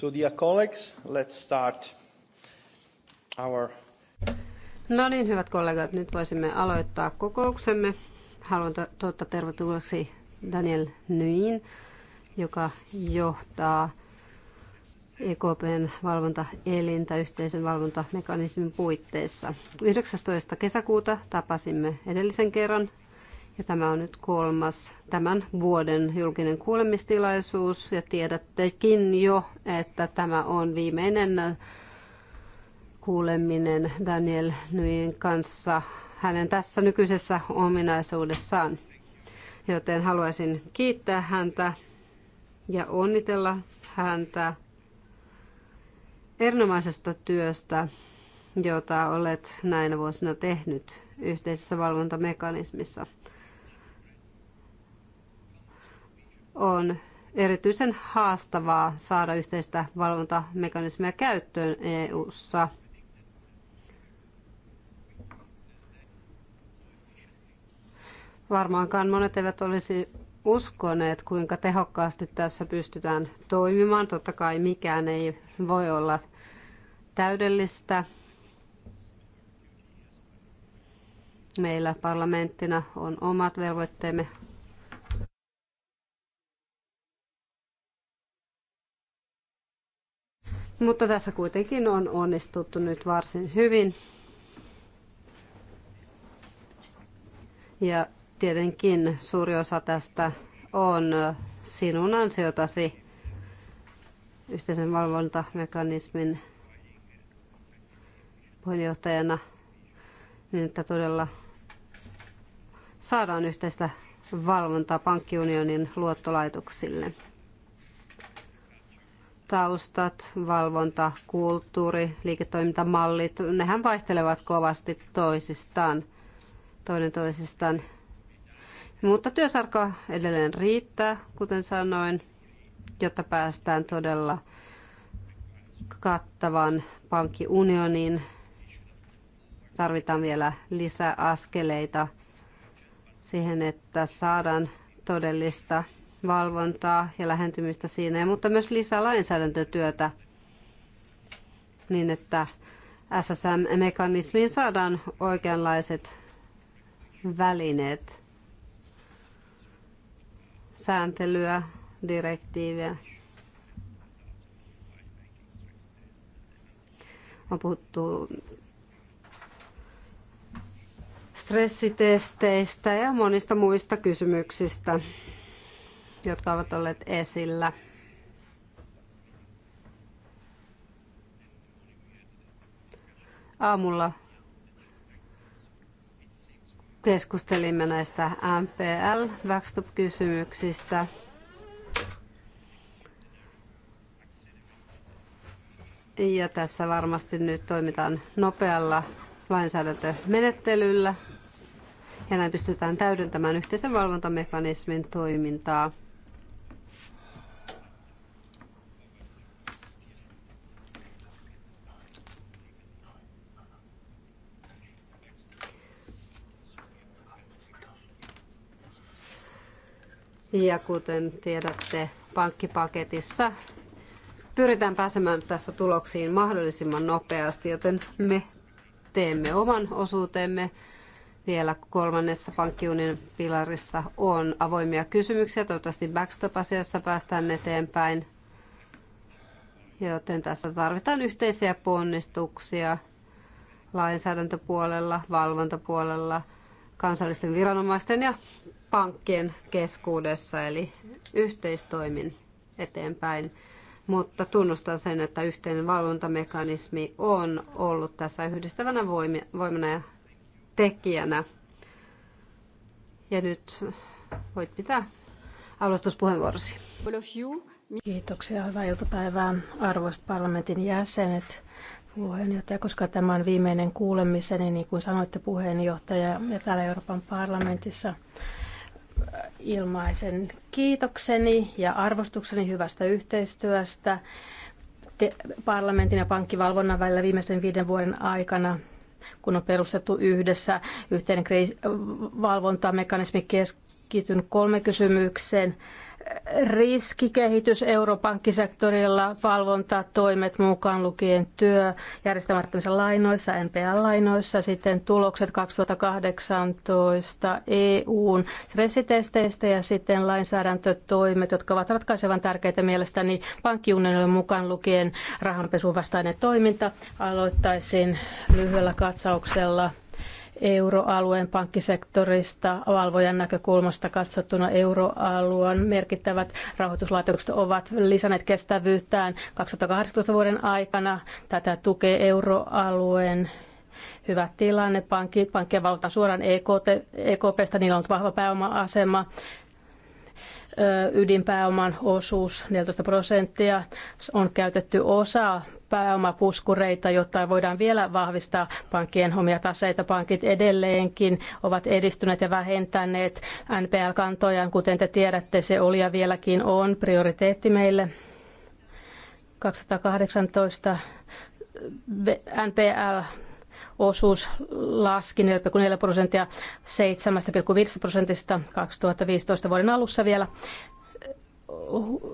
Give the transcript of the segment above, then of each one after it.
So dear colleagues, let's start our... No niin, hyvät kollegat, nyt voisimme aloittaa kokouksemme. Haluan toivottaa tervetulleeksi Daniel Nyin, joka johtaa EKPn valvontaelintä yhteisen valvontamekanismin puitteissa. 19. kesäkuuta tapasimme edellisen kerran ja tämä on nyt kolmas tämän vuoden julkinen kuulemistilaisuus ja tiedättekin jo, että tämä on viimeinen kuuleminen Daniel Nyin kanssa hänen tässä nykyisessä ominaisuudessaan. Joten haluaisin kiittää häntä ja onnitella häntä erinomaisesta työstä, jota olet näinä vuosina tehnyt yhteisessä valvontamekanismissa. on erityisen haastavaa saada yhteistä valvontamekanismia käyttöön EU:ssa. Varmaankaan monet eivät olisi uskoneet, kuinka tehokkaasti tässä pystytään toimimaan. Totta kai mikään ei voi olla täydellistä. Meillä parlamenttina on omat velvoitteemme Mutta tässä kuitenkin on onnistuttu nyt varsin hyvin. Ja tietenkin suuri osa tästä on sinun ansiotasi yhteisen valvontamekanismin puheenjohtajana, niin että todella saadaan yhteistä valvontaa pankkiunionin luottolaitoksille taustat, valvonta, kulttuuri, liiketoimintamallit, nehän vaihtelevat kovasti toisistaan, toinen toisistaan. Mutta työsarka edelleen riittää, kuten sanoin, jotta päästään todella kattavan pankkiunioniin. Tarvitaan vielä lisäaskeleita siihen, että saadaan todellista valvontaa ja lähentymistä siinä, mutta myös lisää lainsäädäntötyötä niin, että SSM-mekanismiin saadaan oikeanlaiset välineet, sääntelyä, direktiiviä. On puhuttu stressitesteistä ja monista muista kysymyksistä jotka ovat olleet esillä. Aamulla keskustelimme näistä MPL-backstop-kysymyksistä. Ja tässä varmasti nyt toimitaan nopealla lainsäädäntömenettelyllä ja näin pystytään täydentämään yhteisen valvontamekanismin toimintaa. Ja kuten tiedätte, pankkipaketissa pyritään pääsemään tässä tuloksiin mahdollisimman nopeasti, joten me teemme oman osuutemme. Vielä kolmannessa pankkiunin pilarissa on avoimia kysymyksiä. Toivottavasti backstop-asiassa päästään eteenpäin. Joten tässä tarvitaan yhteisiä ponnistuksia lainsäädäntöpuolella, valvontapuolella, kansallisten viranomaisten ja pankkien keskuudessa, eli yhteistoimin eteenpäin. Mutta tunnustan sen, että yhteinen valvontamekanismi on ollut tässä yhdistävänä voimana ja tekijänä. Ja nyt voit pitää alustuspuheenvuorosi. Kiitoksia. Hyvää iltapäivää arvoisat parlamentin jäsenet puheenjohtaja, koska tämä on viimeinen kuulemiseni, niin kuin sanoitte puheenjohtaja, ja täällä Euroopan parlamentissa ilmaisen kiitokseni ja arvostukseni hyvästä yhteistyöstä parlamentin ja pankkivalvonnan välillä viimeisen viiden vuoden aikana kun on perustettu yhdessä yhteinen kriis- valvontamekanismi keskityn kolme kysymykseen riskikehitys europankkisektorilla, valvontatoimet mukaan lukien työ järjestämättömissä lainoissa, NPL-lainoissa, sitten tulokset 2018 EUn stressitesteistä ja sitten lainsäädäntötoimet, jotka ovat ratkaisevan tärkeitä mielestäni pankkiunionille mukaan lukien rahanpesun vastainen toiminta. Aloittaisin lyhyellä katsauksella euroalueen pankkisektorista valvojan näkökulmasta katsottuna euroalueen merkittävät rahoituslaitokset ovat lisänneet kestävyyttään 2018 vuoden aikana. Tätä tukee euroalueen hyvä tilanne. Pankki, pankkien valvotaan suoraan EKPstä, e niillä on ollut vahva pääoma-asema ydinpääoman osuus 14 prosenttia on käytetty osa pääomapuskureita, jotta voidaan vielä vahvistaa pankkien omia taseita. Pankit edelleenkin ovat edistyneet ja vähentäneet NPL-kantojaan. Kuten te tiedätte, se oli ja vieläkin on prioriteetti meille. 2018 NPL osuus laski 4,4 prosenttia 7,5 prosentista 2015 vuoden alussa vielä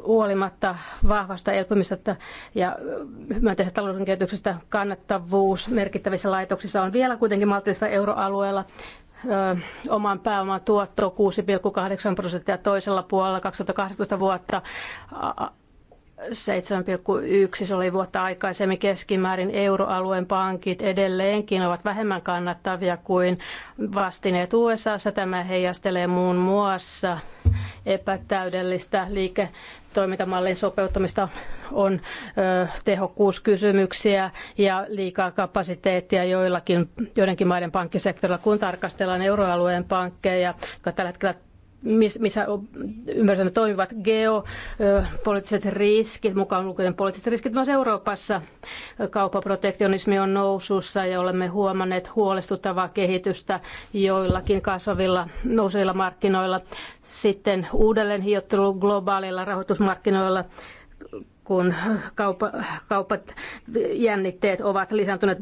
huolimatta vahvasta elpymistä ja myönteisestä talouden kehityksestä kannattavuus merkittävissä laitoksissa on vielä kuitenkin maltillista euroalueella. oman pääoman tuotto 6,8 prosenttia toisella puolella 2018 vuotta 7,1, se oli vuotta aikaisemmin keskimäärin. Euroalueen pankit edelleenkin ovat vähemmän kannattavia kuin vastineet USAssa. Tämä heijastelee muun muassa epätäydellistä liiketoimintamallin sopeuttamista on ö, tehokkuuskysymyksiä ja liikaa kapasiteettia joillakin, joidenkin maiden pankkisektorilla. Kun tarkastellaan euroalueen pankkeja, jotka tällä hetkellä missä ymmärtänyt toimivat geopoliittiset riskit, mukaan lukien poliittiset riskit myös Euroopassa. Kauppaprotektionismi on nousussa ja olemme huomanneet huolestuttavaa kehitystä joillakin kasvavilla nousevilla markkinoilla. Sitten uudelleen hiottelu globaaleilla rahoitusmarkkinoilla kun kaupa, kaupat, jännitteet ovat lisääntyneet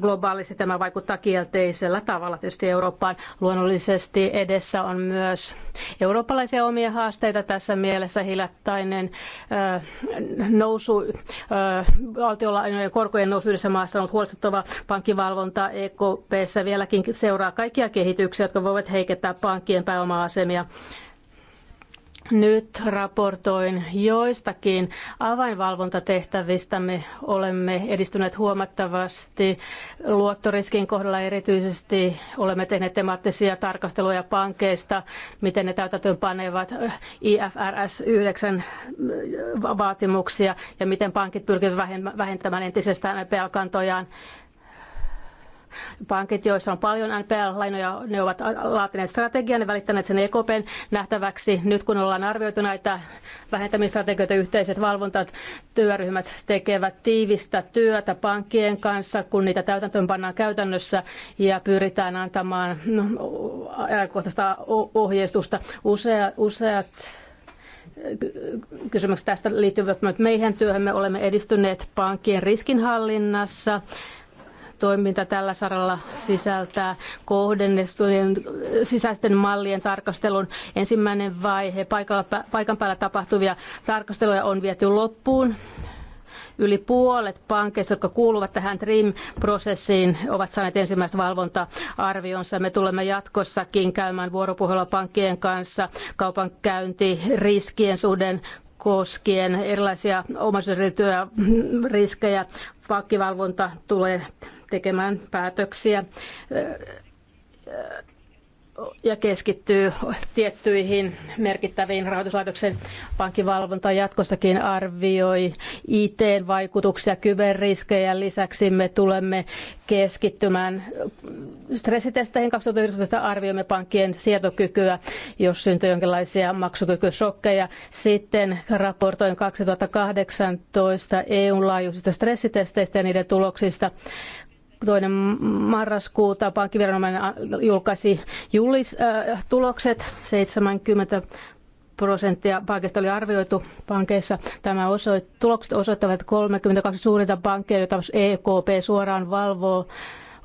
globaalisti. Tämä vaikuttaa kielteisellä tavalla tietysti Eurooppaan. Luonnollisesti edessä on myös eurooppalaisia omia haasteita tässä mielessä. Hiljattainen äh, nousu, äh, valtiolainojen korkojen nousu yhdessä maassa on ollut huolestuttava pankkivalvonta. EKPssä vieläkin seuraa kaikkia kehityksiä, jotka voivat heikentää pankkien pääoma-asemia. Nyt raportoin joistakin avainvalvontatehtävistämme. Olemme edistyneet huomattavasti luottoriskin kohdalla erityisesti. Olemme tehneet temaattisia tarkasteluja pankeista, miten ne täytäntöön panevat IFRS 9 äh, vaatimuksia ja miten pankit pyrkivät vähentämään entisestään pelkantojaan pankit, joissa on paljon NPL-lainoja, ne ovat laatineet strategian ja välittäneet sen EKPn nähtäväksi. Nyt kun ollaan arvioitu näitä vähentämistrategioita, yhteiset valvontat, työryhmät tekevät tiivistä työtä pankkien kanssa, kun niitä täytäntöön pannaan käytännössä ja pyritään antamaan no, ajankohtaista ohjeistusta. Usea, useat kysymykset tästä liittyvät myös meihin työhön. Me olemme edistyneet pankkien riskinhallinnassa toiminta tällä saralla sisältää kohdennettujen sisäisten mallien tarkastelun. Ensimmäinen vaihe paikalla, paikan päällä tapahtuvia tarkasteluja on viety loppuun. Yli puolet pankeista, jotka kuuluvat tähän TRIM-prosessiin, ovat saaneet ensimmäistä valvonta-arvionsa. Me tulemme jatkossakin käymään vuoropuhelua pankkien kanssa kaupankäynti, riskien suhden koskien erilaisia omaisuusriskejä. Riskejä. Pankkivalvonta tulee tekemään päätöksiä ja keskittyy tiettyihin merkittäviin rahoituslaitoksen pankkivalvonta jatkossakin arvioi IT-vaikutuksia, kyberriskejä. Lisäksi me tulemme keskittymään stressitesteihin 2019 arvioimme pankkien sietokykyä, jos syntyy jonkinlaisia maksukykyshokkeja. Sitten raportoin 2018 eu laajuisista stressitesteistä ja niiden tuloksista toinen marraskuuta pankkiviranomainen julkaisi julis, äh, tulokset. 70 prosenttia pankista oli arvioitu pankeissa. Tämä osoit, tulokset osoittavat, kolmekymmentäkaksi 32 suurinta pankkia, joita EKP suoraan valvoo,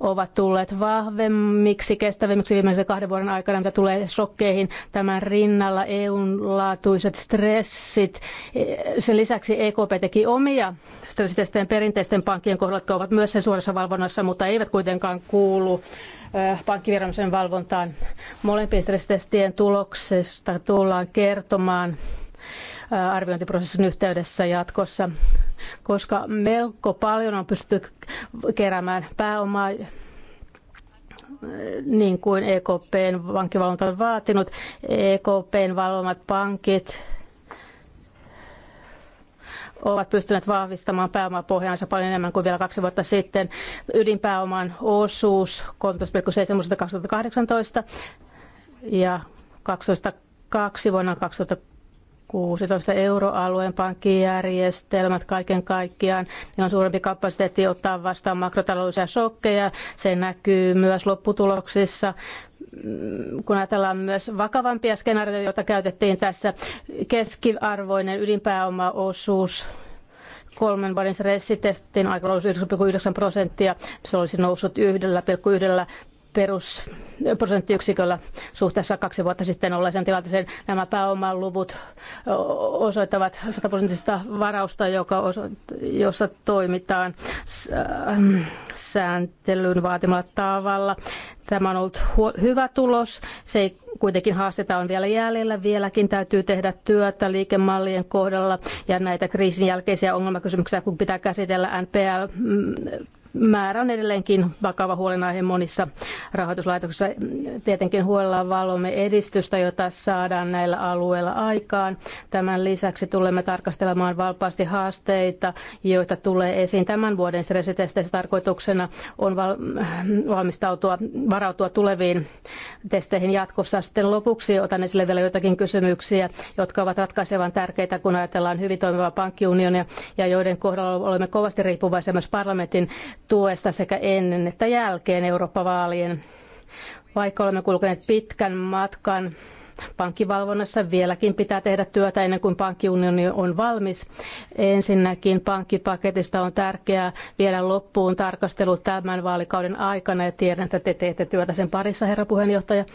ovat tulleet vahvemmiksi, kestävimmiksi viimeisen kahden vuoden aikana, mitä tulee shokkeihin. Tämän rinnalla EUn laatuiset stressit. Sen lisäksi EKP teki omia stressitestejä perinteisten pankkien kohdalla, jotka ovat myös sen suorassa valvonnassa, mutta eivät kuitenkaan kuulu äh, pankkiviranomaisen valvontaan. Molempien stressitestien tuloksesta tullaan kertomaan arviointiprosessin yhteydessä jatkossa, koska melko paljon on pystytty keräämään pääomaa niin kuin EKPn pankkivalvonta on vaatinut. EKPn valvomat pankit ovat pystyneet vahvistamaan pääomapohjaansa paljon enemmän kuin vielä kaksi vuotta sitten. Ydinpääoman osuus 13,7 2018 ja 12,2 vuonna 2016 16 euroalueen pankkijärjestelmät kaiken kaikkiaan. Niillä on suurempi kapasiteetti ottaa vastaan makrotaloudellisia shokkeja. Se näkyy myös lopputuloksissa kun ajatellaan myös vakavampia skenaarioita, joita käytettiin tässä, keskiarvoinen ydinpääomaosuus kolmen vuoden stressitestin aikana olisi 9,9 prosenttia. Se olisi noussut 1,1 perusprosenttiyksiköllä suhteessa kaksi vuotta sitten olleeseen tilanteeseen. Nämä pääomaluvut osoittavat 100 prosenttista varausta, joka jossa toimitaan sääntelyn vaatimalla tavalla. Tämä on ollut hyvä tulos. Se ei kuitenkin haasteita on vielä jäljellä. Vieläkin täytyy tehdä työtä liikemallien kohdalla ja näitä kriisin jälkeisiä ongelmakysymyksiä, kun pitää käsitellä NPL mm, määrä on edelleenkin vakava huolenaihe monissa rahoituslaitoksissa. Tietenkin huolella valvomme edistystä, jota saadaan näillä alueilla aikaan. Tämän lisäksi tulemme tarkastelemaan valpaasti haasteita, joita tulee esiin tämän vuoden stressitesteissä. Tarkoituksena on valmistautua, varautua tuleviin testeihin jatkossa. Sitten lopuksi otan esille vielä joitakin kysymyksiä, jotka ovat ratkaisevan tärkeitä, kun ajatellaan hyvin toimivaa pankkiunionia ja joiden kohdalla olemme kovasti riippuvaisia myös parlamentin tuesta sekä ennen että jälkeen Eurooppa-vaalien. Vaikka olemme kulkeneet pitkän matkan Pankkivalvonnassa vieläkin pitää tehdä työtä ennen kuin pankkiunioni on valmis. Ensinnäkin pankkipaketista on tärkeää viedä loppuun tarkastelu tämän vaalikauden aikana ja tiedän, että te teette työtä sen parissa, herra puheenjohtaja.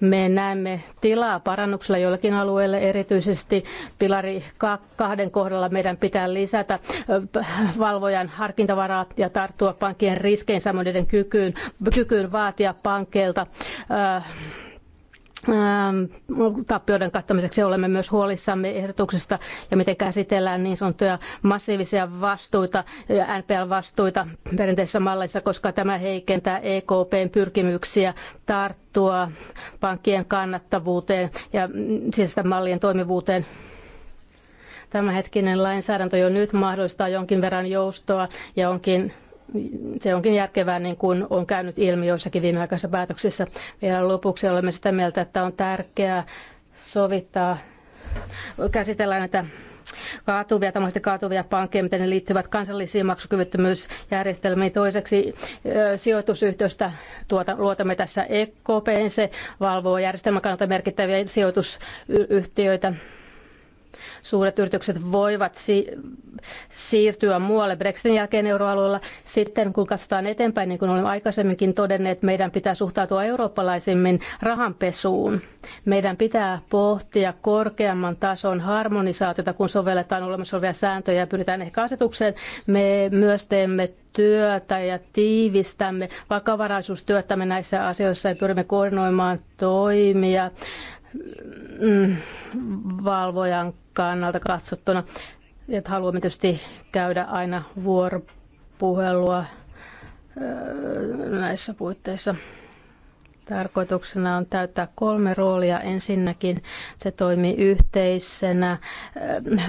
Me näemme tilaa parannuksella joillakin alueille, erityisesti pilari kahden kohdalla meidän pitää lisätä valvojan harkintavaraa ja tarttua pankkien riskeihin samoin kykyyn, kykyyn vaatia pankkeilta äh, tappioiden kattamiseksi olemme myös huolissamme ehdotuksesta ja miten käsitellään niin sanottuja massiivisia vastuita, NPL-vastuita perinteisissä malleissa, koska tämä heikentää EKPn pyrkimyksiä tarttua pankkien kannattavuuteen ja mm, sisäisten mallien toimivuuteen tämänhetkinen lainsäädäntö jo nyt mahdollistaa jonkin verran joustoa ja onkin se onkin järkevää, niin kuin on käynyt ilmi joissakin viimeaikaisissa päätöksissä. Vielä lopuksi olemme sitä mieltä, että on tärkeää sovittaa, käsitellä näitä kaatuvia, tämmöistä kaatuvia pankkeja, miten ne liittyvät kansallisiin maksukyvyttömyysjärjestelmiin. Toiseksi sijoitusyhtiöstä tuota, luotamme tässä EKP, se valvoo järjestelmän kannalta merkittäviä sijoitusyhtiöitä Suuret yritykset voivat si- siirtyä muualle Brexitin jälkeen euroalueella. Sitten kun katsotaan eteenpäin, niin kuin olemme aikaisemminkin todenneet, meidän pitää suhtautua eurooppalaisemmin rahanpesuun. Meidän pitää pohtia korkeamman tason harmonisaatiota, kun sovelletaan olemassa olevia sääntöjä ja pyritään ehkä asetukseen. Me myös teemme työtä ja tiivistämme vakavaraisuustyöttämme näissä asioissa ja pyrimme koordinoimaan toimia mm, valvojan kannalta katsottuna. Että haluamme tietysti käydä aina vuoropuhelua näissä puitteissa. Tarkoituksena on täyttää kolme roolia. Ensinnäkin se toimii yhteisenä,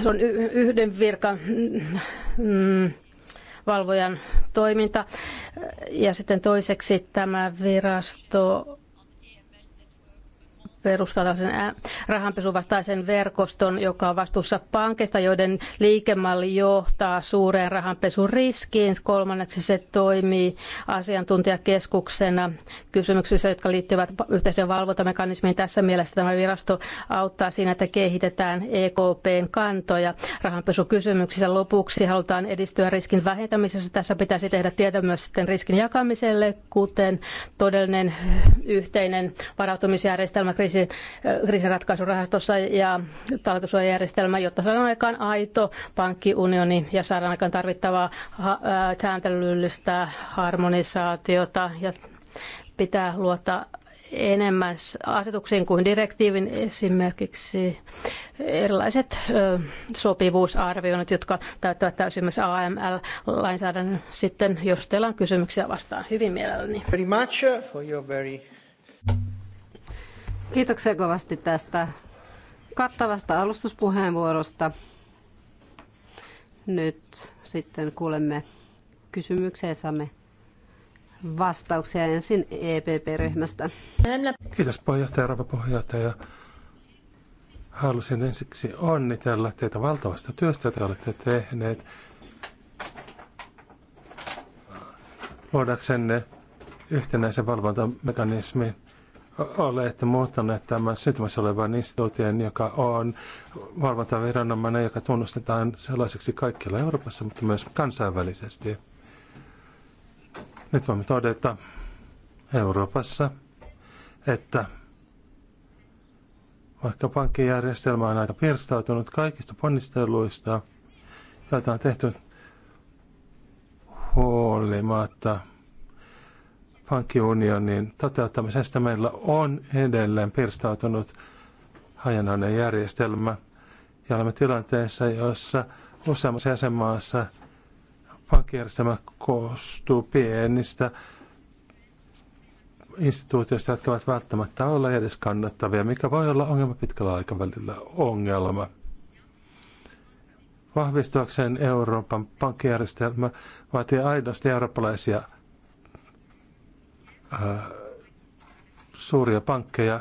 se on yhden virkan mm, mm, valvojan toiminta. Ja sitten toiseksi tämä virasto perustaa tällaisen rahanpesuvastaisen verkoston, joka on vastuussa pankista, joiden liikemalli johtaa suureen rahanpesuriskiin. Kolmanneksi se toimii asiantuntijakeskuksena kysymyksissä, jotka liittyvät yhteisen valvontamekanismiin. Tässä mielessä tämä virasto auttaa siinä, että kehitetään EKPn kantoja rahanpesukysymyksissä. Lopuksi halutaan edistyä riskin vähentämisessä. Tässä pitäisi tehdä tietä myös sitten riskin jakamiselle, kuten todellinen yhteinen varautumisjärjestelmä kriisi kriisin, kriisinratkaisurahastossa ja talletussuojajärjestelmä, jotta saadaan aikaan aito pankkiunioni ja saadaan aikaan tarvittavaa sääntelyllistä harmonisaatiota ja pitää luottaa enemmän asetuksiin kuin direktiivin esimerkiksi erilaiset sopivuusarvioinnit, jotka täyttävät täysin myös AML-lainsäädännön. Sitten jos teillä on kysymyksiä, vastaan hyvin mielelläni. Very much for your very Kiitoksia kovasti tästä kattavasta alustuspuheenvuorosta. Nyt sitten kuulemme kysymyksiä ja saamme vastauksia ensin EPP-ryhmästä. Kiitos puheenjohtaja, rouva puheenjohtaja. Halusin ensiksi onnitella teitä valtavasta työstä, jota olette tehneet luodaksenne yhtenäisen valvontamekanismin olette muuttaneet tämän syntymässä olevan instituution, joka on valvontaviranomainen, joka tunnustetaan sellaiseksi kaikkialla Euroopassa, mutta myös kansainvälisesti. Nyt voimme todeta Euroopassa, että vaikka pankkijärjestelmä on aika pirstautunut kaikista ponnisteluista, joita on tehty huolimatta – pankkiunionin toteuttamisesta meillä on edelleen pirstautunut hajanainen järjestelmä. Ja olemme tilanteessa, jossa useammassa jäsenmaassa pankkijärjestelmä koostuu pienistä instituutioista, jotka ovat välttämättä olla edes kannattavia, mikä voi olla ongelma pitkällä aikavälillä ongelma. Vahvistuakseen Euroopan pankkijärjestelmä vaatii aidosti eurooppalaisia Äh, suuria pankkeja,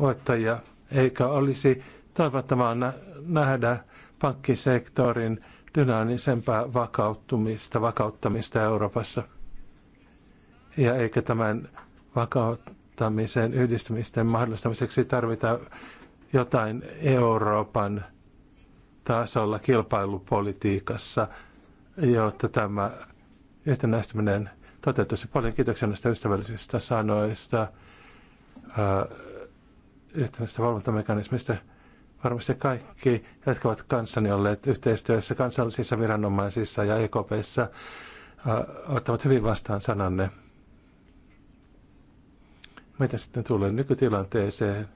voittajia, eikä olisi toivottavaa nähdä pankkisektorin dynaamisempaa vakauttumista, vakauttamista Euroopassa. Ja eikä tämän vakauttamisen yhdistymisten mahdollistamiseksi tarvita jotain Euroopan tasolla kilpailupolitiikassa, jotta tämä yhtenäistyminen toteutuisi. Paljon kiitoksia näistä ystävällisistä sanoista, yhtenäistä äh, valvontamekanismista. Varmasti kaikki, jotka ovat kanssani olleet yhteistyössä kansallisissa viranomaisissa ja EKPissa, äh, ottavat hyvin vastaan sananne. Mitä sitten tulee nykytilanteeseen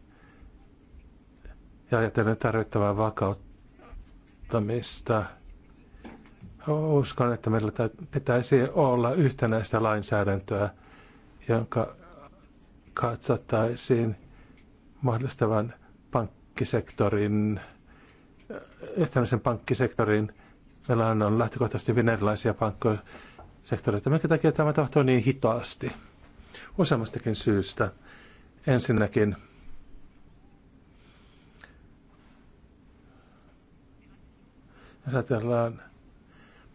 ja ajatellen tarvittavaa vakauttamista – Uskon, että meillä pitäisi olla yhtenäistä lainsäädäntöä, jonka katsottaisiin mahdollistavan pankkisektorin, yhtenäisen pankkisektorin. Meillä on lähtökohtaisesti hyvin erilaisia pankkisektoreita. Minkä takia tämä tapahtuu niin hitaasti? Useammastakin syystä. Ensinnäkin jos ajatellaan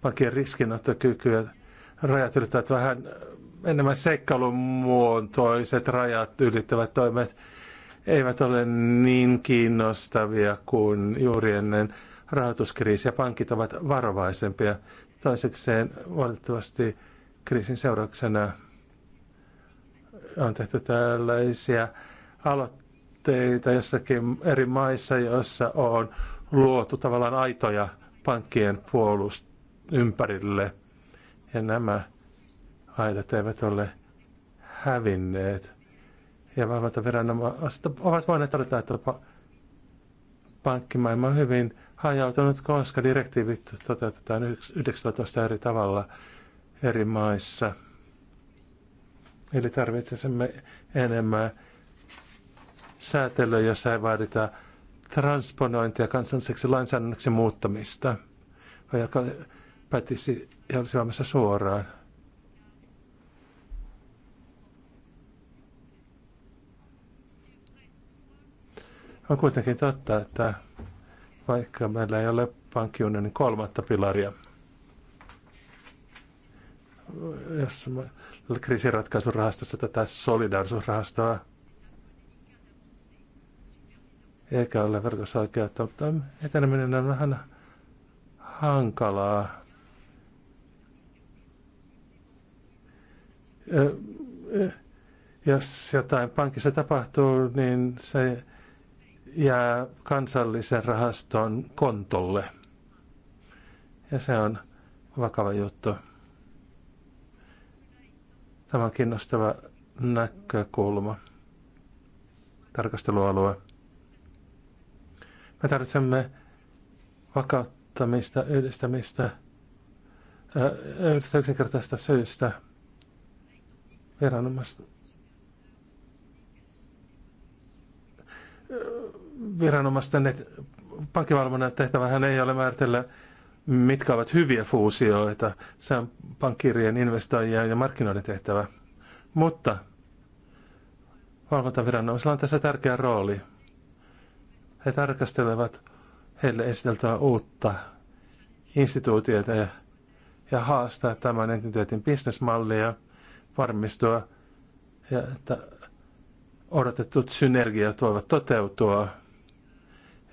pankkien riskinottokykyä. Rajat ylittävät vähän enemmän seikkailun muotoiset rajat ylittävät toimet eivät ole niin kiinnostavia kuin juuri ennen rahoituskriisiä. Pankit ovat varovaisempia. Toisekseen valitettavasti kriisin seurauksena on tehty tällaisia aloitteita jossakin eri maissa, joissa on luotu tavallaan aitoja pankkien puolust ympärille. Ja nämä aidat eivät ole hävinneet. Ja valvonta viranomaiset ovat voineet todeta, että pankkimaailma on hyvin hajautunut, koska direktiivit toteutetaan 19 eri tavalla eri maissa. Eli tarvitsemme enemmän säätelyä, jossa ei vaadita transponointia kansalliseksi lainsäädännöksi muuttamista, joka pätisi ja olisi olemassa suoraan. On kuitenkin totta, että vaikka meillä ei ole pankkiunionin kolmatta pilaria, jos kriisiratkaisurahastossa tätä solidarisuusrahastoa eikä ole verkossa oikeutta, mutta eteneminen on vähän hankalaa. jos jotain pankissa tapahtuu, niin se jää kansallisen rahaston kontolle. Ja se on vakava juttu. Tämä on kiinnostava näkökulma, tarkastelualue. Me tarvitsemme vakauttamista, yhdistämistä, yhdestä yksinkertaista syystä – viranomaiset viranomaisten, että pankkivalvonnan tehtävähän ei ole määritellä, mitkä ovat hyviä fuusioita. Se on pankkirien, investoijien ja markkinoiden tehtävä. Mutta valvontaviranomaisilla on tässä tärkeä rooli. He tarkastelevat heille esiteltyä uutta instituutiota ja, ja haastaa tämän entiteetin bisnesmallia – varmistua, ja että odotetut synergiat voivat toteutua,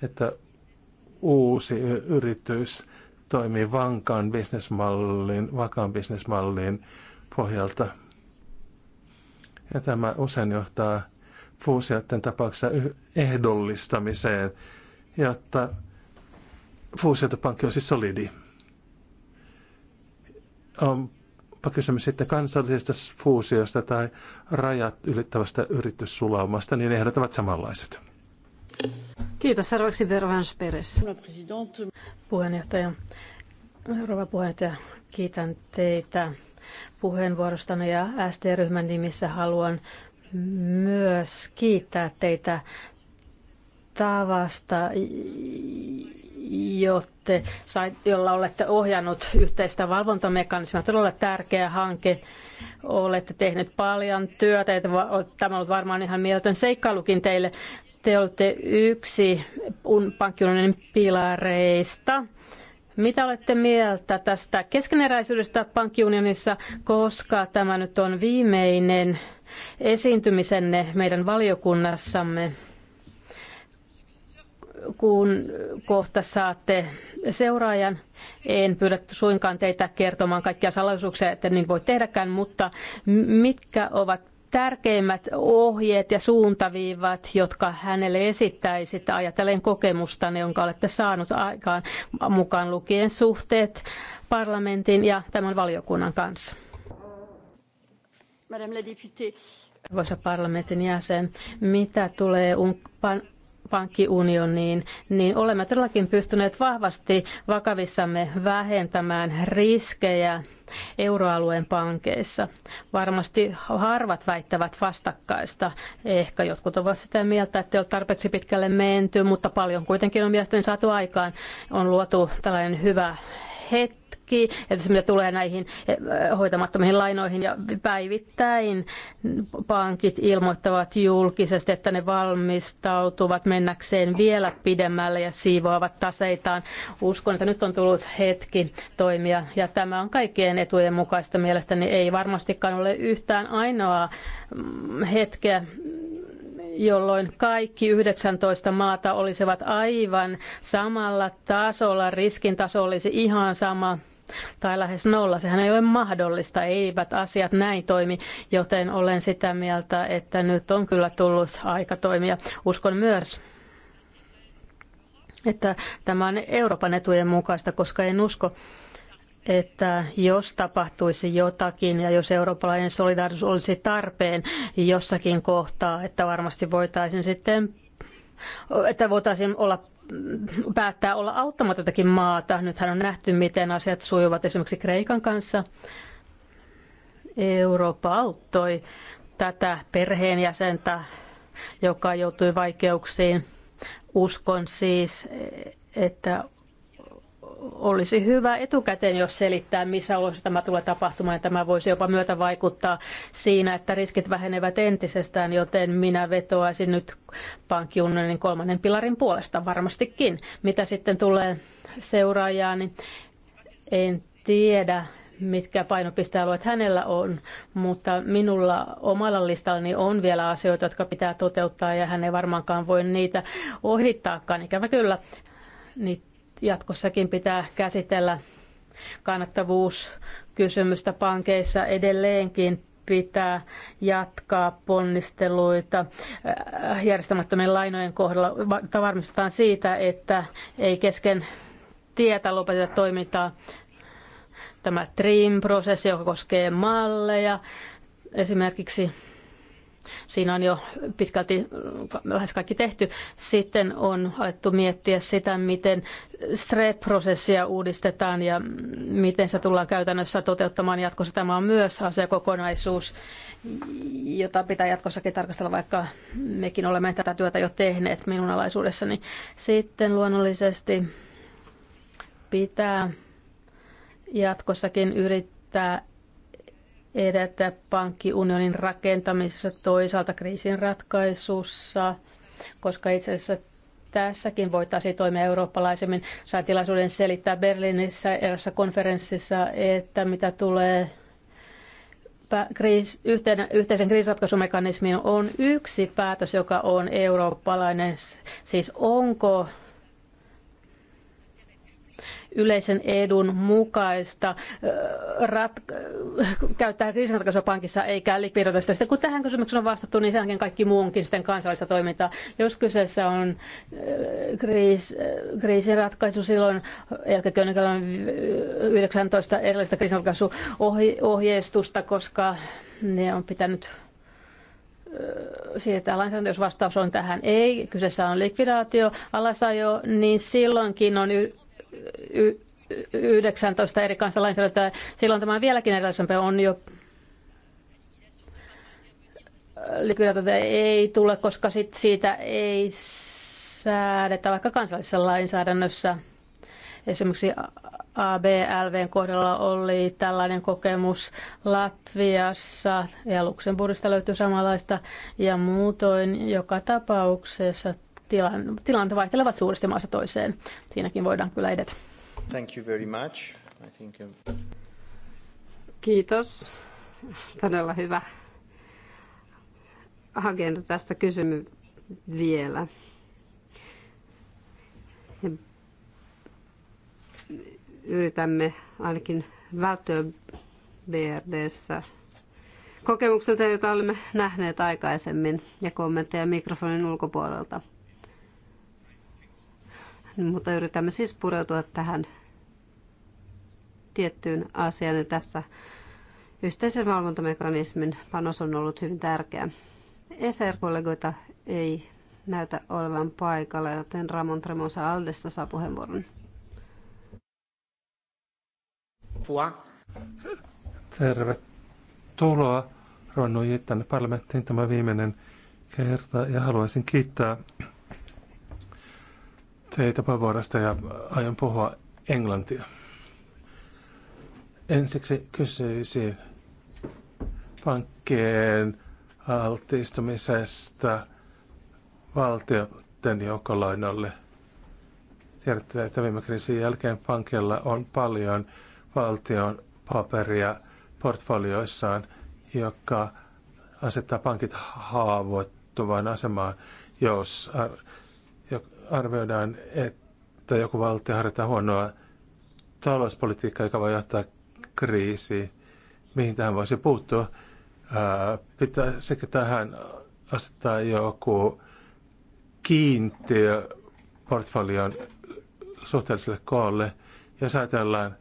että uusi yritys toimii vankaan bisnesmallin, vakaan bisnesmallin pohjalta. Ja tämä usein johtaa fuusioiden tapauksessa ehdollistamiseen, jotta fuusioitopankki olisi siis solidi. On Onpa kysymys sitten kansallisesta fuusiosta tai rajat ylittävästä yrityssulaumasta, niin ehdot ovat samanlaiset. Kiitos. Seuraavaksi Vervans Peres. Puheenjohtaja, rouva puheenjohtaja, kiitän teitä puheenvuorostanne ja ST-ryhmän nimissä haluan myös kiittää teitä tavasta, jotte, jolla olette ohjannut yhteistä valvontamekanismia. Todella tärkeä hanke. Olette tehneet paljon työtä ja tämä on ollut varmaan ihan mieltön seikkailukin teille. Te olette yksi pankkiunionin pilareista. Mitä olette mieltä tästä keskeneräisyydestä pankkiunionissa, koska tämä nyt on viimeinen esiintymisenne meidän valiokunnassamme? kun kohta saatte seuraajan. En pyydä suinkaan teitä kertomaan kaikkia salaisuuksia, että niin voi tehdäkään, mutta mitkä ovat tärkeimmät ohjeet ja suuntaviivat, jotka hänelle esittäisit ajatellen kokemustanne, jonka olette saanut aikaan mukaan lukien suhteet parlamentin ja tämän valiokunnan kanssa? Madame la députée. Arvoisa parlamentin jäsen, mitä tulee pankkiunioniin, niin olemme todellakin pystyneet vahvasti vakavissamme vähentämään riskejä euroalueen pankeissa. Varmasti harvat väittävät vastakkaista. Ehkä jotkut ovat sitä mieltä, että ei ole tarpeeksi pitkälle menty, mutta paljon kuitenkin on mielestäni saatu aikaan. On luotu tällainen hyvä hetki kaikki, mitä tulee näihin eh, hoitamattomiin lainoihin ja päivittäin pankit ilmoittavat julkisesti, että ne valmistautuvat mennäkseen vielä pidemmälle ja siivoavat taseitaan. Uskon, että nyt on tullut hetki toimia ja tämä on kaikkien etujen mukaista mielestäni. Ei varmastikaan ole yhtään ainoaa mm, hetkeä, jolloin kaikki 19 maata olisivat aivan samalla tasolla, riskin taso olisi ihan sama tai lähes nolla. Sehän ei ole mahdollista, eivät asiat näin toimi, joten olen sitä mieltä, että nyt on kyllä tullut aika toimia. Uskon myös, että tämä on Euroopan etujen mukaista, koska en usko, että jos tapahtuisi jotakin ja jos eurooppalainen solidaarisuus olisi tarpeen jossakin kohtaa, että varmasti voitaisiin sitten että voitaisiin olla päättää olla auttamatta tätäkin maata. Nythän on nähty, miten asiat sujuvat esimerkiksi Kreikan kanssa. Eurooppa auttoi tätä perheenjäsentä, joka joutui vaikeuksiin. Uskon siis, että olisi hyvä etukäteen, jos selittää, missä oloissa tämä tulee tapahtumaan. Ja tämä voisi jopa myötä vaikuttaa siinä, että riskit vähenevät entisestään, joten minä vetoaisin nyt pankkiunionin kolmannen pilarin puolesta varmastikin. Mitä sitten tulee seuraajaan, niin en tiedä, mitkä painopistealueet hänellä on, mutta minulla omalla listallani on vielä asioita, jotka pitää toteuttaa ja hän ei varmaankaan voi niitä ohittaakaan, ikävä kyllä. Niin jatkossakin pitää käsitellä kannattavuuskysymystä pankeissa edelleenkin pitää jatkaa ponnisteluita äh, järjestämättömien lainojen kohdalla, mutta varmistetaan siitä, että ei kesken tietä lopeteta toimintaa. Tämä TRIM-prosessi, joka koskee malleja, esimerkiksi Siinä on jo pitkälti lähes kaikki tehty. Sitten on alettu miettiä sitä, miten STREP-prosessia uudistetaan ja miten se tullaan käytännössä toteuttamaan jatkossa. Tämä on myös asiakokonaisuus, jota pitää jatkossakin tarkastella, vaikka mekin olemme tätä työtä jo tehneet minun alaisuudessani. Sitten luonnollisesti pitää jatkossakin yrittää edetä pankkiunionin rakentamisessa, toisaalta kriisin ratkaisussa, koska itse asiassa tässäkin voitaisiin toimia eurooppalaisemmin. Sain tilaisuuden selittää Berliinissä erässä konferenssissa, että mitä tulee kriis, yhteen, yhteisen kriisratkaisumekanismiin on yksi päätös, joka on eurooppalainen. Siis onko yleisen edun mukaista rat- käyttää kriisinratkaisupankissa eikä likvidoida sitä. kun tähän kysymykseen on vastattu, niin sen kaikki muunkin sitten kansallista toimintaa. Jos kyseessä on kriis, kriisinratkaisu silloin, jälkiköön 19 erillistä kriisinratkaisuohjeistusta, koska ne on pitänyt siirretään lainsäädäntö, jos vastaus on tähän ei, kyseessä on likvidaatio, alasajo, niin silloinkin on 19 eri kansalainsäädäntöä. Silloin tämä on vieläkin erilaisempi on jo likvidaatiota ei tule, koska sit siitä ei säädetä vaikka kansallisessa lainsäädännössä. Esimerkiksi ABLVn kohdalla oli tällainen kokemus Latviassa ja Luxemburgista löytyy samanlaista ja muutoin joka tapauksessa tilanne vaihtelevat suuresti maassa toiseen. Siinäkin voidaan kyllä edetä. Thank you very much. I think, um... Kiitos. Todella hyvä agenda tästä kysymys vielä. Ja yritämme ainakin välttyä BRDssä kokemukselta, joita olemme nähneet aikaisemmin ja kommentteja mikrofonin ulkopuolelta mutta yritämme siis pureutua tähän tiettyyn asiaan. Ja tässä yhteisen valvontamekanismin panos on ollut hyvin tärkeä. ESR-kollegoita ei näytä olevan paikalla, joten Ramon Tremosa Aldesta saa puheenvuoron. Tervetuloa Ronnu tänne parlamenttiin tämä viimeinen kerta ja haluaisin kiittää teitä Tapavuorasta ja aion puhua englantia. Ensiksi kysyisin pankkien altistumisesta valtioiden joukolainalle. Tiedätte, että viime kriisin jälkeen pankilla on paljon valtion paperia portfolioissaan, joka asettaa pankit haavoittuvaan asemaan, jos arvioidaan, että joku valtio harjoittaa huonoa talouspolitiikkaa, joka voi johtaa kriisiin, mihin tähän voisi puuttua. Pitäisikö tähän asettaa joku kiintiö portfolion suhteelliselle koolle? Jos ajatellaan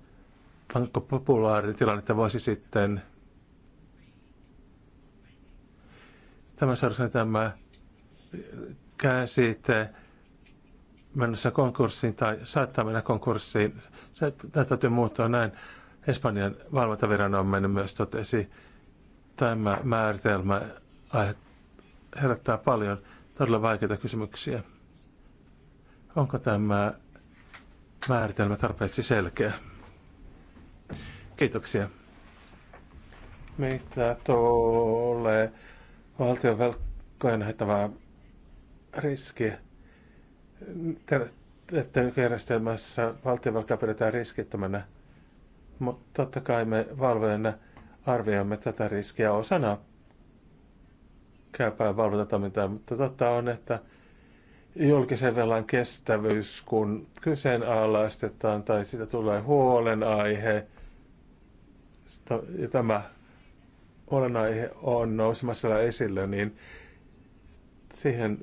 Banco Populaarin tilannetta vuosi sitten, tämä saadaan tämä käsite mennessä konkurssiin tai saattaa mennä konkurssiin. Tämä täytyy muuttua näin. Espanjan valvontaviranomainen myös totesi, tämä määritelmä herättää paljon todella vaikeita kysymyksiä. Onko tämä määritelmä tarpeeksi selkeä? Kiitoksia. Mitä tulee valtion velkojen riskiä? järjestelmässä valtiovalkaa pidetään riskittömänä, mutta totta kai me valvojana arvioimme tätä riskiä osana käypää valvontatoimintaa, mutta totta on, että julkisen velan kestävyys, kun kyseenalaistetaan tai siitä tulee huolenaihe, ja tämä huolenaihe on nousemassa esille, niin siihen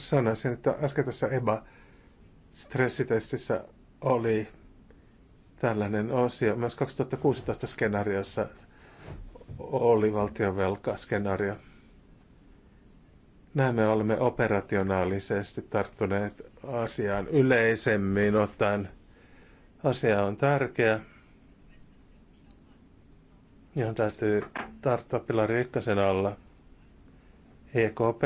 sanoisin, että äsken tässä EBA-stressitestissä oli tällainen osio. Myös 2016 skenaariossa oli valtionvelkaskenaario. Näin me olemme operationaalisesti tarttuneet asiaan yleisemmin ottaen. Asia on tärkeä, johon täytyy tarttua pilari ykkösen alla. EKP,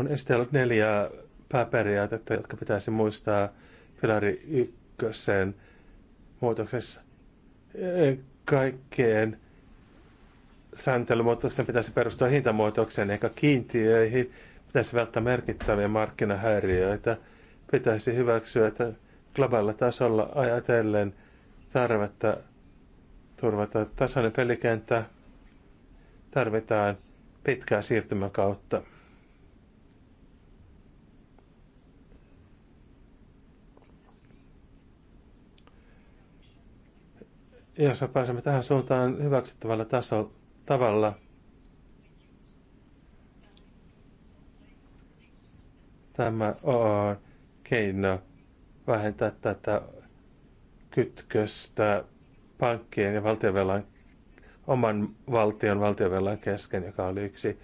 on esitellyt neljä pääperiaatetta, jotka pitäisi muistaa pilari ykkösen muutoksessa. E, kaikkeen sääntelymuutosten pitäisi perustua hintamuutokseen eikä kiintiöihin. Pitäisi välttää merkittäviä markkinahäiriöitä. Pitäisi hyväksyä, että globaalilla tasolla ajatellen tarvetta turvata tasainen pelikenttä tarvitaan pitkää siirtymäkautta. jos me pääsemme tähän suuntaan hyväksyttävällä taso, tavalla, tämä on keino vähentää tätä kytköstä pankkien ja valtionvelan, oman valtion valtionvelan kesken, joka oli yksi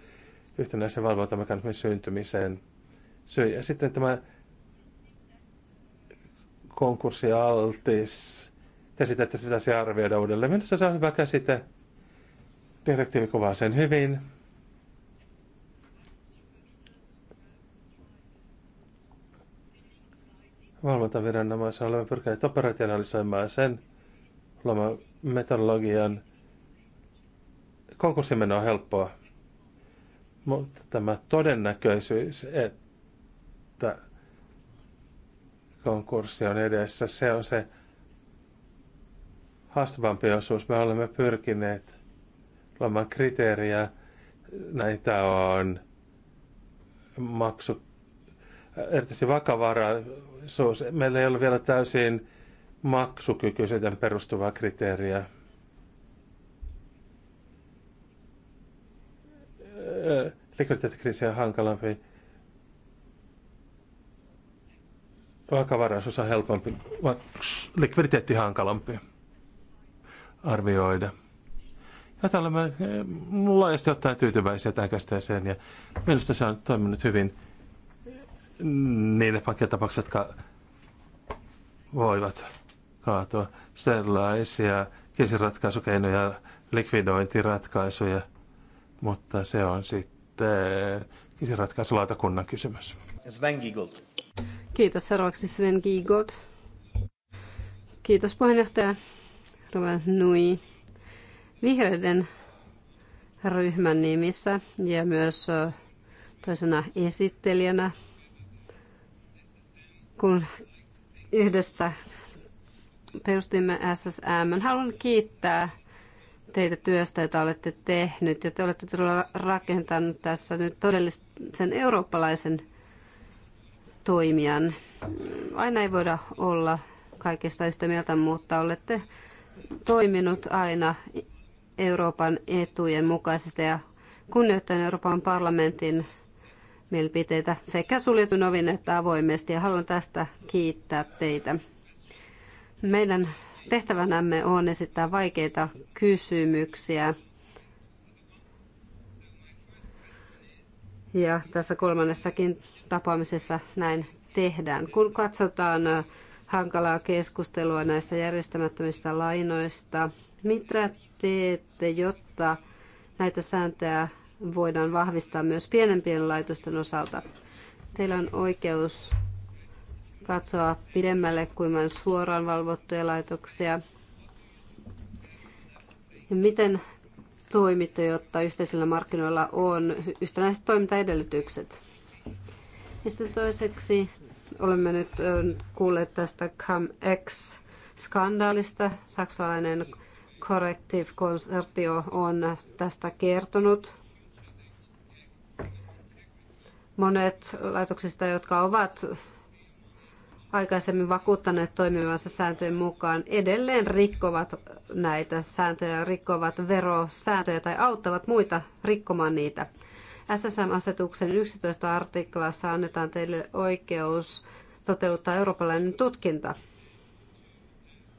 yhtenäisen valvontamekanismin syntymiseen syy. Ja sitten tämä konkurssialtis käsite, että se pitäisi arvioida uudelleen. Minusta se on hyvä käsite. Direktiivi kuvaa sen hyvin. valvontaviranomaisen olemme pyrkineet operationalisoimaan sen, luomaan metodologian. Konkurssimeno on helppoa, mutta tämä todennäköisyys, että konkurssi on edessä, se on se haastavampi osuus. Me olemme pyrkineet luomaan kriteeriä. Näitä on maksu, erityisesti vakavaraisuus. Meillä ei ole vielä täysin maksukykyisyyden perustuvaa kriteeriä. Likviditeettikriisi on hankalampi. Vakavaraisuus on helpompi, likviditeetti hankalampi arvioida. Joten me laajasti ottaen tyytyväisiä tähän käsitteeseen ja minusta se on toiminut hyvin niille pankkitapauksille, jotka voivat kaatua sellaisia kriisiratkaisukeinoja, likvidointiratkaisuja, mutta se on sitten kriisiratkaisulautakunnan kysymys. Sven Giegold. Kiitos seuraavaksi Sven Giegold. Kiitos puheenjohtaja. Ruben Nui vihreiden ryhmän nimissä ja myös toisena esittelijänä, kun yhdessä perustimme SSM. Haluan kiittää teitä työstä, jota olette tehnyt ja te olette todella rakentanut tässä nyt todellisen eurooppalaisen toimijan. Aina ei voida olla kaikesta yhtä mieltä, mutta olette toiminut aina Euroopan etujen mukaisesti ja kunnioittanut Euroopan parlamentin mielipiteitä sekä suljetun ovin että avoimesti ja haluan tästä kiittää teitä. Meidän tehtävänämme on esittää vaikeita kysymyksiä. Ja tässä kolmannessakin tapaamisessa näin tehdään. Kun katsotaan hankalaa keskustelua näistä järjestämättömistä lainoista. Mitä teette, jotta näitä sääntöjä voidaan vahvistaa myös pienempien laitosten osalta? Teillä on oikeus katsoa pidemmälle kuin vain suoraan valvottuja laitoksia. Ja miten toimitte, jotta yhteisillä markkinoilla on yhtenäiset toimintaedellytykset? Ja sitten toiseksi Olemme nyt kuulleet tästä CAMX skandaalista. Saksalainen Corrective Consortio on tästä kertonut. Monet laitoksista, jotka ovat aikaisemmin vakuuttaneet toimivansa sääntöjen mukaan, edelleen rikkovat näitä sääntöjä, rikkovat verosääntöjä tai auttavat muita rikkomaan niitä. SSM-asetuksen 11 artiklassa annetaan teille oikeus toteuttaa eurooppalainen tutkinta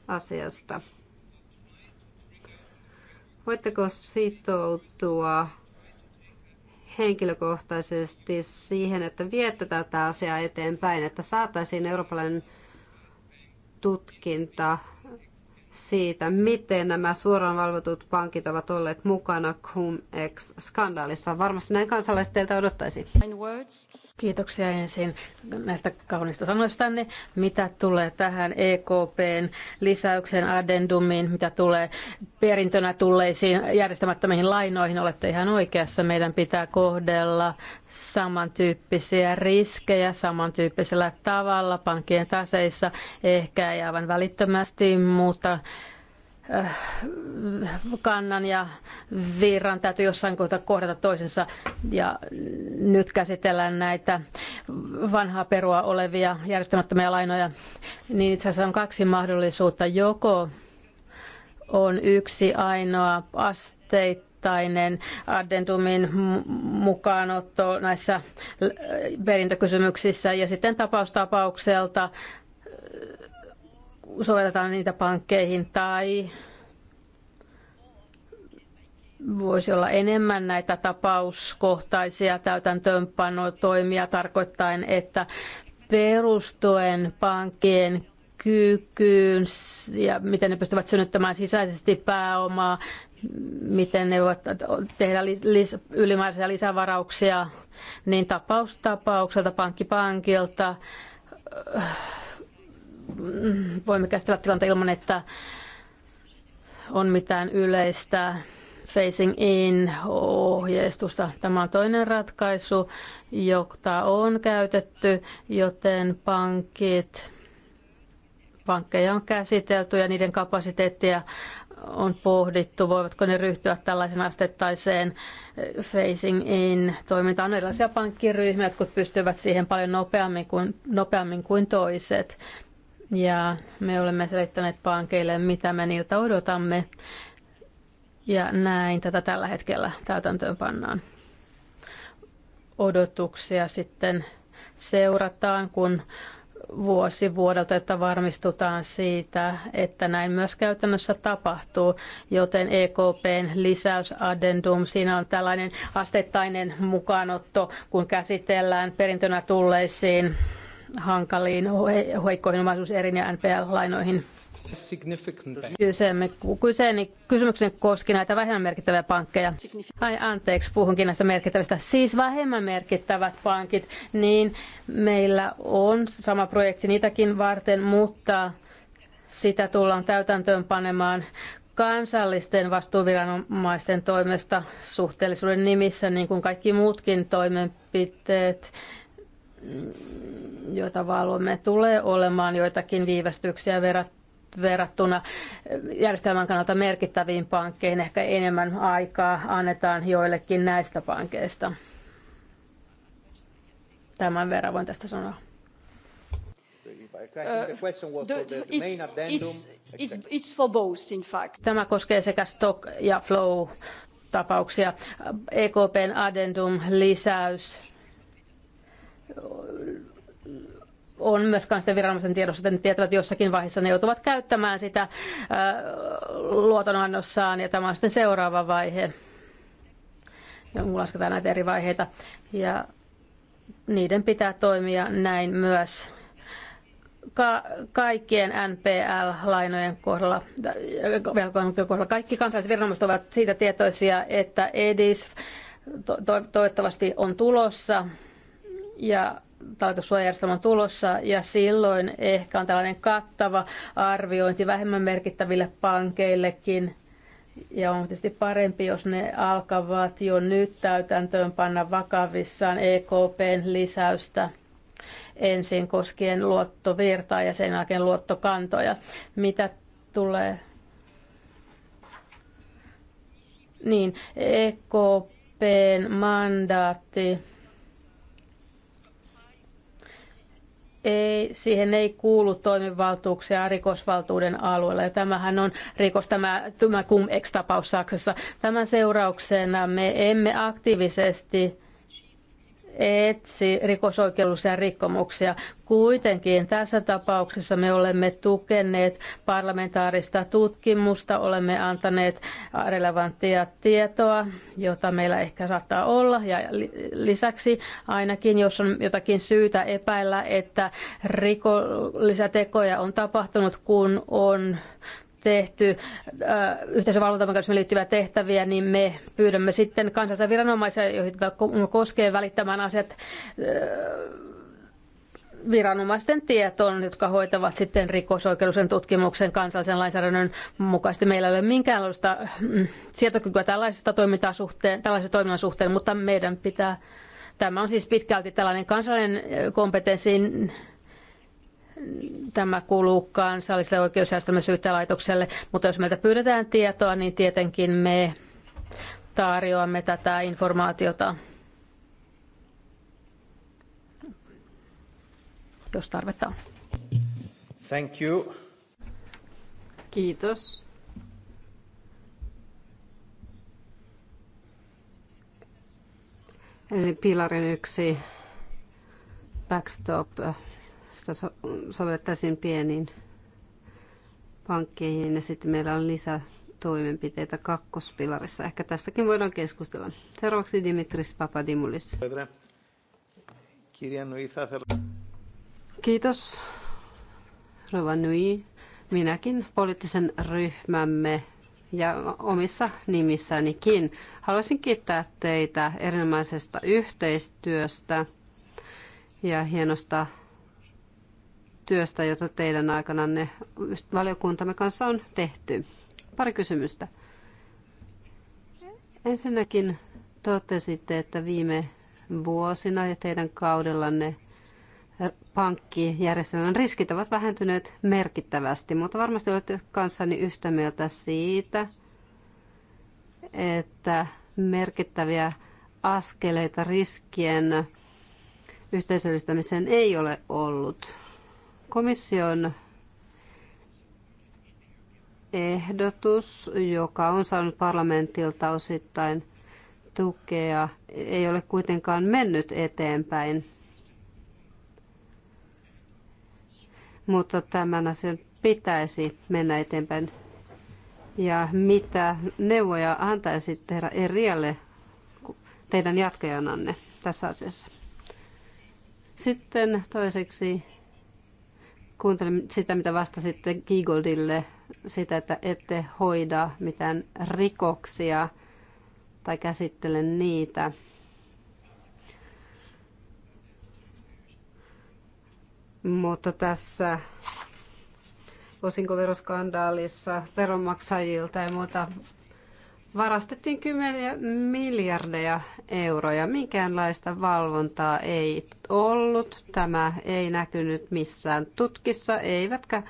asiasta. Voitteko sitoutua henkilökohtaisesti siihen, että viette tätä asiaa eteenpäin, että saataisiin eurooppalainen tutkinta siitä, miten nämä suoraan valvotut pankit ovat olleet mukana CumEx-skandaalissa. Varmasti näin kansalaiset teiltä odottaisi. Kiitoksia ensin näistä kauniista sanoistanne. Mitä tulee tähän EKPn lisäyksen addendumiin, mitä tulee perintönä tulleisiin järjestämättömiin lainoihin, olette ihan oikeassa. Meidän pitää kohdella samantyyppisiä riskejä samantyyppisellä tavalla pankkien taseissa, ehkä ei aivan välittömästi, mutta Äh, kannan ja virran täytyy jossain kohtaa kohdata toisensa. Ja nyt käsitellään näitä vanhaa perua olevia järjestämättömiä lainoja. Niin itse asiassa on kaksi mahdollisuutta. Joko on yksi ainoa asteittainen addendumin mukaanotto näissä perintökysymyksissä ja sitten tapaustapaukselta sovelletaan niitä pankkeihin tai voisi olla enemmän näitä tapauskohtaisia täytäntöönpanotoimia tarkoittain, että perustuen pankkien kykyyn ja miten ne pystyvät synnyttämään sisäisesti pääomaa, miten ne voivat tehdä lis- ylimääräisiä lisävarauksia niin tapaustapaukselta, pankkipankilta, voimme käsitellä tilanta ilman, että on mitään yleistä facing in ohjeistusta. Tämä on toinen ratkaisu, jota on käytetty, joten pankit, pankkeja on käsitelty ja niiden kapasiteettia on pohdittu, voivatko ne ryhtyä tällaisen astettaiseen facing in toimintaan. On erilaisia pankkiryhmiä, jotka pystyvät siihen paljon nopeammin kuin, nopeammin kuin toiset. Ja me olemme selittäneet pankeille, mitä me niiltä odotamme. Ja näin tätä tällä hetkellä täytäntöön pannaan. Odotuksia sitten seurataan, kun vuosi vuodelta, että varmistutaan siitä, että näin myös käytännössä tapahtuu, joten EKPn lisäysaddendum, siinä on tällainen asteittainen mukaanotto, kun käsitellään perintönä tulleisiin hankaliin hoikkoihin omaisuuserin ja NPL-lainoihin. Kyseemme, kyseeni, kysymykseni koski näitä vähemmän merkittäviä pankkeja. Ai anteeksi, puhunkin näistä merkittävistä. Siis vähemmän merkittävät pankit, niin meillä on sama projekti niitäkin varten, mutta sitä tullaan täytäntöön panemaan kansallisten vastuuviranomaisten toimesta suhteellisuuden nimissä, niin kuin kaikki muutkin toimenpiteet jota valvomme, tulee olemaan joitakin viivästyksiä verrattuna verrattuna järjestelmän kannalta merkittäviin pankkeihin ehkä enemmän aikaa annetaan joillekin näistä pankeista. Tämän verran voin tästä sanoa. Tämä koskee sekä stock ja flow tapauksia. EKPn addendum lisäys on myös kansallisten viranomaisten tiedossa, että ne tietävät jossakin vaiheessa, ne joutuvat käyttämään sitä äh, luotonannossaan ja tämä on sitten seuraava vaihe. Ja mulla lasketaan näitä eri vaiheita ja niiden pitää toimia näin myös ka- kaikkien NPL-lainojen kohdalla, äh, velkojen kohdalla. Kaikki kansalliset viranomaiset ovat siitä tietoisia, että EDIS to- toivottavasti on tulossa ja talletussuojajärjestelmä on tulossa ja silloin ehkä on tällainen kattava arviointi vähemmän merkittäville pankeillekin. Ja on tietysti parempi, jos ne alkavat jo nyt täytäntöön panna vakavissaan EKPn lisäystä ensin koskien luottovirtaa ja sen jälkeen luottokantoja. Mitä tulee? Niin, EKPn mandaatti ei, siihen ei kuulu toimivaltuuksia rikosvaltuuden alueella. Ja tämähän on rikos, tämä, tämä cum ex-tapaus Saksassa. Tämän seurauksena me emme aktiivisesti etsi rikosoikeudellisia rikkomuksia. Kuitenkin tässä tapauksessa me olemme tukeneet parlamentaarista tutkimusta, olemme antaneet relevanttia tietoa, jota meillä ehkä saattaa olla. Ja lisäksi ainakin, jos on jotakin syytä epäillä, että rikollisia tekoja on tapahtunut, kun on tehty yhteisövalvontamekanismiin liittyviä tehtäviä, niin me pyydämme sitten kansallisia viranomaisia, joita koskee välittämään asiat viranomaisten tietoon, jotka hoitavat sitten rikosoikeudellisen tutkimuksen kansallisen lainsäädännön mukaisesti. Meillä ei ole minkäänlaista mm, sietokykyä tällaisesta toimintaa suhteen, tällaisen toiminnan suhteen, mutta meidän pitää, tämä on siis pitkälti tällainen kansallinen kompetenssiin. Tämä kuuluu kansalliselle oikeusjärjestelmän syyttäjälaitokselle, mutta jos meiltä pyydetään tietoa, niin tietenkin me tarjoamme tätä informaatiota, jos tarvetta on. Thank you. Kiitos. Eli pilarin yksi backstop sitä so- sovellettaisiin pieniin pankkeihin ja sitten meillä on lisää toimenpiteitä kakkospilarissa. Ehkä tästäkin voidaan keskustella. Seuraavaksi Dimitris Papadimulis. Kiitos. Rova Nui. Minäkin poliittisen ryhmämme ja omissa nimissänikin. Haluaisin kiittää teitä erinomaisesta yhteistyöstä ja hienosta työstä, jota teidän aikananne valiokuntamme kanssa on tehty. Pari kysymystä. Ensinnäkin totesitte, että viime vuosina ja teidän kaudellanne pankkijärjestelmän riskit ovat vähentyneet merkittävästi, mutta varmasti olette kanssani yhtä mieltä siitä, että merkittäviä askeleita riskien yhteisöllistämiseen ei ole ollut. Komission ehdotus, joka on saanut parlamentilta osittain tukea, ei ole kuitenkaan mennyt eteenpäin. Mutta tämän asian pitäisi mennä eteenpäin. Ja mitä neuvoja antaisitte herra Erialle teidän jatkajananne tässä asiassa? Sitten toiseksi Kuuntelin sitä, mitä vastasitte Gigoldille, sitä, että ette hoida mitään rikoksia tai käsittele niitä. Mutta tässä osinkoveroskandaalissa veronmaksajilta ja muuta varastettiin kymmeniä miljardeja euroja. Minkäänlaista valvontaa ei ollut. Tämä ei näkynyt missään tutkissa, eivätkä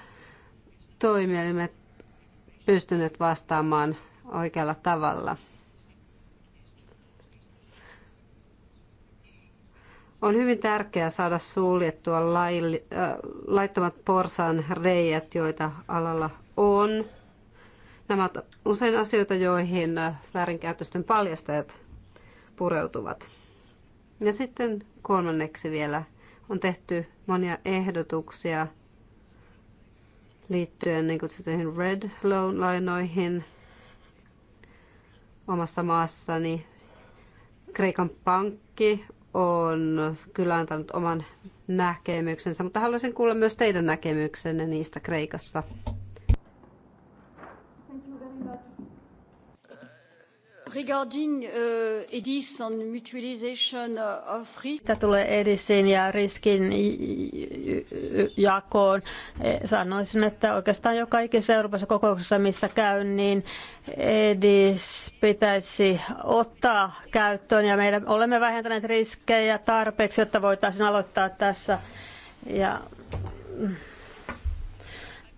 toimielimet pystyneet vastaamaan oikealla tavalla. On hyvin tärkeää saada suljettua äh, laittomat porsaan reijät, joita alalla on. Nämä ovat usein asioita, joihin väärinkäytösten paljastajat pureutuvat. Ja sitten kolmanneksi vielä on tehty monia ehdotuksia liittyen niin kutsuttuihin red loan-lainoihin omassa maassani. Kreikan pankki on kyllä antanut oman näkemyksensä, mutta haluaisin kuulla myös teidän näkemyksenne niistä Kreikassa. Regarding uh, EDIS on mutualization uh, of risk. Mitä tulee EDISin ja riskin jakoon, eh, sanoisin, että oikeastaan jo kaikissa Euroopassa kokouksessa, missä käyn, niin EDIS pitäisi ottaa käyttöön ja meidän olemme vähentäneet riskejä tarpeeksi, jotta voitaisiin aloittaa tässä. Ja mm,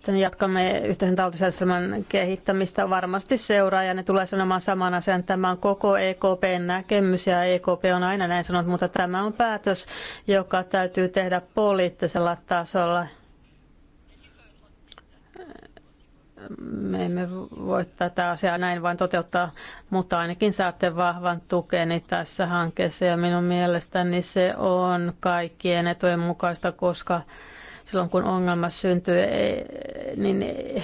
sitten jatkamme yhteisen talousjärjestelmän kehittämistä. Varmasti ja ne tulee sanomaan saman asian. Tämä on koko EKPn näkemys ja EKP on aina näin sanonut, mutta tämä on päätös, joka täytyy tehdä poliittisella tasolla. Me emme voi tätä asiaa näin vain toteuttaa, mutta ainakin saatte vahvan tukeni tässä hankkeessa ja minun mielestäni se on kaikkien etujen mukaista, koska silloin kun ongelma syntyy, e, niin e,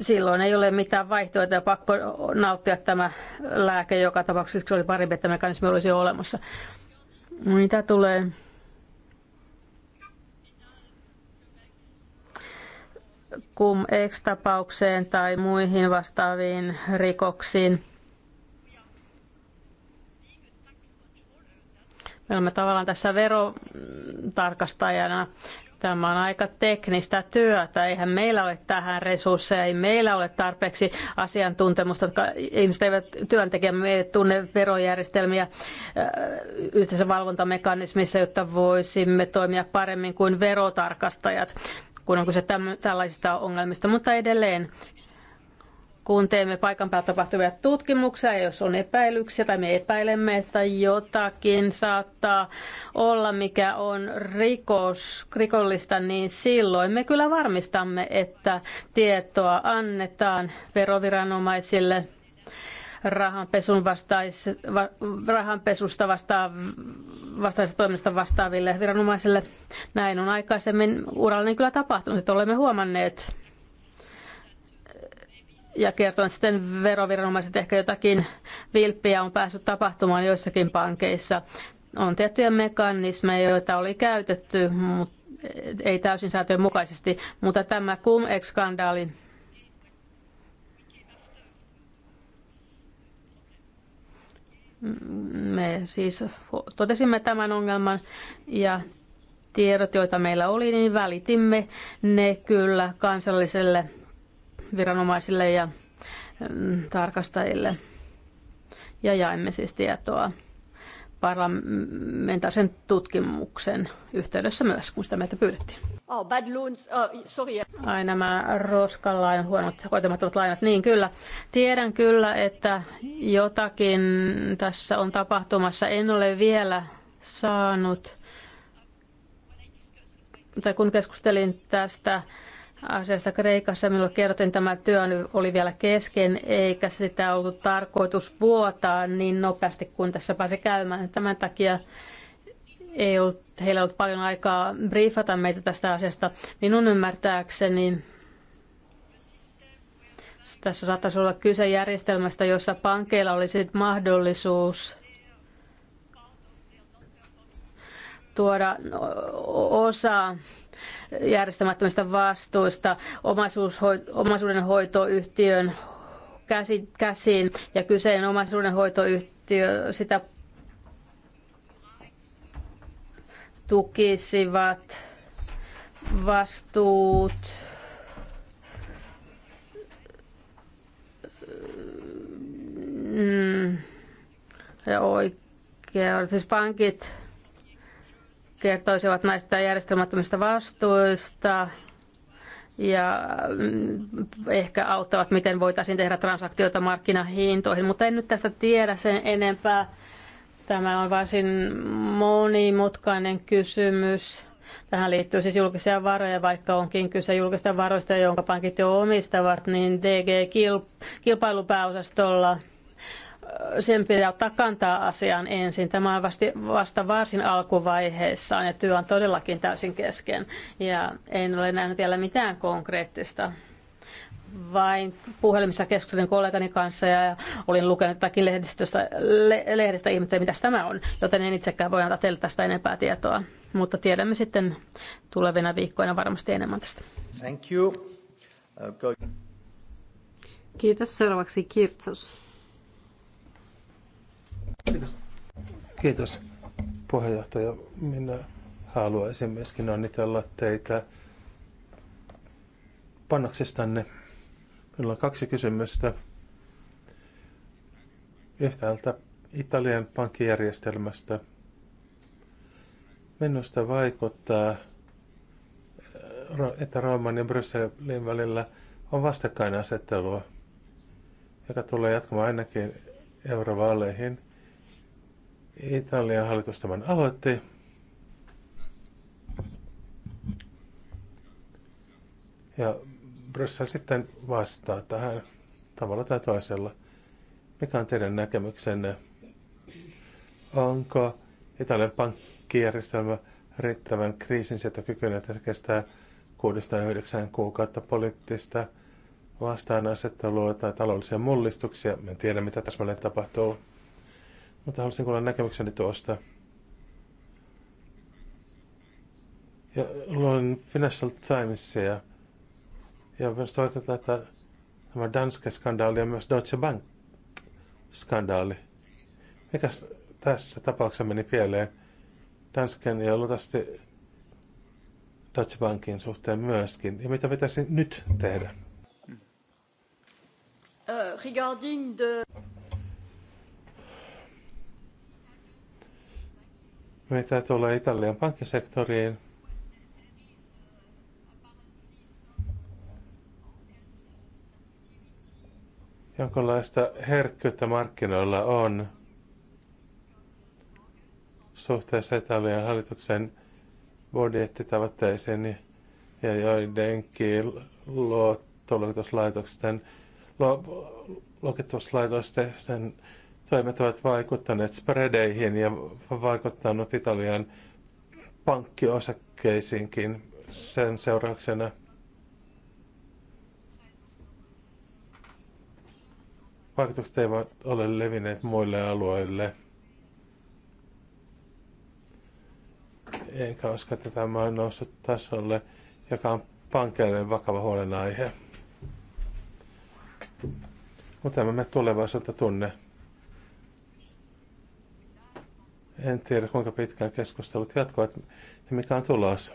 silloin ei ole mitään vaihtoehtoja, pakko nauttia tämä lääke joka tapauksessa, se oli parempi, että mekanismi olisi jo olemassa. Mitä tulee kum ex-tapaukseen tai muihin vastaaviin rikoksiin. Me olemme tavallaan tässä verotarkastajana. Tämä on aika teknistä työtä. Eihän meillä ole tähän resursseja, ei meillä ole tarpeeksi asiantuntemusta, jotka ihmiset eivät työntekijämme tunne verojärjestelmiä yhteisessä valvontamekanismissa, jotta voisimme toimia paremmin kuin verotarkastajat kun on kyse tällaisista ongelmista. Mutta edelleen kun teemme paikan päällä tapahtuvia tutkimuksia, jos on epäilyksiä tai me epäilemme, että jotakin saattaa olla, mikä on rikos, rikollista, niin silloin me kyllä varmistamme, että tietoa annetaan veroviranomaisille rahanpesun vastais, va, rahanpesusta vastaa, vastaisesta toimesta vastaaville viranomaisille. Näin on aikaisemmin urallinen kyllä tapahtunut, että olemme huomanneet ja kertonut sitten veroviranomaiset ehkä jotakin vilppiä on päässyt tapahtumaan joissakin pankeissa. On tiettyjä mekanismeja, joita oli käytetty, mutta ei täysin säätöjen mukaisesti, mutta tämä cumex skandaali me siis totesimme tämän ongelman ja tiedot, joita meillä oli, niin välitimme ne kyllä kansalliselle viranomaisille ja mm, tarkastajille ja jaimme siis tietoa parlamentaarisen tutkimuksen yhteydessä myös, kun sitä meiltä pyydettiin. Oh, bad loans. Oh, sorry. Ai nämä roskalain huonot hoitamattomat lainat. Niin kyllä, tiedän kyllä, että jotakin tässä on tapahtumassa. En ole vielä saanut, tai kun keskustelin tästä asiasta Kreikassa. Minulle että tämä työ oli vielä kesken, eikä sitä ollut tarkoitus vuotaa niin nopeasti kuin tässä pääsi käymään. Tämän takia ei ollut, heillä ei ollut paljon aikaa briefata meitä tästä asiasta. Minun ymmärtääkseni tässä saattaisi olla kyse järjestelmästä, jossa pankeilla olisi mahdollisuus tuoda osa järjestämättömistä vastuista omaisuuden hoitoyhtiön käsiin ja kyseinen omaisuuden hoitoyhtiö sitä tukisivat vastuut mm, ja oikeudet. Siis pankit kertoisivat näistä järjestelmättömistä vastuista ja mm, ehkä auttavat, miten voitaisiin tehdä transaktioita markkinahintoihin, mutta en nyt tästä tiedä sen enempää. Tämä on varsin monimutkainen kysymys. Tähän liittyy siis julkisia varoja, vaikka onkin kyse julkista varoista, jonka pankit jo omistavat, niin DG-kilpailupääosastolla – sen pitää ottaa kantaa asiaan ensin. Tämä on vasta, vasta varsin alkuvaiheessaan ja työ on todellakin täysin kesken. Ja en ole nähnyt vielä mitään konkreettista vain puhelimissa keskustelin kollegani kanssa ja olin lukenut jotakin lehdistöstä, le, lehdistä ihmettä, mitä tämä on, joten en itsekään voi antaa teille tästä enempää tietoa. Mutta tiedämme sitten tulevina viikkoina varmasti enemmän tästä. Thank you. Uh, Kiitos. Seuraavaksi Kirtsos. Kiitos. Kiitos puheenjohtaja. Minä haluaisin myöskin onnitella teitä panoksestanne. Minulla on kaksi kysymystä. Yhtäältä Italian pankkijärjestelmästä. Minusta vaikuttaa, että Rooman ja Brysselin välillä on vastakkainasettelua, joka tulee jatkumaan ainakin eurovaaleihin – Italian hallitus tämän aloitti. Ja Bryssel sitten vastaa tähän tavalla tai toisella. Mikä on teidän näkemyksenne? Onko Italian pankkijärjestelmä riittävän kykyinen, että se kestää 6-9 kuukautta poliittista vastaanasettelua tai taloudellisia mullistuksia? En tiedä, mitä täsmälleen tapahtuu. Mutta haluaisin kuulla näkemykseni tuosta. Ja luin Financial Timesia. Ja myös toivottavasti, että tämä Danske-skandaali ja myös Deutsche Bank-skandaali. Mikäs tässä tapauksessa meni pieleen? Dansken ja luultavasti Deutsche Bankin suhteen myöskin. Ja mitä pitäisi nyt tehdä? Uh, regarding the... Mitä tulee Italian pankkisektoriin, jonkinlaista herkkyyttä markkinoilla on suhteessa Italian hallituksen budjettitavoitteisiin ja joidenkin luottoluokituslaitosten luokituslaitosten toimet ovat vaikuttaneet spreadeihin ja vaikuttanut Italian pankkiosakkeisiinkin sen seurauksena. Vaikutukset eivät ole levinneet muille alueille. Enkä usko, että tämä on noussut tasolle, joka on pankeille vakava huolenaihe. Mutta tämä me tulevaisuutta tunne. En tiedä, kuinka pitkään keskustelut jatkuvat ja mikä on tulos.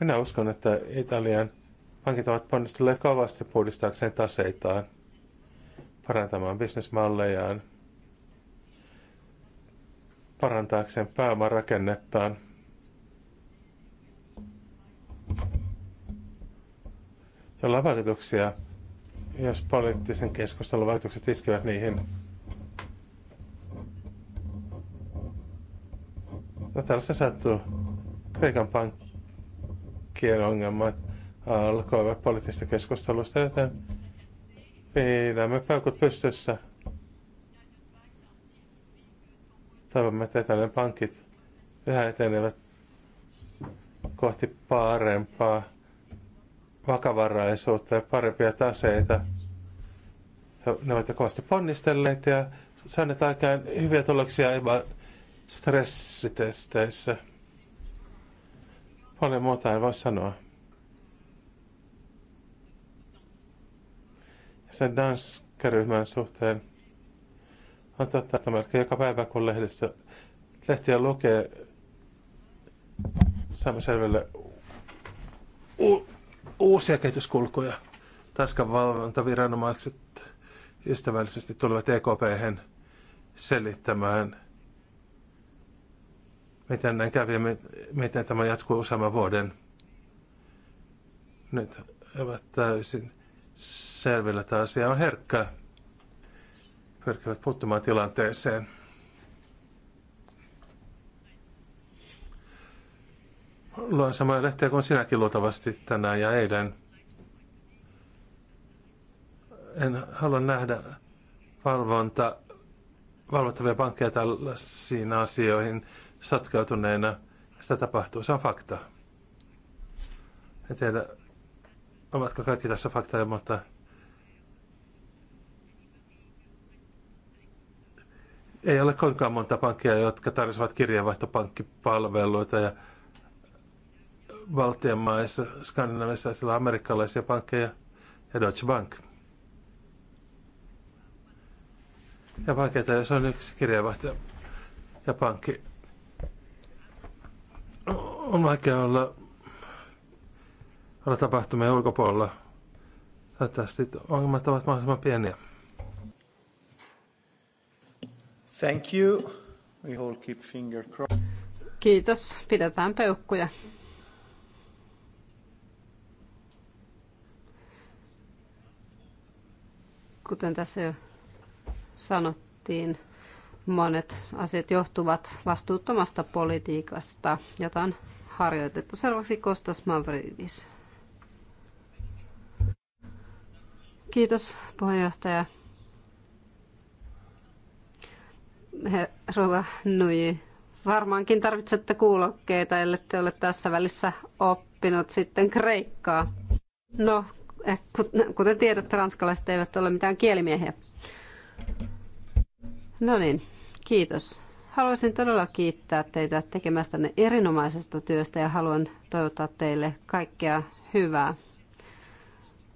Minä uskon, että Italian pankit ovat ponnistelleet kovasti puhdistaakseen taseitaan, parantamaan bisnesmallejaan, parantaakseen pääomarakennettaan. Jolla on vaikutuksia, jos poliittisen keskustelun vaikutukset iskevät niihin No tällaista sattuu. Kreikan pankkien ongelmat alkoivat poliittisesta keskustelusta, joten pidämme paukut pystyssä. Toivomme, että Italian pankit yhä etenevät kohti parempaa vakavaraisuutta ja parempia taseita. Ne ovat kovasti ponnistelleet ja saaneet aikaan hyviä tuloksia vaan stressitesteissä. Paljon muuta ei voi sanoa. Ja sen danskeryhmän suhteen on totta, että melkein joka päivä kun lehdistä, lehtiä lukee, saamme selville u- uusia kehityskulkuja. Tanskan valvontaviranomaiset ystävällisesti tulevat EKP selittämään – miten näin kävi ja miten tämä jatkuu useamman vuoden. Nyt ovat täysin selvillä, että asia on herkkä. Pyrkivät puuttumaan tilanteeseen. Luen samoja lehtiä kuin sinäkin luultavasti tänään ja eilen. En halua nähdä valvonta, valvottavia pankkeja tällaisiin asioihin satkautuneena Sitä tapahtuu, se on fakta. En tiedä, ovatko kaikki tässä faktoja, mutta ei ole koinkaan monta pankkia, jotka tarjoavat kirjeenvaihtopankkipalveluita ja Baltian maissa, Skandinaavissa, sillä amerikkalaisia pankkeja ja Deutsche Bank. Ja vaikeita, jos on yksi kirjeenvaihto ja pankki on vaikea olla, olla tapahtumien ulkopuolella. Toivottavasti ongelmat ovat mahdollisimman pieniä. Thank you. We all keep finger crossed. Kiitos. Pidetään peukkuja. Kuten tässä jo sanottiin, Monet asiat johtuvat vastuuttomasta politiikasta, jota on harjoitettu. Seuraavaksi Kostas Mavridis. Kiitos puheenjohtaja. Rova Nui, varmaankin tarvitsette kuulokkeita, ellette ole tässä välissä oppinut sitten kreikkaa. No, eh, kuten tiedätte, ranskalaiset eivät ole mitään kielimiehiä. No niin, Kiitos. Haluaisin todella kiittää teitä tekemästänne erinomaisesta työstä ja haluan toivottaa teille kaikkea hyvää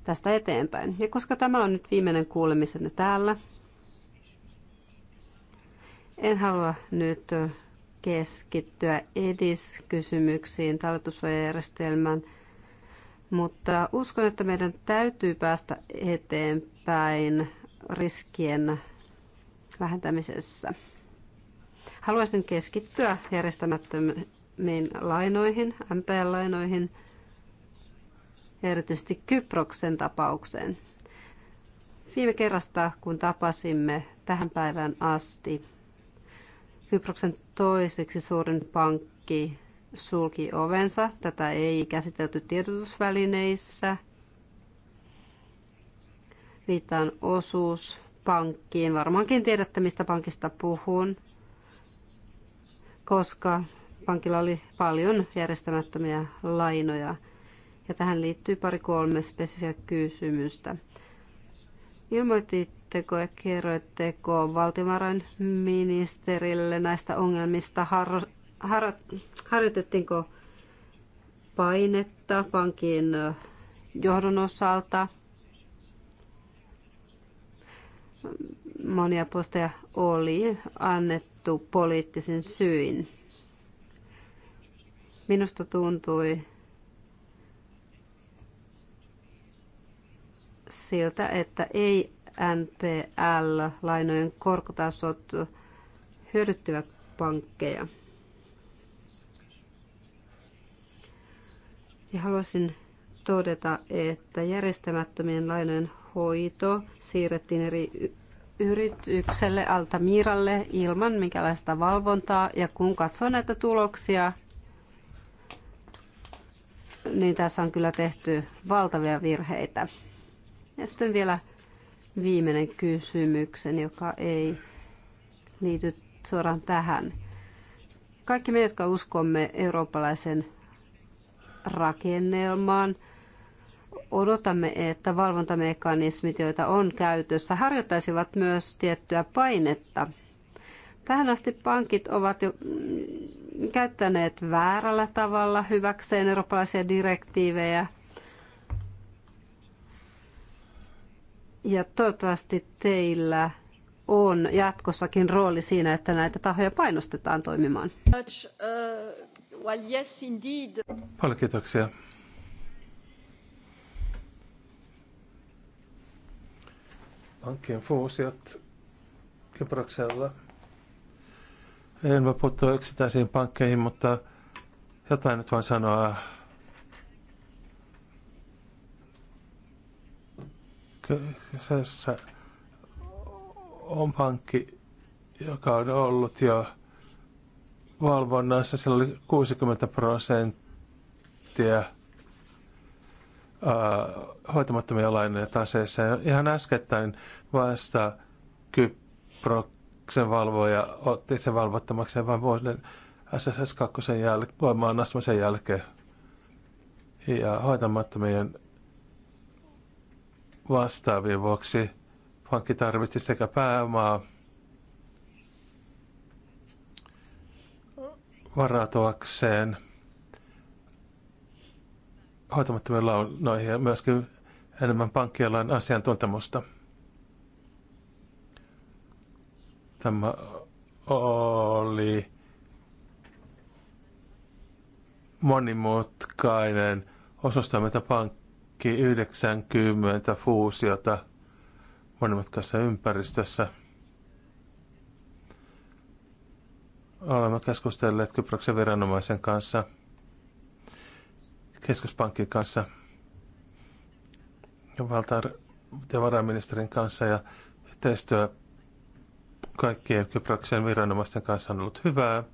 tästä eteenpäin. Ja koska tämä on nyt viimeinen kuulemisenne täällä, en halua nyt keskittyä edis-kysymyksiin talletussuojajärjestelmän, mutta uskon, että meidän täytyy päästä eteenpäin riskien vähentämisessä. Haluaisin keskittyä järjestämättömiin lainoihin, MPL-lainoihin, erityisesti Kyproksen tapaukseen. Viime kerrasta, kun tapasimme tähän päivään asti, Kyproksen toiseksi suurin pankki sulki ovensa. Tätä ei käsitelty tiedotusvälineissä. Viittaan osuuspankkiin. Varmaankin tiedätte, mistä pankista puhun koska pankilla oli paljon järjestämättömiä lainoja. Ja tähän liittyy pari kolme spesifiä kysymystä. Ilmoititteko ja kerroitteko valtiovarainministerille näistä ongelmista? Har- har- harjoitettiinko painetta pankin johdon osalta? Monia posteja oli annettu valittu poliittisen syyn. Minusta tuntui siltä, että ei NPL-lainojen korkotasot hyödyttivät pankkeja. Ja haluaisin todeta, että järjestämättömien lainojen hoito siirrettiin eri yritykselle Altamiralle ilman minkälaista valvontaa. Ja kun katsoo näitä tuloksia, niin tässä on kyllä tehty valtavia virheitä. Ja sitten vielä viimeinen kysymyksen, joka ei liity suoraan tähän. Kaikki me, jotka uskomme eurooppalaisen rakennelmaan – odotamme, että valvontamekanismit, joita on käytössä, harjoittaisivat myös tiettyä painetta. Tähän asti pankit ovat jo mm, käyttäneet väärällä tavalla hyväkseen eurooppalaisia direktiivejä. Ja toivottavasti teillä on jatkossakin rooli siinä, että näitä tahoja painostetaan toimimaan. Paljon kiitoksia. hankkeen fuusiot Kyproksella. En voi puuttua yksittäisiin pankkeihin, mutta jotain nyt voin sanoa. Kyseessä on pankki, joka on ollut jo valvonnassa. Siellä oli 60 prosenttia Äh, hoitamattomia lainoja taseessa. Ihan äskettäin vasta Kyproksen valvoja otti sen valvottamaksi, vain vuoden SSS2 jälkeen, voimaan astumisen jälkeen. Ja hoitamattomien vastaavien vuoksi pankki tarvitsi sekä pääomaa varautuakseen – hoitamattomien launoihin ja myöskin enemmän pankkialan asiantuntemusta. Tämä oli monimutkainen osastoiminta pankki 90 fuusiota monimutkaisessa ympäristössä. Olemme keskustelleet Kyproksen viranomaisen kanssa – keskuspankin kanssa valtar- ja varainministerin kanssa ja yhteistyö kaikkien Kyproksen viranomaisten kanssa on ollut hyvää.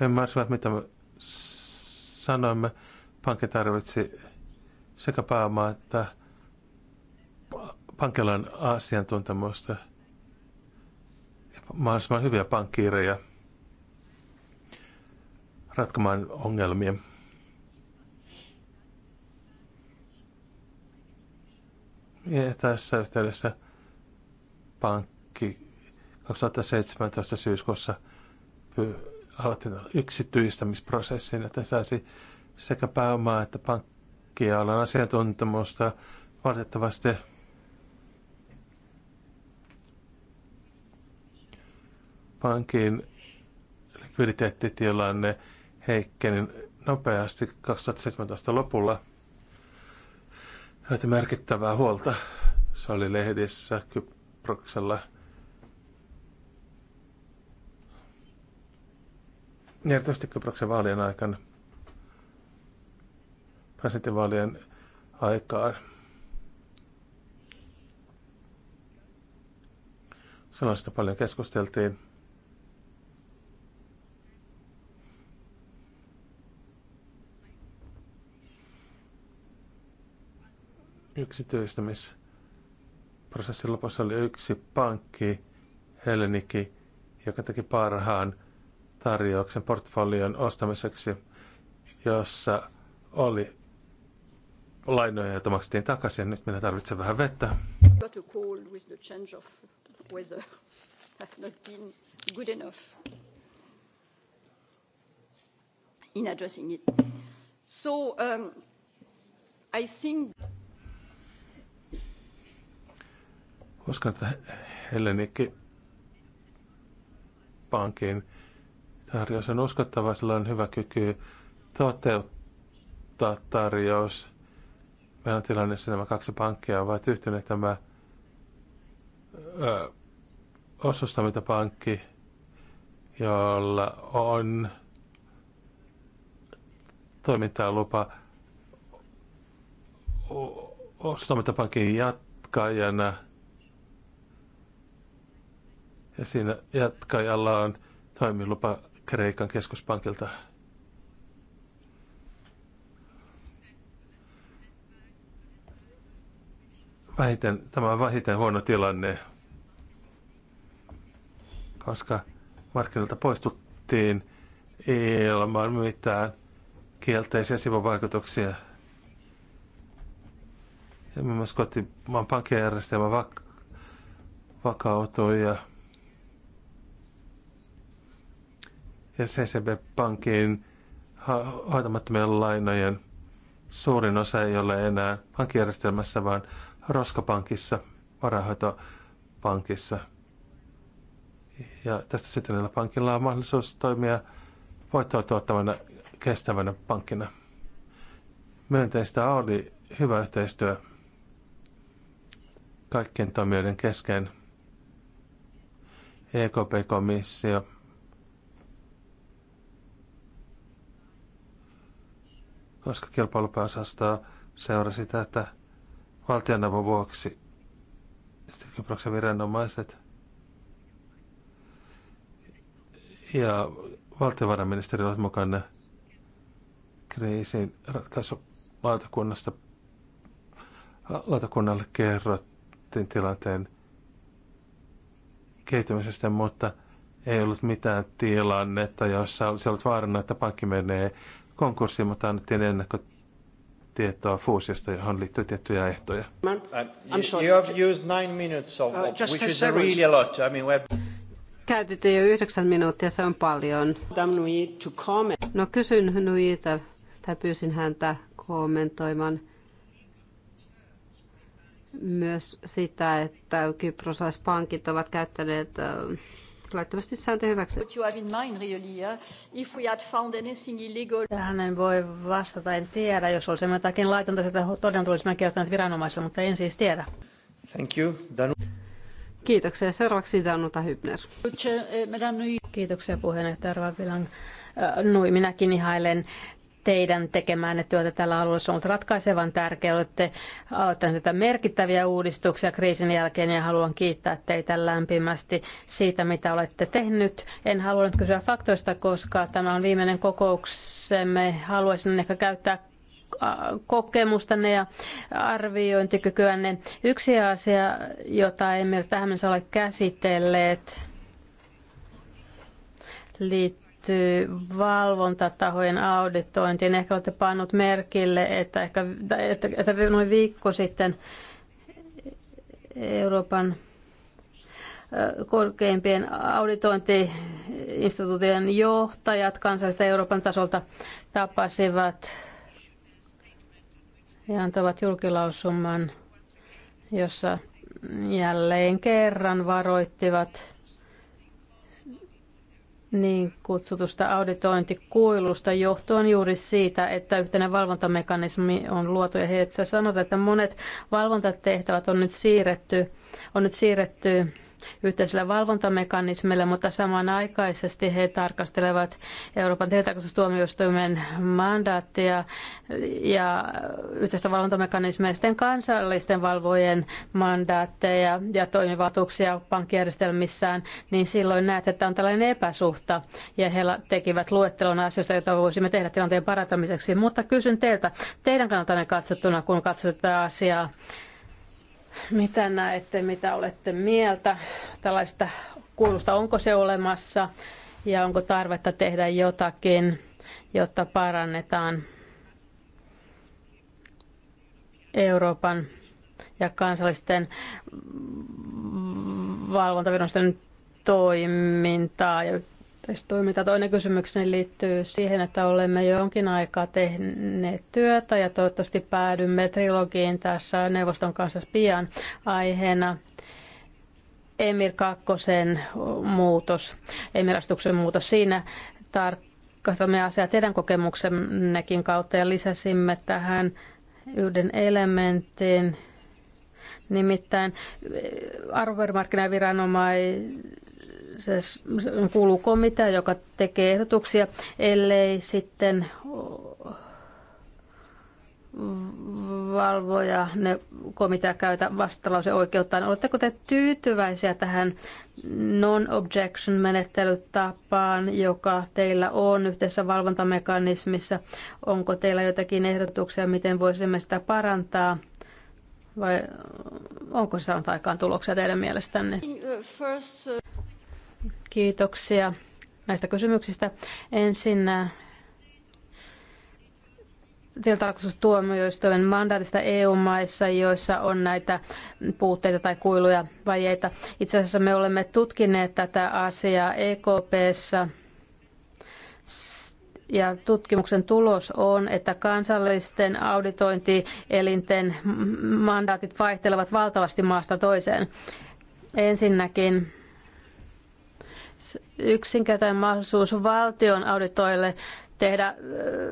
He ymmärsivät, mitä me sanoimme. Pankki tarvitsi sekä pääomaa että pankilan asiantuntemusta ja mahdollisimman hyviä pankkiireja – ratkomaan ongelmia. Ja tässä yhteydessä pankki 2017 syyskuussa aloitti yksityistämisprosessin, että saisi sekä pääomaa että pankkia alan asiantuntemusta. Valitettavasti pankin likviditeettitilanne heikkeni nopeasti 2017 lopulla. Hän merkittävää huolta. Se oli lehdissä Kyproksella. Erityisesti Kyproksen vaalien aikana, presidentinvaalien aikaan. Sellaista paljon keskusteltiin. yksityistämisprosessin lopussa oli yksi pankki, Helenikki, joka teki parhaan tarjouksen portfolion ostamiseksi, jossa oli lainoja, joita maksettiin takaisin. Nyt minä tarvitsen vähän vettä. So, um, I think... Uskon, että Hellenikki pankin tarjous on uskottava, sillä on hyvä kyky toteuttaa tarjous. Meillä on tilanne, että nämä kaksi pankkia ovat yhtyneet tämä ö, pankki, jolla on toimintalupa pankin jatkajana – ja siinä jatkajalla on toimilupa Kreikan keskuspankilta. Vähiten, tämä on vähiten huono tilanne, koska markkinoilta poistuttiin ilman mitään kielteisiä sivuvaikutuksia. Ja myös kotimaan pankkijärjestelmä vak- vakautui ja ja CCB-pankin hoitamattomien lainojen suurin osa ei ole enää pankkijärjestelmässä, vaan roskapankissa, varahoitopankissa. Ja tästä syntyneellä pankilla on mahdollisuus toimia voittoa tuottavana kestävänä pankkina. Myönteistä oli hyvä yhteistyö kaikkien toimijoiden kesken. EKP-komissio, koska kilpailupääosastoa seurasi sitä, että valtionavun vuoksi sitten Kyproksen viranomaiset ja valtiovarainministeri olivat mukana kriisin ratkaisulautakunnasta lautakunnalle kerrottiin tilanteen kehittymisestä, mutta ei ollut mitään tilannetta, jossa olisi ollut vaarana, että pankki menee konkurssiin, mutta annettiin ennakkotietoa fuusiosta, johon liittyy tiettyjä ehtoja. Käytitte jo yhdeksän minuuttia, se on paljon. No kysyn Nuita, tai pyysin häntä kommentoimaan myös sitä, että kyprosaispankit ovat käyttäneet uh, laittomasti sääntö hyväksi. Hänen voi vastata, en tiedä. Jos olisi jotakin laitonta, sitä olisi, tulisimme kertonut viranomaisille, mutta en siis tiedä. Thank you. Danu. Kiitoksia. Seuraavaksi Danuta Hybner. Eh, Kiitoksia puheenjohtaja Ravilan. Äh, Noin, minäkin ihailen teidän tekemäänne työtä tällä alueella. Se on ollut ratkaisevan tärkeää. Olette aloittaneet tätä merkittäviä uudistuksia kriisin jälkeen ja haluan kiittää teitä lämpimästi siitä, mitä olette tehnyt. En halua nyt kysyä faktoista, koska tämä on viimeinen kokouksemme. Haluaisin ehkä käyttää äh, kokemustanne ja arviointikykyänne. Yksi asia, jota emme tähän mennessä ole käsitelleet, liittyy liittyy valvontatahojen auditointiin. Ehkä olette pannut merkille, että, ehkä, että, että noin viikko sitten Euroopan korkeimpien auditointiinstituutien johtajat kansallisesta Euroopan tasolta tapasivat ja antavat julkilausuman, jossa jälleen kerran varoittivat niin kutsutusta auditointikuilusta johtuen juuri siitä, että yhtenä valvontamekanismi on luotu. Ja heitä sanotaan, että monet valvontatehtävät on nyt siirretty, on nyt siirretty yhteisellä valvontamekanismilla, mutta samanaikaisesti he tarkastelevat Euroopan tilintarkastustuomioistuimen mandaattia ja yhteistä valvontamekanismia sitten kansallisten valvojen mandaatteja ja toimivaltuuksia pankkijärjestelmissään, niin silloin näet, että on tällainen epäsuhta ja he tekivät luettelon asioista, joita voisimme tehdä tilanteen parantamiseksi. Mutta kysyn teiltä, teidän kannaltanne katsottuna, kun katsotte tätä asiaa, mitä näette, mitä olette mieltä tällaista kuulusta onko se olemassa ja onko tarvetta tehdä jotakin, jotta parannetaan Euroopan ja kansallisten valvontaviranomaisten toimintaa ja toiminta. Toinen kysymykseni liittyy siihen, että olemme jonkin aikaa tehneet työtä ja toivottavasti päädymme trilogiin tässä neuvoston kanssa pian aiheena. Emir kakkosen muutos, Emirastuksen muutos. Siinä tarkastamme asiaa teidän kokemuksennekin kautta ja lisäsimme tähän yhden elementin, nimittäin arvopaperimarkkinaviranomaisen se kuuluu komitea, joka tekee ehdotuksia, ellei sitten valvoja, ne komitea käytä vastalause oikeuttaan. Oletteko te tyytyväisiä tähän non-objection menettelytapaan, joka teillä on yhteisessä valvontamekanismissa? Onko teillä jotakin ehdotuksia, miten voisimme sitä parantaa? Vai onko se saanut aikaan tuloksia teidän mielestänne? Uh, uh, Kiitoksia näistä kysymyksistä. Ensin äh, tilatarkastustuomioistuimen mandaatista EU-maissa, joissa on näitä puutteita tai kuiluja, vajeita. Itse asiassa me olemme tutkineet tätä asiaa EKP:ssa ja tutkimuksen tulos on, että kansallisten auditointielinten mandaatit vaihtelevat valtavasti maasta toiseen. Ensinnäkin yksinkertainen mahdollisuus valtion auditoille tehdä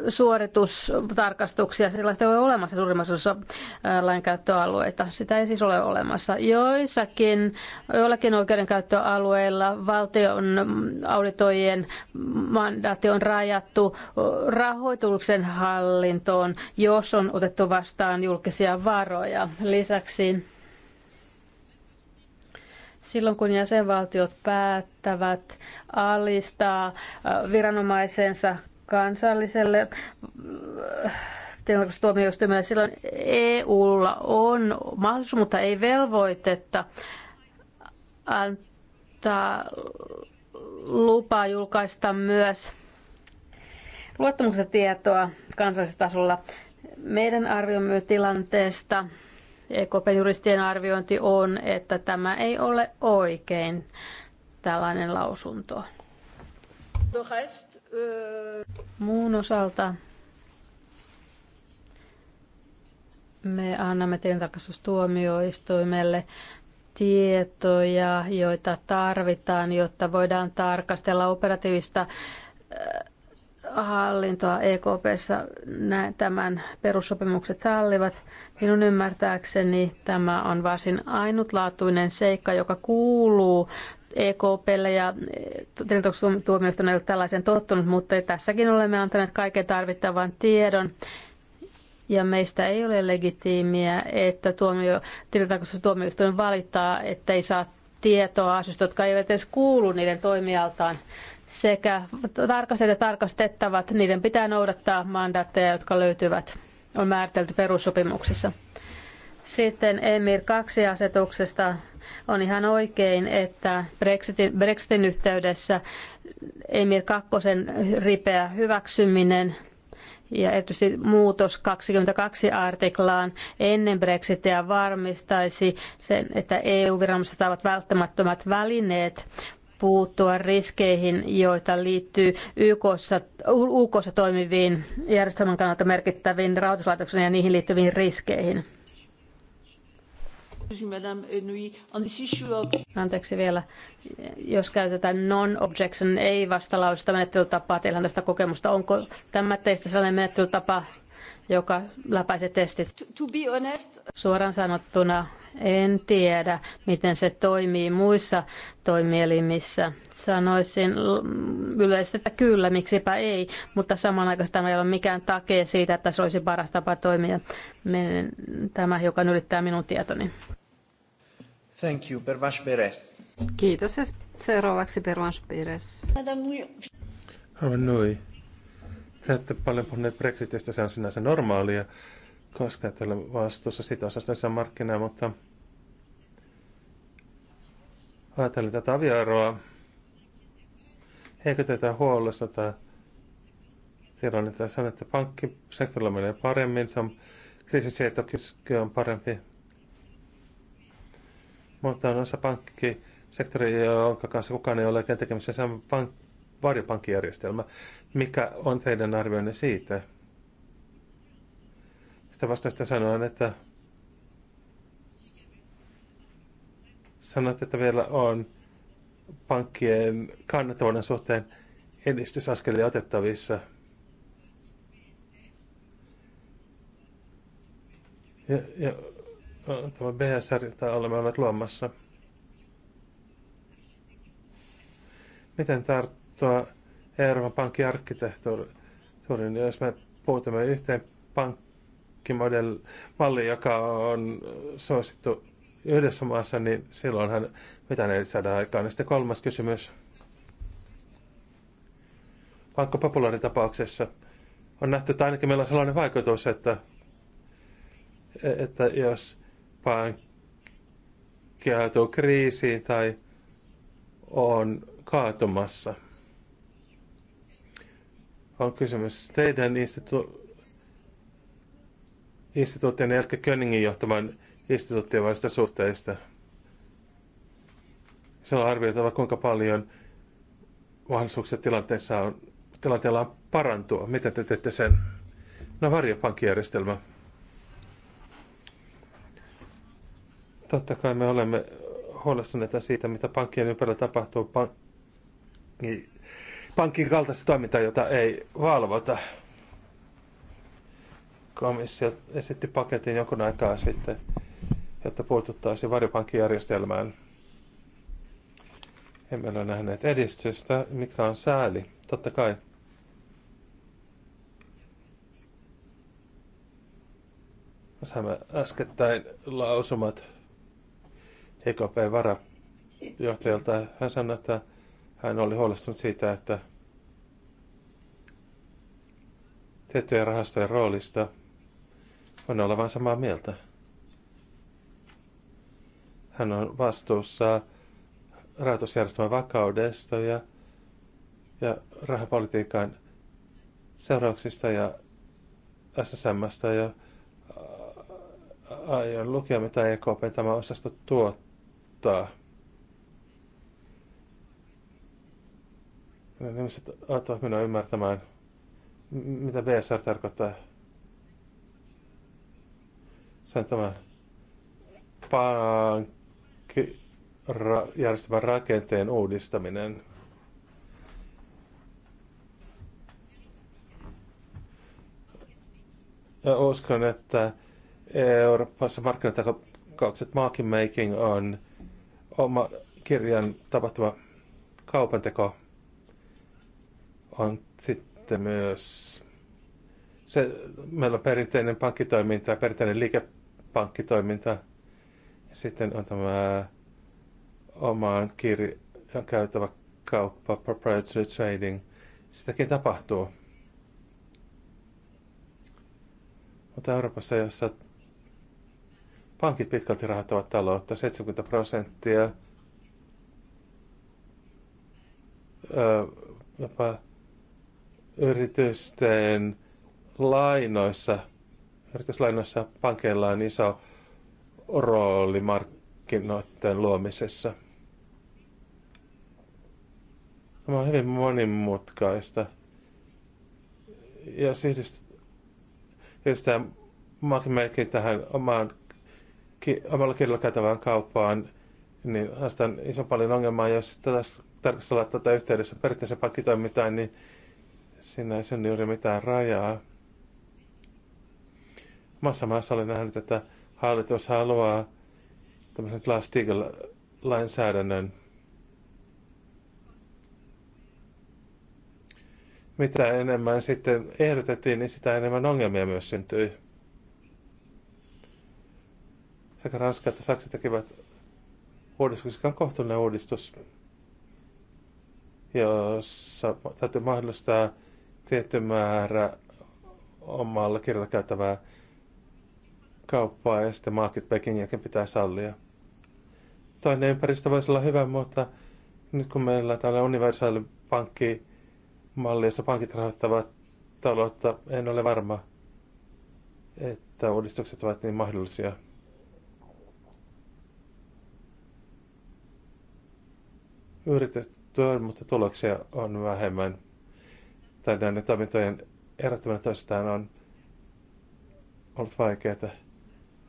suoritustarkastuksia. Sellaista ei ole olemassa suurimmassa osassa lainkäyttöalueita. Sitä ei siis ole olemassa. Joissakin, joillakin oikeudenkäyttöalueilla valtion auditoijien mandaatti on rajattu rahoituksen hallintoon, jos on otettu vastaan julkisia varoja. Lisäksi Silloin kun jäsenvaltiot päättävät alistaa äh, viranomaisensa kansalliselle äh, tuomioistuimelle, silloin EUlla on mahdollisuus, mutta ei velvoitetta antaa lupaa julkaista myös luottamuksesta tietoa kansallisella tasolla. Meidän arviomme tilanteesta ekp juristien arviointi on, että tämä ei ole oikein tällainen lausunto. Muun osalta me annamme tilintarkastustuomioistuimelle tietoja, joita tarvitaan, jotta voidaan tarkastella operatiivista hallintoa EKPssä tämän perussopimukset sallivat. Minun ymmärtääkseni tämä on varsin ainutlaatuinen seikka, joka kuuluu EKPlle ja tuomioistuin ei ole tällaisen tottunut, mutta tässäkin olemme antaneet kaiken tarvittavan tiedon. Ja meistä ei ole legitiimiä, että tuomio, tuomioistuin valittaa, että ei saa tietoa asioista, jotka eivät edes kuulu niiden toimialtaan. Sekä tarkastajat ja tarkastettavat, niiden pitää noudattaa mandaatteja, jotka löytyvät on määritelty perussopimuksessa. Sitten EMIR 2-asetuksesta on ihan oikein, että Brexitin, Brexitin yhteydessä EMIR 2 ripeä hyväksyminen ja erityisesti muutos 22 artiklaan ennen Brexitia varmistaisi sen, että EU-viranomaiset saavat välttämättömät välineet puuttua riskeihin, joita liittyy YKssa, UKssa toimiviin järjestelmän kannalta merkittäviin rahoituslaitoksiin ja niihin liittyviin riskeihin. Anteeksi vielä, jos käytetään non-objection, ei vastalausista menettelytapaa, teillä on tästä kokemusta. Onko tämä teistä sellainen menettelytapa, joka läpäisee testit? To be honest, Suoraan sanottuna en tiedä, miten se toimii muissa toimielimissä. Sanoisin yleisesti, että kyllä, miksipä ei, mutta samanaikaisesti tämä ei ole mikään takee siitä, että se olisi paras tapa toimia. Tämä joka ylittää minun tietoni. Thank you, Pervash Beres. Kiitos ja seuraavaksi Pervash Beres. Aivan noin. Te olette paljon puhuneet Brexitistä, se on sinänsä normaalia, koska teillä vastuussa sitä osasta markkinaa, mutta ajatellen tätä avioeroa, eikö tätä huolestuta tilannetta? Niin Sanoit, että pankkisektorilla menee paremmin, se on, kriisisietokyky on parempi. Mutta on osa pankkisektoria, jonka kanssa kukaan ei ole oikein tekemisissä, se on pank- varjopankkijärjestelmä. Mikä on teidän arvionne siitä? Sitä vastaista sanoin, että Sanot, että vielä on pankkien kannattavuuden suhteen edistysaskelia otettavissa. Ja, ja no, tämä BSR, jota olemme olleet luomassa. Miten tarttua Euroopan pankin arkkitehtuuriin, jos me puutumme yhteen pankkimodelliin, joka on suosittu yhdessä maassa, niin silloinhan mitä ne saadaan? aikaan. Ja sitten kolmas kysymys. Vaikka populaaritapauksessa on nähty, että ainakin meillä on sellainen vaikutus, että, että jos pankki joutuu kriisiin tai on kaatumassa, on kysymys teidän instituutin instituutin, eli Köningin johtaman instituutiovaisista suhteista. Se on arvioitava, kuinka paljon mahdollisuuksia tilanteessa on, tilanteella on parantua. Miten te teette sen? No varjopankkijärjestelmä. Totta kai me olemme huolestuneita siitä, mitä pankkien ympärillä tapahtuu. pankin kaltaista toimintaa, jota ei valvota. Komissio esitti paketin jonkun aikaa sitten jotta puututtaisiin varjopankkijärjestelmään. Emme ole nähneet edistystä, mikä on sääli, totta kai. Saamme äskettäin lausumat EKP varajohtajalta. Hän sanoi, että hän oli huolestunut siitä, että tiettyjen rahastojen roolista on olevan samaa mieltä. Hän on vastuussa rahoitusjärjestelmän vakaudesta ja, ja rahapolitiikan seurauksista ja SSMstä ja aion lukea, mitä EKP tämä osasto tuottaa. ne ihmiset auttavat minua ymmärtämään, mitä BSR tarkoittaa. Se on tämä pankki pankkijärjestelmän rakenteen uudistaminen. Ja uskon, että Euroopassa markkinatakaukset market making on oma kirjan tapahtuma kaupanteko on sitten myös se, meillä on perinteinen pankkitoiminta ja perinteinen liikepankkitoiminta – sitten on tämä omaan kirjan käytävä kauppa, proprietary trading. Sitäkin tapahtuu. Mutta Euroopassa, jossa pankit pitkälti rahoittavat taloutta, 70 prosenttia, jopa yritysten lainoissa, yrityslainoissa pankeilla on iso rooli markkinoiden luomisessa. Tämä on hyvin monimutkaista. Ja yhdistää Magmekin tähän omaan, ki, omalla kirjalla käytävään kauppaan, niin haastan iso paljon ongelmaa, jos tarkastellaan tätä yhteydessä periaatteessa pankkitoimintaan, niin siinä ei ole juuri mitään rajaa. Massa maassa olen nähnyt, että hallitus haluaa tämmöisen Glass lainsäädännön mitä enemmän sitten ehdotettiin, niin sitä enemmän ongelmia myös syntyi. Sekä Ranska että Saksa tekivät uudistuksen kohtuullinen uudistus, jossa täytyy mahdollistaa tietty määrä omalla kirjalla käyttävää kauppaa ja sitten market packingiakin pitää sallia. Toinen ympäristö voisi olla hyvä, mutta nyt kun meillä on tällainen universaali pankkimalli, jossa pankit rahoittavat taloutta, en ole varma, että uudistukset ovat niin mahdollisia. Yritetty on, mutta tuloksia on vähemmän. Tai näiden toimintojen erottaminen toistaan on ollut vaikeaa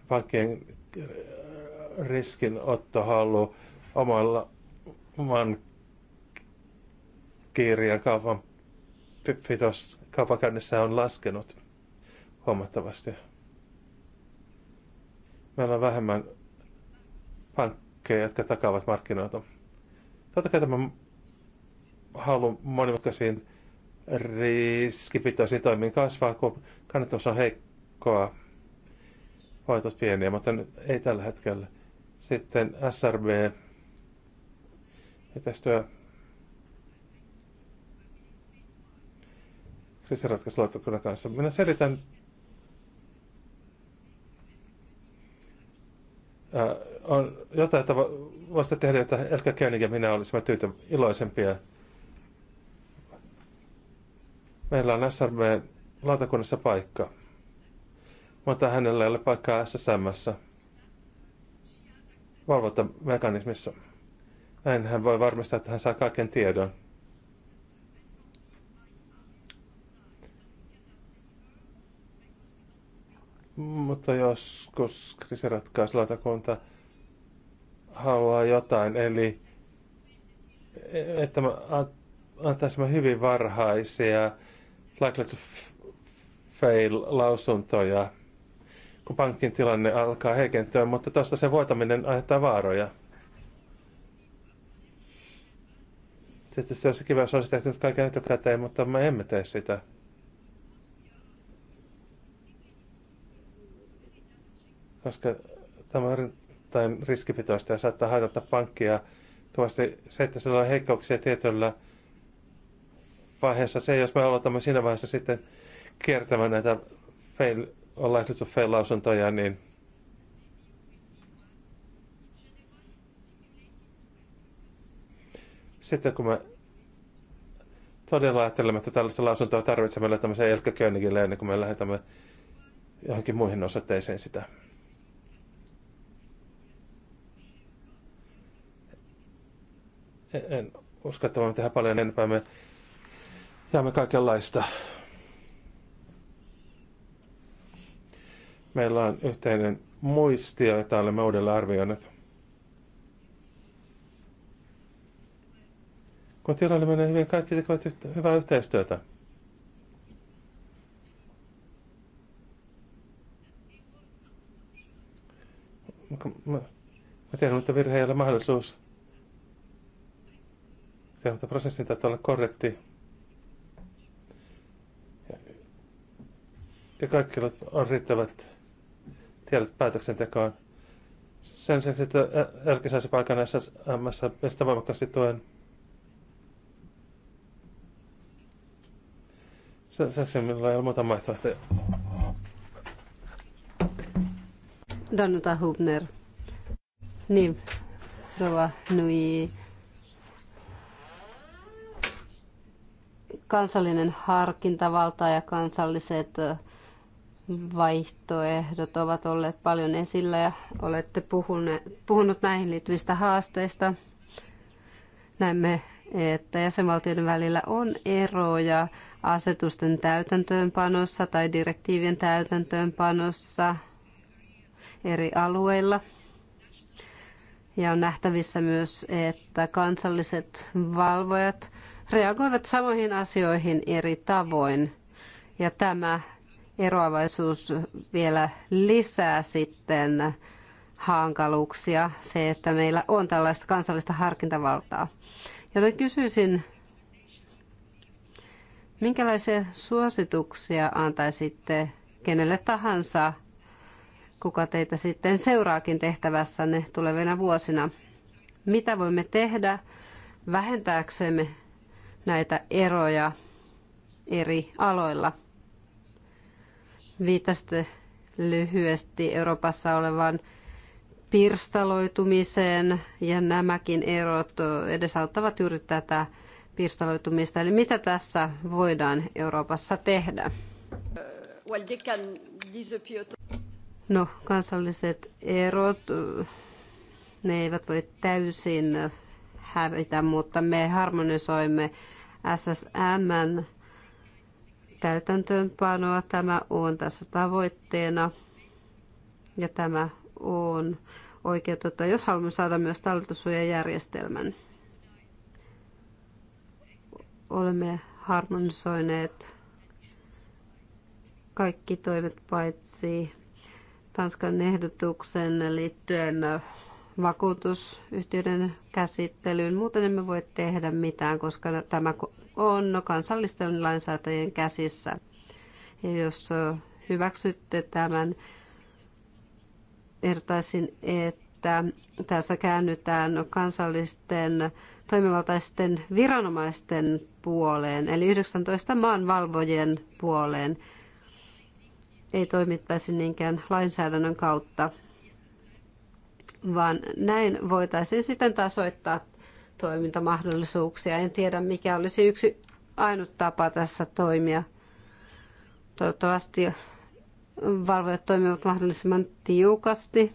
pankkien äh, halu omalla oman kirjan kaupan pidos kaupankäynnissä on laskenut huomattavasti. Meillä on vähemmän pankkeja, jotka takaavat markkinoita. Totta kai tämä halu monimutkaisiin riskipitoisiin toimiin kasvaa, kun kannattavuus on heikkoa voitot pieniä, mutta ei tällä hetkellä. Sitten SRB, yhteistyö kriisiratkaisulautakunnan kanssa. Minä selitän Äh, on jotain, että voisitte tehdä, että Elka Koenig ja minä olisimme tyytä iloisempia. Meillä on SRB lautakunnassa paikka mutta hänellä ei ole paikkaa SSMssä valvontamekanismissa. Näin hän voi varmistaa, että hän saa kaiken tiedon. Mutta joskus kriisiratkaisulautakunta haluaa jotain, eli että mä antaisin hyvin varhaisia likely to fail lausuntoja kun pankin tilanne alkaa heikentyä, mutta tuosta sen voitaminen aiheuttaa vaaroja. Tietysti olisi kiva, jos olisi tehty kaiken etukäteen, mutta me emme tee sitä. Koska tämä on erittäin riskipitoista ja saattaa haitata pankkia kovasti se, että sillä on heikkouksia tietyllä vaiheessa. Se, jos me aloitamme siinä vaiheessa sitten kiertämään näitä fail Ollaan ehdotettu lausuntoja, niin sitten kun me todella ajattelemme, että tällaista lausuntoa tarvitsemme, lähetämme sen Elkka Königille ennen kuin me lähetämme johonkin muihin osoitteisiin sitä. En usko, että voimme tehdä paljon enempää. Me jaamme kaikenlaista. Meillä on yhteinen muistio, jota olemme uudelleen arvioineet. Kun tilanne menee hyvin, kaikki tekevät yhtä, hyvää yhteistyötä. Mä, mä tiedän, että virhe ei ole mahdollisuus. Tiedän, että prosessin täytyy olla korrekti. Ja, ja kaikilla on riittävät tiedot päätöksentekoon. Sen sijaan, että Elke saisi paikan SSMS, mistä voimakkaasti tuen. Sen lisäksi minulla ei ole muuta vaihtoehtoja. Danuta Hubner. Niin, Rova Nui. Kansallinen harkintavalta ja kansalliset vaihtoehdot ovat olleet paljon esillä ja olette puhune, puhunut näihin liittyvistä haasteista. Näemme, että jäsenvaltioiden välillä on eroja asetusten täytäntöönpanossa tai direktiivien täytäntöönpanossa eri alueilla. Ja on nähtävissä myös, että kansalliset valvojat reagoivat samoihin asioihin eri tavoin. Ja tämä eroavaisuus vielä lisää sitten hankaluuksia, se, että meillä on tällaista kansallista harkintavaltaa. Joten kysyisin, minkälaisia suosituksia antaisitte kenelle tahansa, kuka teitä sitten seuraakin tehtävässänne tulevina vuosina? Mitä voimme tehdä vähentääksemme näitä eroja eri aloilla? viittasitte lyhyesti Euroopassa olevaan pirstaloitumiseen ja nämäkin erot edesauttavat juuri tätä pirstaloitumista. Eli mitä tässä voidaan Euroopassa tehdä? No, kansalliset erot, ne eivät voi täysin hävitä, mutta me harmonisoimme SSM täytäntöönpanoa. Tämä on tässä tavoitteena ja tämä on oikeutettua, jos haluamme saada myös talletussuojajärjestelmän. Olemme harmonisoineet kaikki toimet paitsi Tanskan ehdotuksen liittyen vakuutusyhtiöiden käsittelyyn. Muuten emme voi tehdä mitään, koska tämä on kansallisten lainsäätäjien käsissä. Ja jos hyväksytte tämän, ehdottaisin, että tässä käännytään kansallisten toimivaltaisten viranomaisten puoleen, eli 19 maanvalvojien puoleen. Ei toimittaisi niinkään lainsäädännön kautta, vaan näin voitaisiin sitten tasoittaa toimintamahdollisuuksia. En tiedä, mikä olisi yksi ainut tapa tässä toimia. Toivottavasti valvojat toimivat mahdollisimman tiukasti.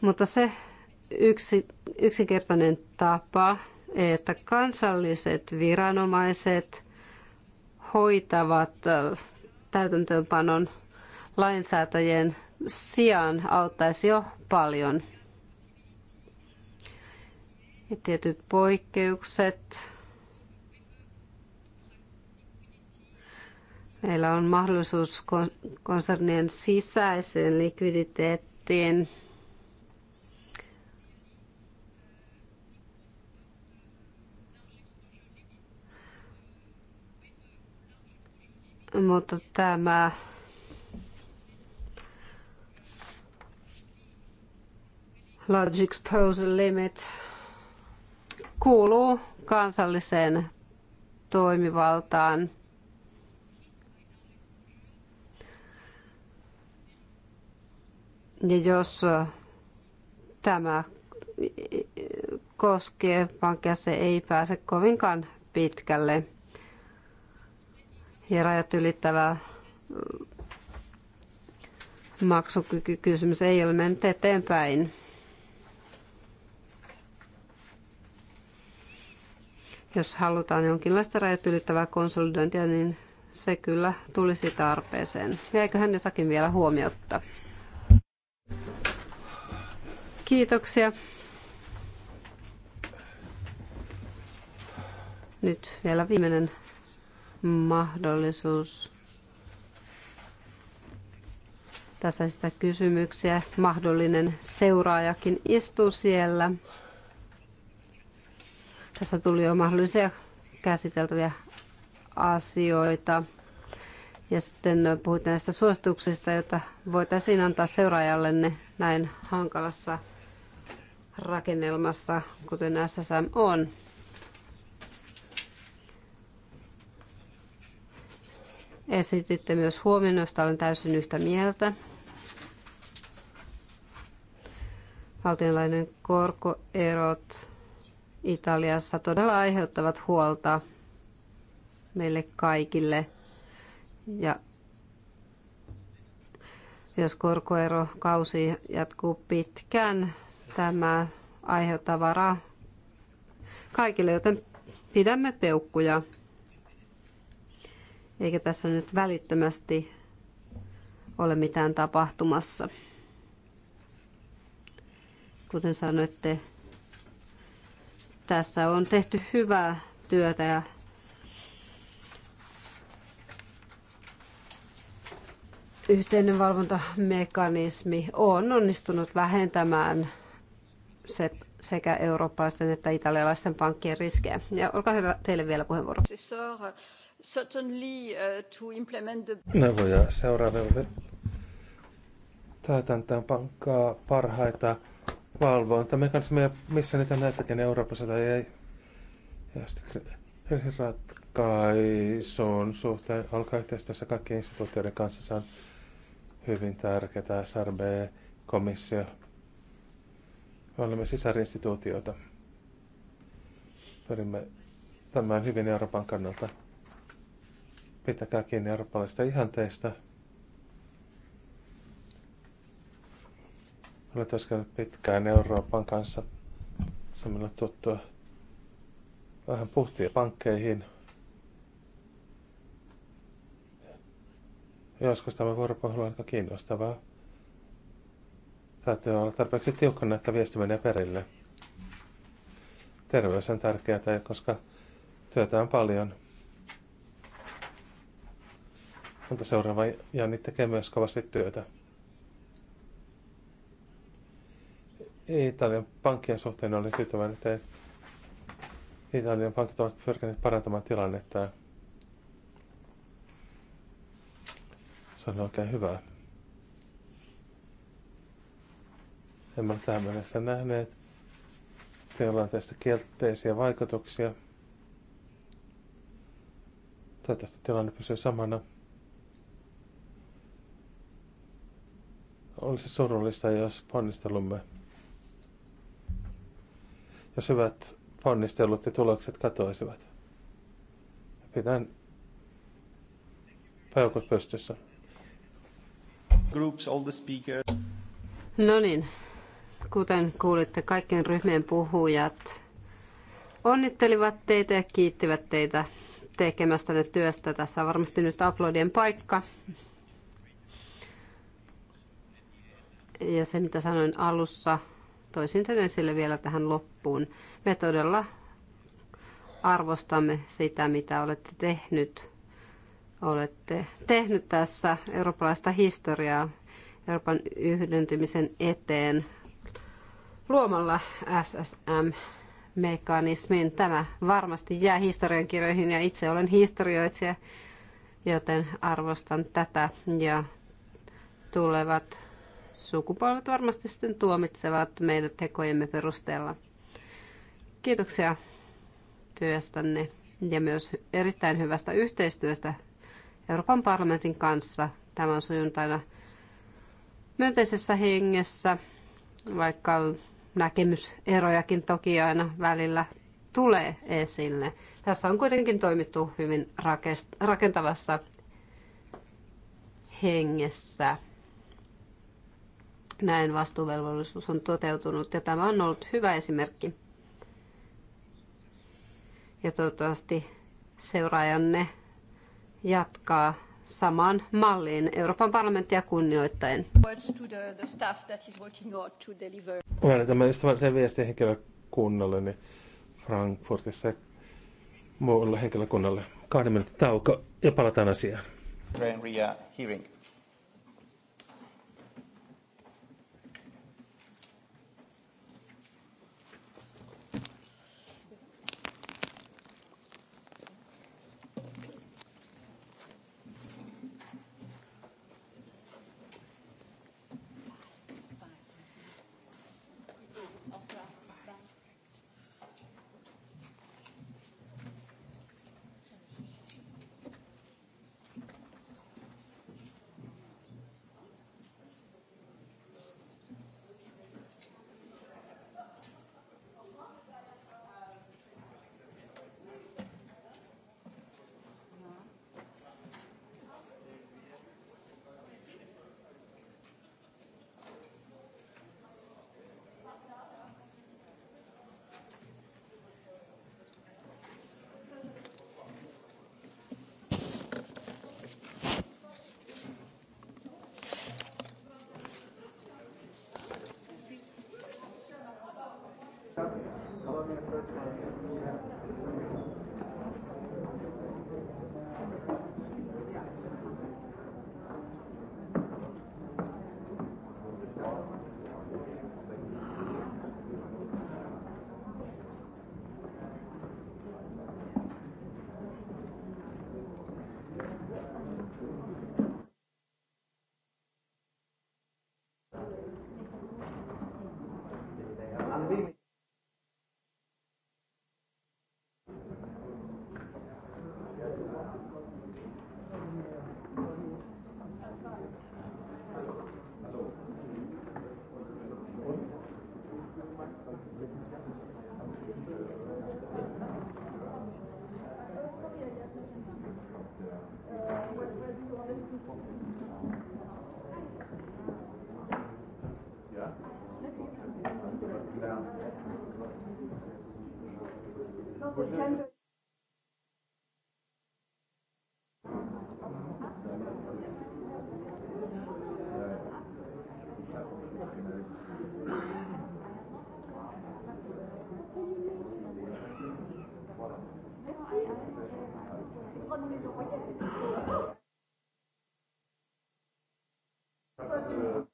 Mutta se yksi, yksinkertainen tapa, että kansalliset viranomaiset hoitavat täytäntöönpanon lainsäätäjien sijaan auttaisi jo paljon. Ja tietyt poikkeukset. Meillä on mahdollisuus konsernien sisäiseen likviditeettiin. Mutta tämä large exposure limit kuuluu kansalliseen toimivaltaan. Ja jos äh, tämä koskee pankkia, se ei pääse kovinkaan pitkälle. Ja rajat ylittävä äh, maksukykykysymys ei ole mennyt eteenpäin. Jos halutaan jonkinlaista rajat ylittävää konsolidointia, niin se kyllä tulisi tarpeeseen. Jäiköhän jotakin vielä huomiotta? Kiitoksia. Nyt vielä viimeinen mahdollisuus. Tässä sitä kysymyksiä. Mahdollinen seuraajakin istuu siellä. Tässä tuli jo mahdollisia käsiteltäviä asioita. Ja sitten puhutaan näistä suosituksista, joita voitaisiin antaa seuraajallenne näin hankalassa rakennelmassa, kuten SSM on. Esititte myös huomioon, josta olen täysin yhtä mieltä. Valtionlainojen korkoerot Italiassa todella aiheuttavat huolta meille kaikille. Ja jos korkoerokausi jatkuu pitkään, tämä aiheuttaa varaa kaikille, joten pidämme peukkuja. Eikä tässä nyt välittömästi ole mitään tapahtumassa. Kuten sanoitte, tässä on tehty hyvää työtä ja yhteinen valvontamekanismi on onnistunut vähentämään se sekä eurooppalaisten että italialaisten pankkien riskejä. Ja olkaa hyvä, teille vielä puheenvuoro. Neuvoja seuraavalle. Täytäntöön pankkaa parhaita valvontamekanismeja, missä niitä näitäkin Euroopassa tai ei. Ja sitten ratkaisun suhteen alkaa yhteistyössä kaikkien instituutioiden kanssa. Se on hyvin tärkeää. SRB, komissio. me Olemme sisarinstituutioita. Pyrimme tämän hyvin Euroopan kannalta. Pitäkää kiinni eurooppalaisista ihanteista. Olen työskennellyt pitkään Euroopan kanssa. samalla on tuttua. Vähän puhtia pankkeihin. Joskus tämä vuoropuhelu on aika kiinnostavaa. Täytyy olla tarpeeksi tiukkana, että viesti menee perille. Terveys on tärkeää, koska työtä on paljon. Mutta seuraava Jani tekee myös kovasti työtä. Italian pankkien suhteen oli tyytyväinen, että Italian pankit ovat pyrkineet parantamaan tilannetta. Se on oikein hyvää. Emme ole tähän mennessä nähneet tilanteesta kielteisiä vaikutuksia. Toivottavasti tilanne pysyy samana. Olisi surullista, jos ponnistelumme jos hyvät ponnistelut ja tulokset katoisivat. Pidän paukut pystyssä. Groups, all the speakers. No niin, kuten kuulitte, kaikkien ryhmien puhujat onnittelivat teitä ja kiittivät teitä tekemästänne työstä. Tässä on varmasti nyt aplodien paikka. Ja se, mitä sanoin alussa, toisin sen esille vielä tähän loppuun. Me todella arvostamme sitä, mitä olette tehnyt. Olette tehnyt tässä eurooppalaista historiaa Euroopan yhdentymisen eteen luomalla SSM-mekanismin. Tämä varmasti jää historiankirjoihin ja itse olen historioitsija, joten arvostan tätä ja tulevat sukupolvet varmasti sitten tuomitsevat meidät tekojemme perusteella. Kiitoksia työstänne ja myös erittäin hyvästä yhteistyöstä Euroopan parlamentin kanssa. Tämä on sujunut aina myönteisessä hengessä, vaikka näkemyserojakin toki aina välillä tulee esille. Tässä on kuitenkin toimittu hyvin rakentavassa hengessä. Näin vastuuvelvollisuus on toteutunut ja tämä on ollut hyvä esimerkki. Ja toivottavasti seuraajanne jatkaa samaan malliin Euroopan parlamenttia kunnioittain. Olen tämä ystävällisen viesti henkilökunnalle niin Frankfurtissa ja muulle henkilökunnalle. Kahden minuutin tauko ja palataan asiaan. Hearing. Joo.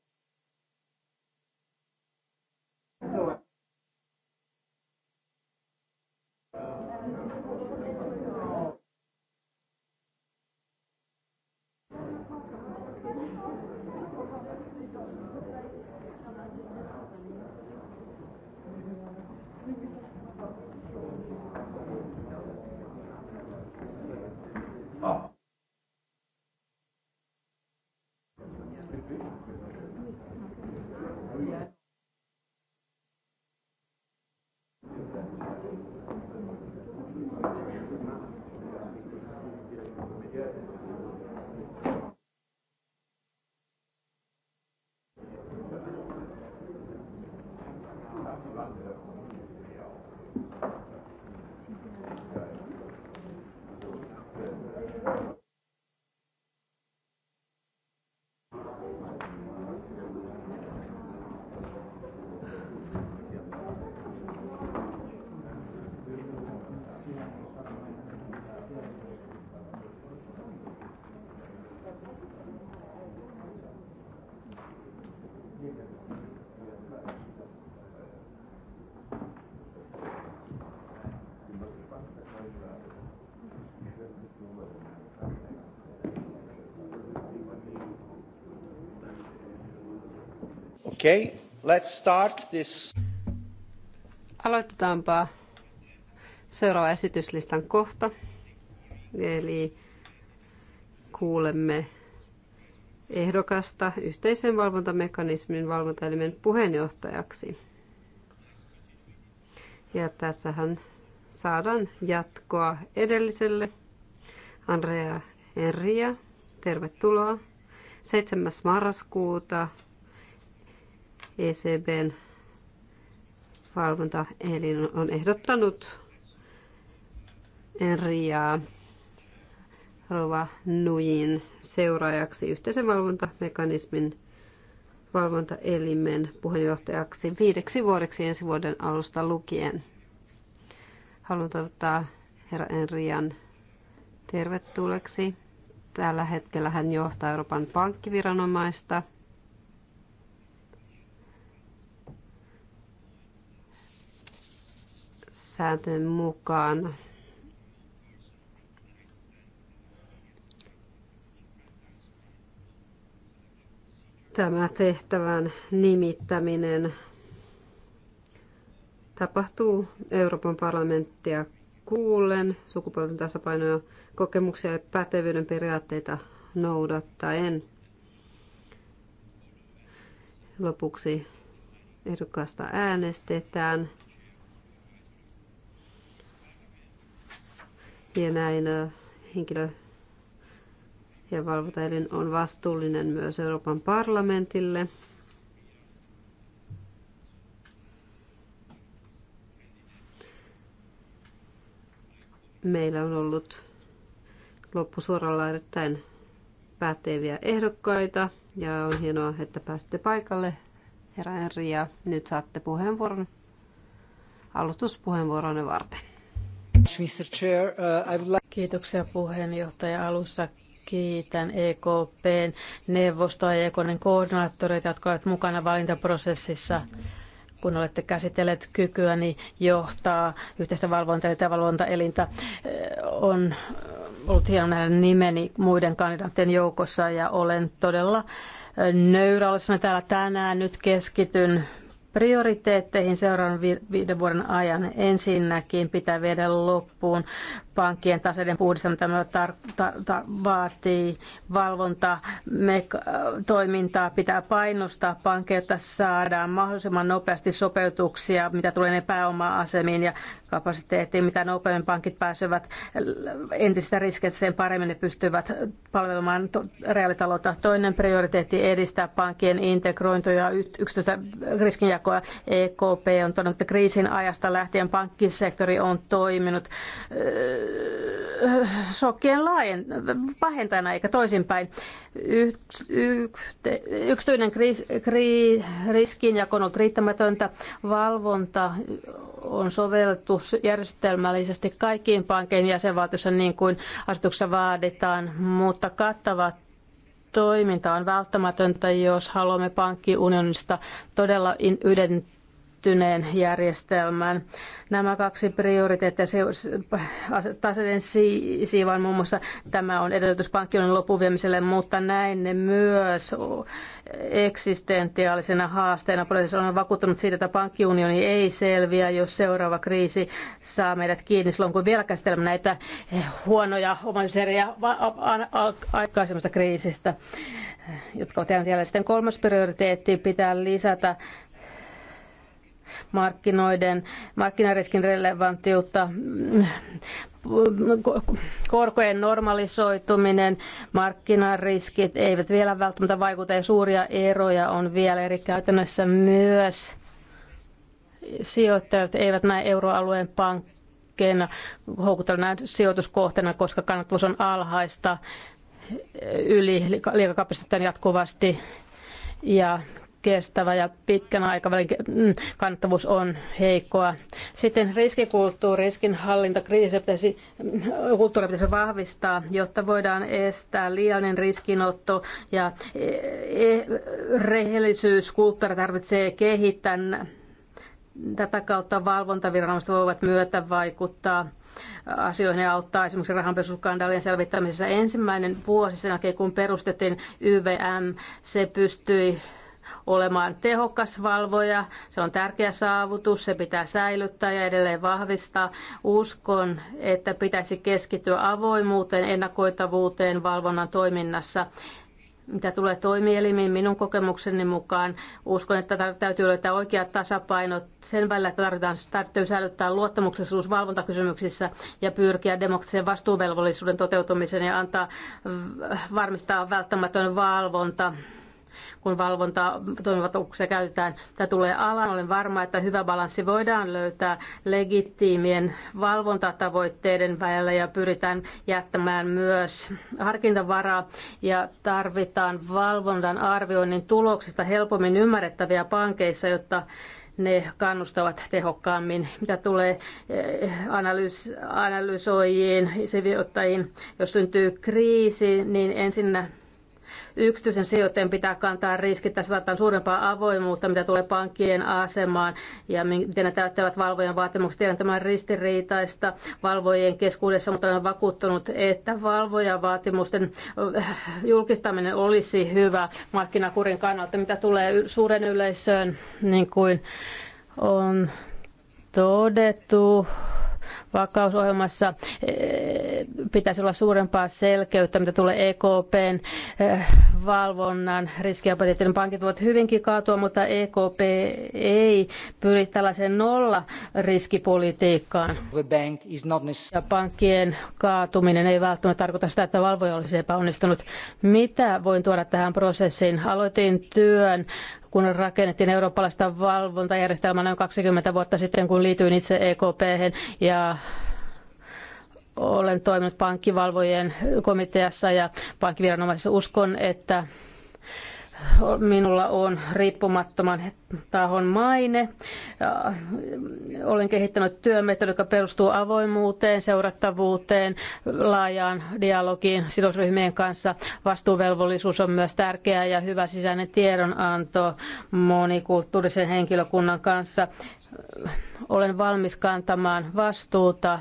Aloitetaanpa seuraava esityslistan kohta. Eli kuulemme ehdokasta yhteisen valvontamekanismin valvontaelimen puheenjohtajaksi. Ja tässähän saadaan jatkoa edelliselle. Andrea Enria, tervetuloa. 7. marraskuuta ECBn valvontaelin on ehdottanut Enria Rova Nujin seuraajaksi yhteisen valvontamekanismin valvontaelimen puheenjohtajaksi viideksi vuodeksi ensi vuoden alusta lukien. Haluan toivottaa herra Enrian tervetulleeksi. Tällä hetkellä hän johtaa Euroopan pankkiviranomaista – sääntöjen mukaan. Tämä tehtävän nimittäminen tapahtuu Euroopan parlamenttia kuullen sukupuolten tasapainoja, kokemuksia ja pätevyyden periaatteita noudattaen. Lopuksi ehdokasta äänestetään Ja näin henkilö ja valvontaelin on vastuullinen myös Euroopan parlamentille. Meillä on ollut loppusuoralla erittäin päteviä ehdokkaita ja on hienoa, että pääsitte paikalle, herra Henri, ja nyt saatte puheenvuoron aloituspuheenvuoronne varten. Uh, Kiitoksia puheenjohtaja alussa. Kiitän EKPn neuvostoa ja EK:n koordinaattoreita, jotka ovat mukana valintaprosessissa kun olette käsitelleet kykyäni johtaa yhteistä valvonta- ja valvontaelintä. Eh, on ollut hieno nähdä nimeni muiden kandidaattien joukossa ja olen todella eh, nöyrä ollessani täällä tänään. Nyt keskityn prioriteetteihin seuraavan viiden vuoden ajan. Ensinnäkin pitää viedä loppuun pankkien taseiden puhdistaminen. Tämä tar- tar- tar- vaatii valvontaa, toimintaa pitää painostaa pankkeja, että saadaan mahdollisimman nopeasti sopeutuksia, mitä tulee ne pääoma-asemiin ja kapasiteettiin. Mitä nopeammin pankit pääsevät entistä riskeistä, sen paremmin ne pystyvät palvelemaan to- reaalitaloutta. Toinen prioriteetti edistää pankkien integrointia ja yksityistä riskinjakoa. EKP on todennut, että kriisin ajasta lähtien pankkisektori on toiminut Eh, shokkien laajen, pahentajana eikä toisinpäin. Y, y, yksityinen kriis, kri, riskinjako on ollut riittämätöntä. Valvonta on sovellettu järjestelmällisesti kaikkiin pankkeihin jäsenvaltioissa niin kuin asetuksessa vaaditaan, mutta kattava toiminta on välttämätöntä, jos haluamme pankkiunionista todella yhden kehittyneen järjestelmän. Nämä kaksi prioriteettia taseiden siivan muun muassa tämä on edellytys pankkion lopuviemiselle, mutta näin ne myös eksistentiaalisena haasteena. Poliisissa on vakuuttunut siitä, että pankkiunioni ei selviä, jos seuraava kriisi saa meidät kiinni silloin, kun vielä käsitellään näitä huonoja omaisuuseriä aikaisemmasta kriisistä jotka ovat jääneet jälleen. Sitten kolmas prioriteetti pitää lisätä markkinoiden, markkinariskin relevanttiutta, korkojen normalisoituminen, markkinariskit eivät vielä välttämättä vaikuta ja suuria eroja on vielä eri käytännössä myös. Sijoittajat eivät näe euroalueen pankkeina houkutella sijoituskohteena, koska kannattavuus on alhaista yli liikakapasiteettiin jatkuvasti ja kestävä ja pitkän aikavälin mm, kannattavuus on heikkoa. Sitten riskikulttuuri, riskinhallinta, kriisiä pitäisi, mm, pitäisi vahvistaa, jotta voidaan estää liiallinen riskinotto ja e, e, rehellisyys, kulttuuri tarvitsee kehittää tätä kautta valvontaviranomaiset voivat myötä vaikuttaa asioihin ja auttaa esimerkiksi rahanpesuskandaalien selvittämisessä. Ensimmäinen vuosi sen jälkeen, kun perustettiin YVM, se pystyi olemaan tehokas valvoja. Se on tärkeä saavutus, se pitää säilyttää ja edelleen vahvistaa. Uskon, että pitäisi keskittyä avoimuuteen, ennakoitavuuteen valvonnan toiminnassa mitä tulee toimielimiin, minun kokemukseni mukaan uskon, että täytyy löytää oikeat tasapainot sen välillä, tarvitaan, täytyy säilyttää luottamuksellisuus valvontakysymyksissä ja pyrkiä demokratisen vastuuvelvollisuuden toteutumiseen ja antaa mm, varmistaa välttämätön valvonta kun valvontaa toimivaltuuksia käytetään. Tämä tulee alan. Olen varma, että hyvä balanssi voidaan löytää legitiimien valvontatavoitteiden välillä ja pyritään jättämään myös harkintavaraa ja tarvitaan valvonnan arvioinnin tuloksista helpommin ymmärrettäviä pankeissa, jotta ne kannustavat tehokkaammin, mitä tulee eh, analyys, analysoijiin, sivijoittajiin. Jos syntyy kriisi, niin ensinnä yksityisen sijoittajan pitää kantaa riski. Tässä tarvitaan suurempaa avoimuutta, mitä tulee pankkien asemaan ja miten ne täyttävät valvojan vaatimukset. Tiedän tämän ristiriitaista valvojien keskuudessa, mutta olen vakuuttunut, että valvojan vaatimusten äh, julkistaminen olisi hyvä markkinakurin kannalta, mitä tulee suuren yleisöön, niin kuin on todettu vakausohjelmassa eh, pitäisi olla suurempaa selkeyttä, mitä tulee EKPn eh, valvonnan riskiapetit. Pankit voivat hyvinkin kaatua, mutta EKP ei pyri tällaiseen nolla riskipolitiikkaan. Ja pankkien kaatuminen ei välttämättä tarkoita sitä, että valvoja olisi epäonnistunut. Mitä voin tuoda tähän prosessiin? Aloitin työn kun rakennettiin eurooppalaista valvontajärjestelmää noin 20 vuotta sitten, kun liityin itse EKP ja olen toiminut pankkivalvojen komiteassa ja pankkiviranomaisessa Uskon, että Minulla on riippumattoman tahon maine. Mm, olen kehittänyt työmetodin, joka perustuu avoimuuteen, seurattavuuteen, laajaan dialogiin sidosryhmien kanssa. Vastuuvelvollisuus on myös tärkeää ja hyvä sisäinen tiedonanto monikulttuurisen henkilökunnan kanssa. Olen valmis kantamaan vastuuta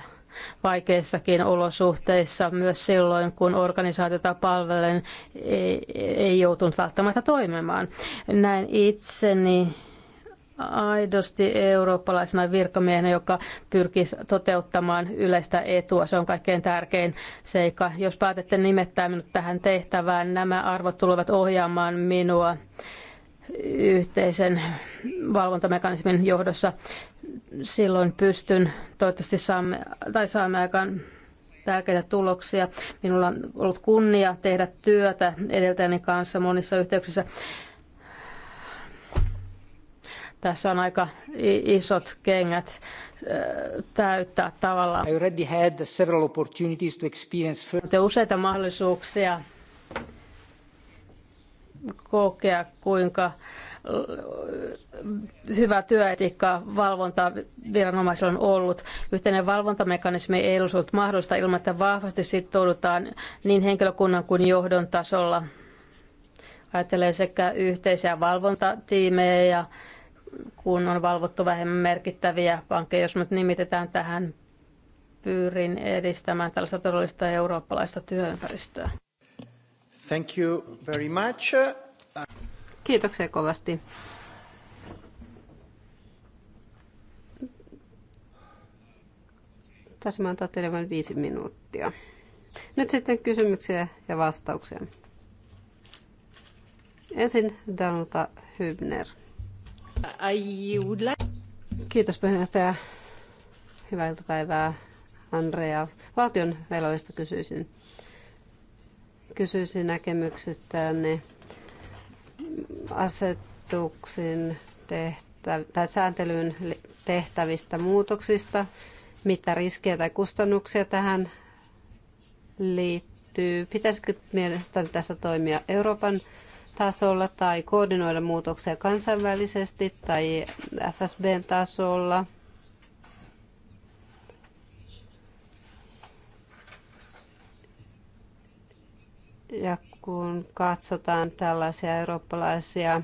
vaikeissakin olosuhteissa, myös silloin, kun organisaatiota palvelen ei, ei joutunut välttämättä toimimaan. Näin itseni aidosti eurooppalaisena virkamiehenä, joka pyrkii toteuttamaan yleistä etua. Se on kaikkein tärkein seikka. Jos päätätte nimettää minut tähän tehtävään, nämä arvot tulevat ohjaamaan minua yhteisen valvontamekanismin johdossa silloin pystyn, toivottavasti saamme, tai saamme aikaan tärkeitä tuloksia. Minulla on ollut kunnia tehdä työtä edeltäjäni kanssa monissa yhteyksissä. Tässä on aika isot kengät täyttää tavallaan. I already had several opportunities to experience first. useita mahdollisuuksia kokea, kuinka hyvä työetiikka valvontaa viranomaisilla on ollut. Yhteinen valvontamekanismi ei olisi ollut mahdollista ilman, että vahvasti sitoudutaan niin henkilökunnan kuin johdon tasolla. Ajattelee sekä yhteisiä valvontatiimejä ja kun on valvottu vähemmän merkittäviä pankkeja, jos nyt nimitetään tähän, pyyrin edistämään tällaista todellista eurooppalaista työympäristöä. Thank you very much. Kiitoksia kovasti. Tässä mä antaa teille vain viisi minuuttia. Nyt sitten kysymyksiä ja vastauksia. Ensin Danuta Hybner. Kiitos puheenjohtaja. Hyvää iltapäivää, Andrea. Valtion veloista kysyisin. Kysyisin näkemyksestänne asetuksen tehtä- tai sääntelyyn tehtävistä muutoksista, mitä riskejä tai kustannuksia tähän liittyy. Pitäisikö mielestäni tässä toimia Euroopan tasolla tai koordinoida muutoksia kansainvälisesti tai FSBn tasolla? Ja kun katsotaan tällaisia eurooppalaisia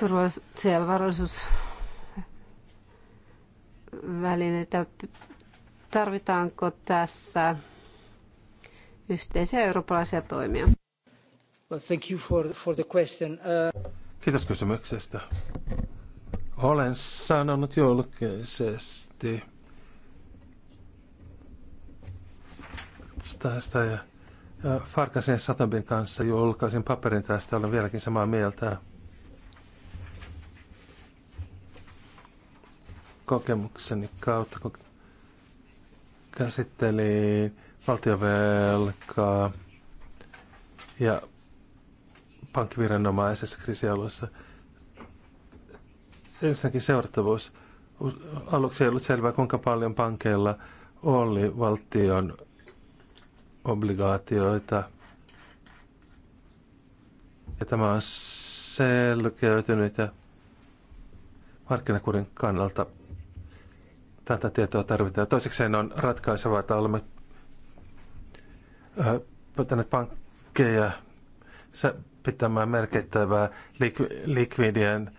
turvallisuus- ja varallisuusvälineitä. Tarvitaanko tässä yhteisiä eurooppalaisia toimia? Well, thank you for, for the question. Uh... Kiitos kysymyksestä. Olen sanonut julkisesti tästä ja, ja Farkasen ja Satobin kanssa julkaisin paperin tästä. Olen vieläkin samaa mieltä. Kokemukseni kautta, kun käsittelin valtiovelkaa ja pankkiviranomaisessa kriisialueessa – Ensinnäkin seurattavuus. Aluksi ei ollut selvää, kuinka paljon pankeilla oli valtion obligaatioita. Ja tämä on selkeytynyt ja markkinakurin kannalta tätä tietoa tarvitaan. Toisekseen on ratkaisevaa, että olemme pitäneet pankkeja pitämään merkittävää lik- likvidien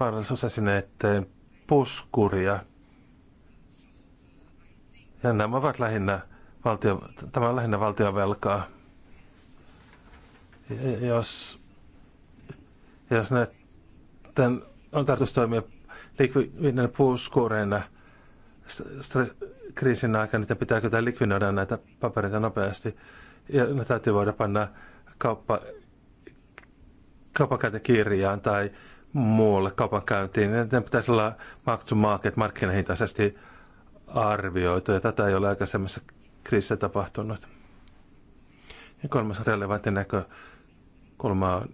vaarallisuusesineiden eh, puskuria. Ja nämä ovat lähinnä valtio, tämä on lähinnä valtiovelkaa. Jos, jos näiden on tarkoitus toimia likvidinen puskureina kriisin aikana, niin pitää kyllä likvidoida näitä papereita nopeasti. Ja ne täytyy voida panna kauppa, kauppakäyntikirjaan tai muulle kaupankäyntiin. Ne pitäisi olla market, markkinahintaisesti arvioitu, ja tätä ei ole aikaisemmassa kriisissä tapahtunut. Ja kolmas relevantti näkökulma on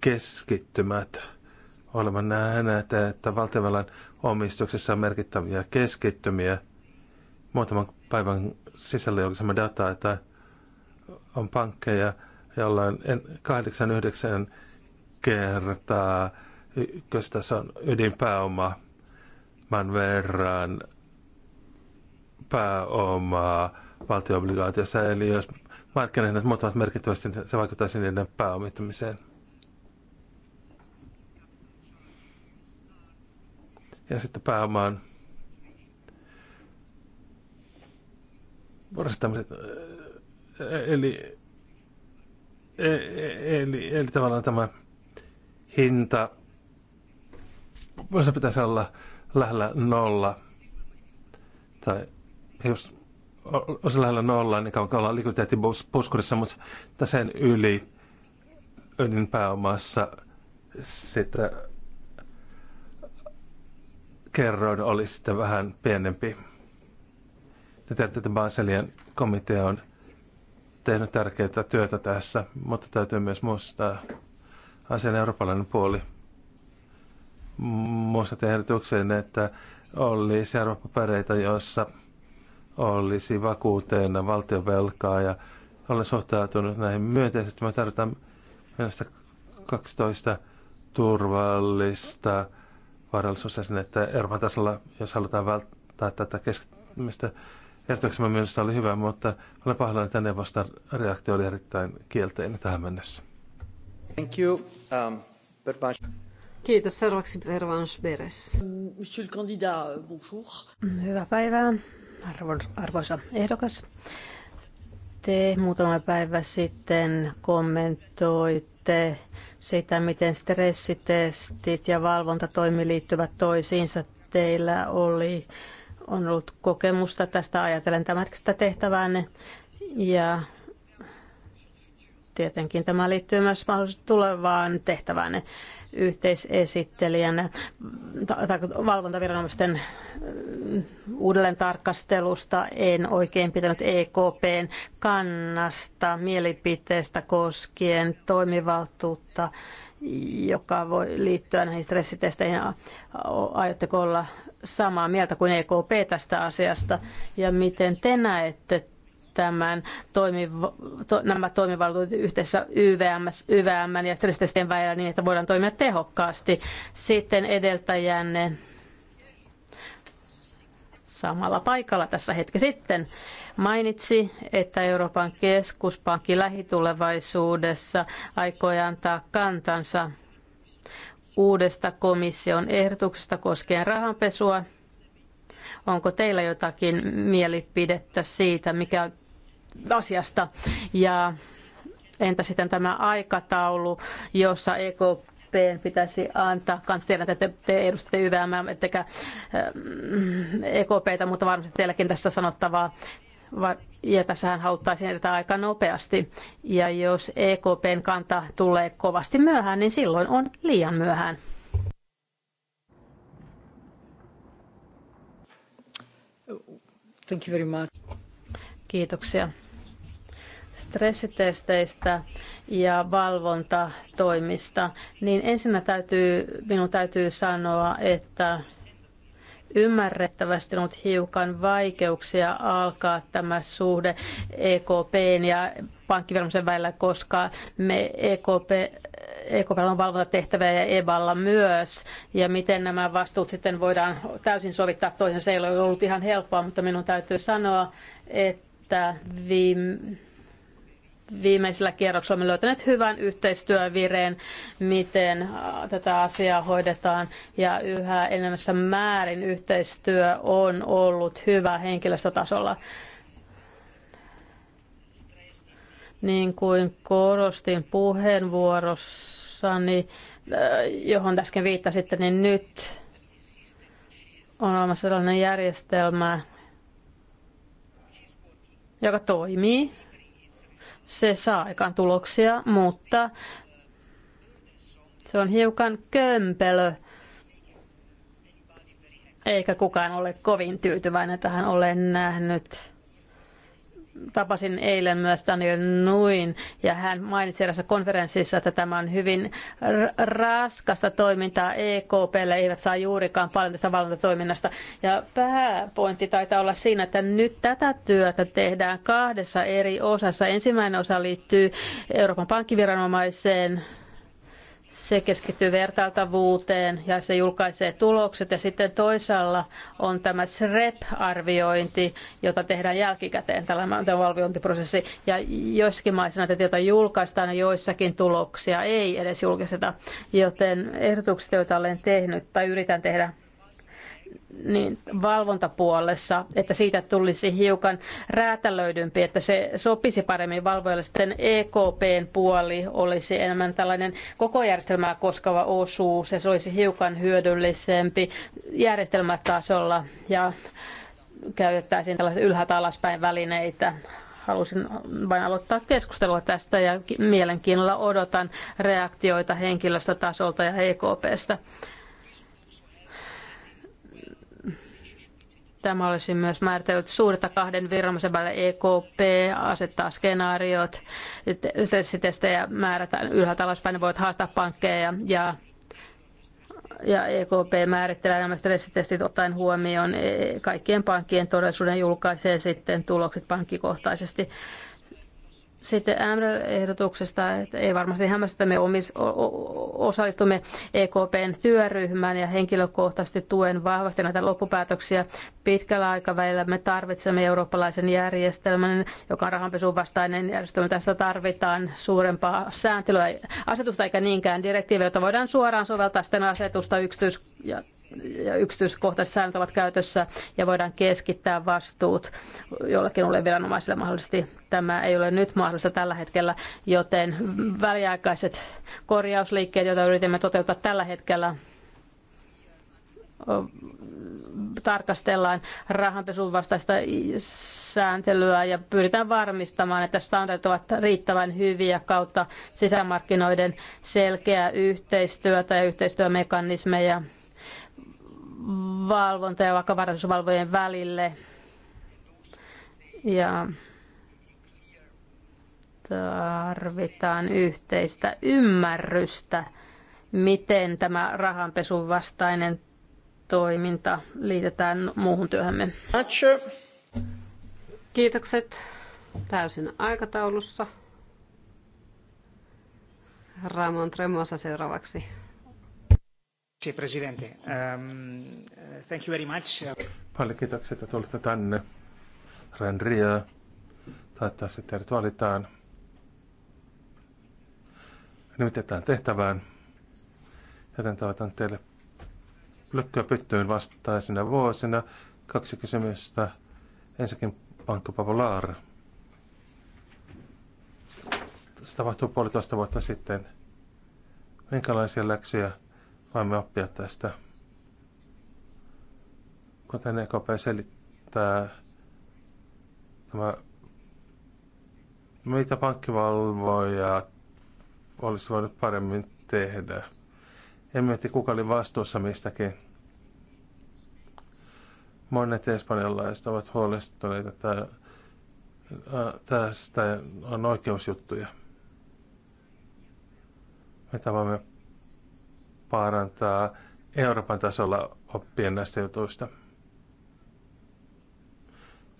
keskittymät. Olemme nähneet, että valtiovallan omistuksessa on merkittäviä keskittymiä. Muutaman päivän sisällä oli sama data, että on pankkeja, joilla on 8-9 kertaa tässä on ydinpääoma man verran pääomaa valtioobligaatiossa. Eli jos markkinahinnat muuttuvat merkittävästi, niin se vaikuttaisi niiden pääomittumiseen. Ja sitten pääomaan varsinaiset, eh, eli, eli, eh, eh, eli, eli tavallaan tämä hinta se pitäisi olla lähellä nolla. Tai jos on se lähellä nolla, niin kauan ollaan likviditeettipuskurissa, mutta sen yli ydin pääomassa sitä kerroin olisi sitten vähän pienempi. Te tiedätte, että Baselien komitea on tehnyt tärkeää työtä tässä, mutta täytyy myös muistaa, asian eurooppalainen puoli. Muista tehdytykseen, että olisi arvopapereita, joissa olisi vakuuteena valtionvelkaa ja olen suhtautunut näihin myönteisesti. Me tarvitaan näistä 12 turvallista että Euroopan tasolla, jos halutaan välttää tätä keskittymistä. Ehdotuksemme mielestä oli hyvä, mutta olen pahoillani, että neuvoston reaktio oli erittäin kielteinen tähän mennessä. Thank you. Um, Kiitos. Seuraavaksi Pervans Beres. Monsieur le candidat, euh, bonjour. Hyvää päivää, arvoisa ehdokas. Te muutama päivä sitten kommentoitte sitä, miten stressitestit ja valvontatoimi liittyvät toisiinsa. Teillä oli, on ollut kokemusta tästä ajatellen tämänhetkistä tehtäväänne ja Tietenkin tämä liittyy myös tulevaan tehtävään yhteisesittelijän valvontaviranomaisten mm, uudelleen tarkastelusta. En oikein pitänyt EKPn kannasta mielipiteestä koskien toimivaltuutta, joka voi liittyä näihin stressitesteihin. Aiotteko olla samaa mieltä kuin EKP tästä asiasta ja miten te näette tämän toimiva, to, nämä toimivaltuudet yhdessä YVM, YVM ja stressitestien välillä niin, että voidaan toimia tehokkaasti. Sitten edeltäjänne samalla paikalla tässä hetki sitten mainitsi, että Euroopan keskuspankki lähitulevaisuudessa aikoi antaa kantansa uudesta komission ehdotuksesta koskien rahanpesua. Onko teillä jotakin mielipidettä siitä, mikä asiasta. Ja entä sitten tämä aikataulu, jossa EKP pitäisi antaa, kans tiedän, että te, te edustatte YVM, ettekä ähm, EKPtä, mutta varmasti teilläkin tässä sanottavaa. Ja tässähän haluttaisiin edetä aika nopeasti. Ja jos EKPn kanta tulee kovasti myöhään, niin silloin on liian myöhään. Thank you very much. Kiitoksia stressitesteistä ja valvontatoimista, niin ensinnä täytyy, minun täytyy sanoa, että ymmärrettävästi ollut hiukan vaikeuksia alkaa tämä suhde EKPn ja pankkiviranomaisen välillä, koska me EKP, EKP on valvontatehtävä ja EBAlla myös, ja miten nämä vastuut sitten voidaan täysin sovittaa toisen. Se ei ole ollut ihan helppoa, mutta minun täytyy sanoa, että viime viimeisellä kierroksella me löytäneet hyvän yhteistyövireen, miten tätä asiaa hoidetaan ja yhä enemmässä määrin yhteistyö on ollut hyvä henkilöstötasolla. Niin kuin korostin puheenvuorossani, johon äsken viittasitte, niin nyt on olemassa sellainen järjestelmä, joka toimii se saa aikaan tuloksia, mutta se on hiukan kömpelö, eikä kukaan ole kovin tyytyväinen tähän. Olen nähnyt tapasin eilen myös Daniel Nuin ja hän mainitsi erässä konferenssissa, että tämä on hyvin raskasta toimintaa EKPlle, eivät saa juurikaan paljon tästä valvontatoiminnasta. Ja pääpointti taitaa olla siinä, että nyt tätä työtä tehdään kahdessa eri osassa. Ensimmäinen osa liittyy Euroopan pankkiviranomaiseen se keskittyy vertailtavuuteen ja se julkaisee tulokset. Ja sitten toisaalla on tämä SREP-arviointi, jota tehdään jälkikäteen, tällainen valviointiprosessi. Ja joissakin maissa näitä tietoja julkaistaan ja joissakin tuloksia ei edes julkisteta. Joten ehdotukset, joita olen tehnyt tai yritän tehdä niin valvontapuolessa, että siitä tulisi hiukan räätälöidympi, että se sopisi paremmin valvojalle. Sitten EKPn puoli olisi enemmän tällainen koko järjestelmää koskava osuus ja se olisi hiukan hyödyllisempi järjestelmätasolla ja käytettäisiin tällaisia ylhäältä alaspäin välineitä halusin vain aloittaa keskustelua tästä ja mielenkiinnolla odotan reaktioita henkilöstötasolta ja EKPstä. Tämä olisi myös määritellyt suurta kahden viranomaisen välillä EKP, asettaa skenaariot, stressitestejä määrätään ylhäältä alaspäin, voit haastaa pankkeja ja ja EKP määrittelee nämä stressitestit ottaen huomioon e, kaikkien pankkien todellisuuden julkaisee sitten tulokset pankkikohtaisesti. Sitten MREL-ehdotuksesta, että ei varmasti hämmästytä, me omis, osallistumme EKPn työryhmään ja henkilökohtaisesti tuen vahvasti näitä loppupäätöksiä. Pitkällä aikavälillä me tarvitsemme eurooppalaisen järjestelmän, joka on rahanpesun vastainen järjestelmä. Tästä tarvitaan suurempaa sääntelyä, asetusta eikä niinkään direktiiviä, jota voidaan suoraan soveltaa sitten asetusta yksityis- ja, ja yksityiskohtaiset säännöt ovat käytössä ja voidaan keskittää vastuut jollekin ole viranomaisille mahdollisesti Tämä ei ole nyt mahdollista tällä hetkellä, joten väliaikaiset korjausliikkeet, joita yritimme toteuttaa tällä hetkellä, tarkastellaan rahanpesun vastaista sääntelyä ja pyritään varmistamaan, että standardit ovat riittävän hyviä kautta sisämarkkinoiden selkeää yhteistyötä ja yhteistyömekanismeja valvonta- ja vakavaraisuusvalvojen välille. Ja tarvitaan yhteistä ymmärrystä, miten tämä rahanpesun vastainen toiminta liitetään muuhun työhömme. Kiitokset täysin aikataulussa. Ramon Tremosa seuraavaksi. Presidente, um, thank you very much. Paljon kiitoksia, että tulitte tänne. Renria, toivottavasti teidät valitaan nimitetään tehtävään, joten toivotan teille lykkyä pyttyyn vastaisina vuosina. Kaksi kysymystä. Ensinnäkin Banco Popular. Se tapahtuu puolitoista vuotta sitten. Minkälaisia läksyjä voimme oppia tästä? Kuten EKP selittää, tämä, mitä pankkivalvojat olisi voinut paremmin tehdä. En mietti, kuka oli vastuussa mistäkin. Monet espanjalaiset ovat huolestuneita tästä on oikeusjuttuja. Me voimme parantaa Euroopan tasolla oppien näistä jutuista.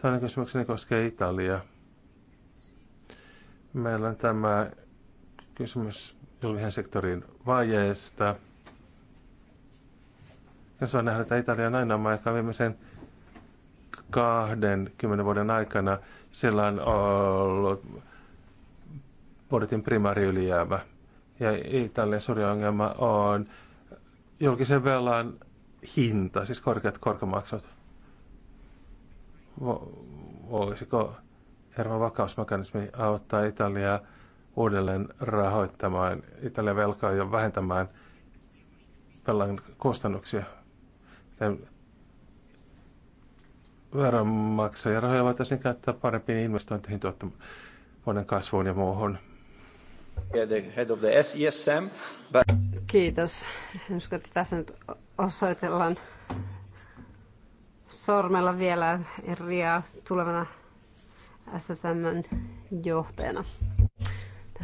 Toinen kysymykseni koskee Italiaa. Meillä on tämä kysymys julkisen sektorin vajeesta. Ja se on nähnyt, että Italian aina aika viimeisen 20 vuoden aikana sillä on ollut budjetin primääriylijäämä. Ja Italian suuri ongelma on julkisen velan hinta, siis korkeat korkomaksut. Voisiko Herman vakausmekanismi auttaa Italiaa uudelleen rahoittamaan Italian velkaa ja vähentämään velan kustannuksia. Veronmaksajia rahoja voitaisiin käyttää parempiin investointeihin tuottamuuden kasvuun ja muuhun. Kiitos. En usko, että tässä nyt osoitellaan sormella vielä Riaa tulevana ssm johtajana.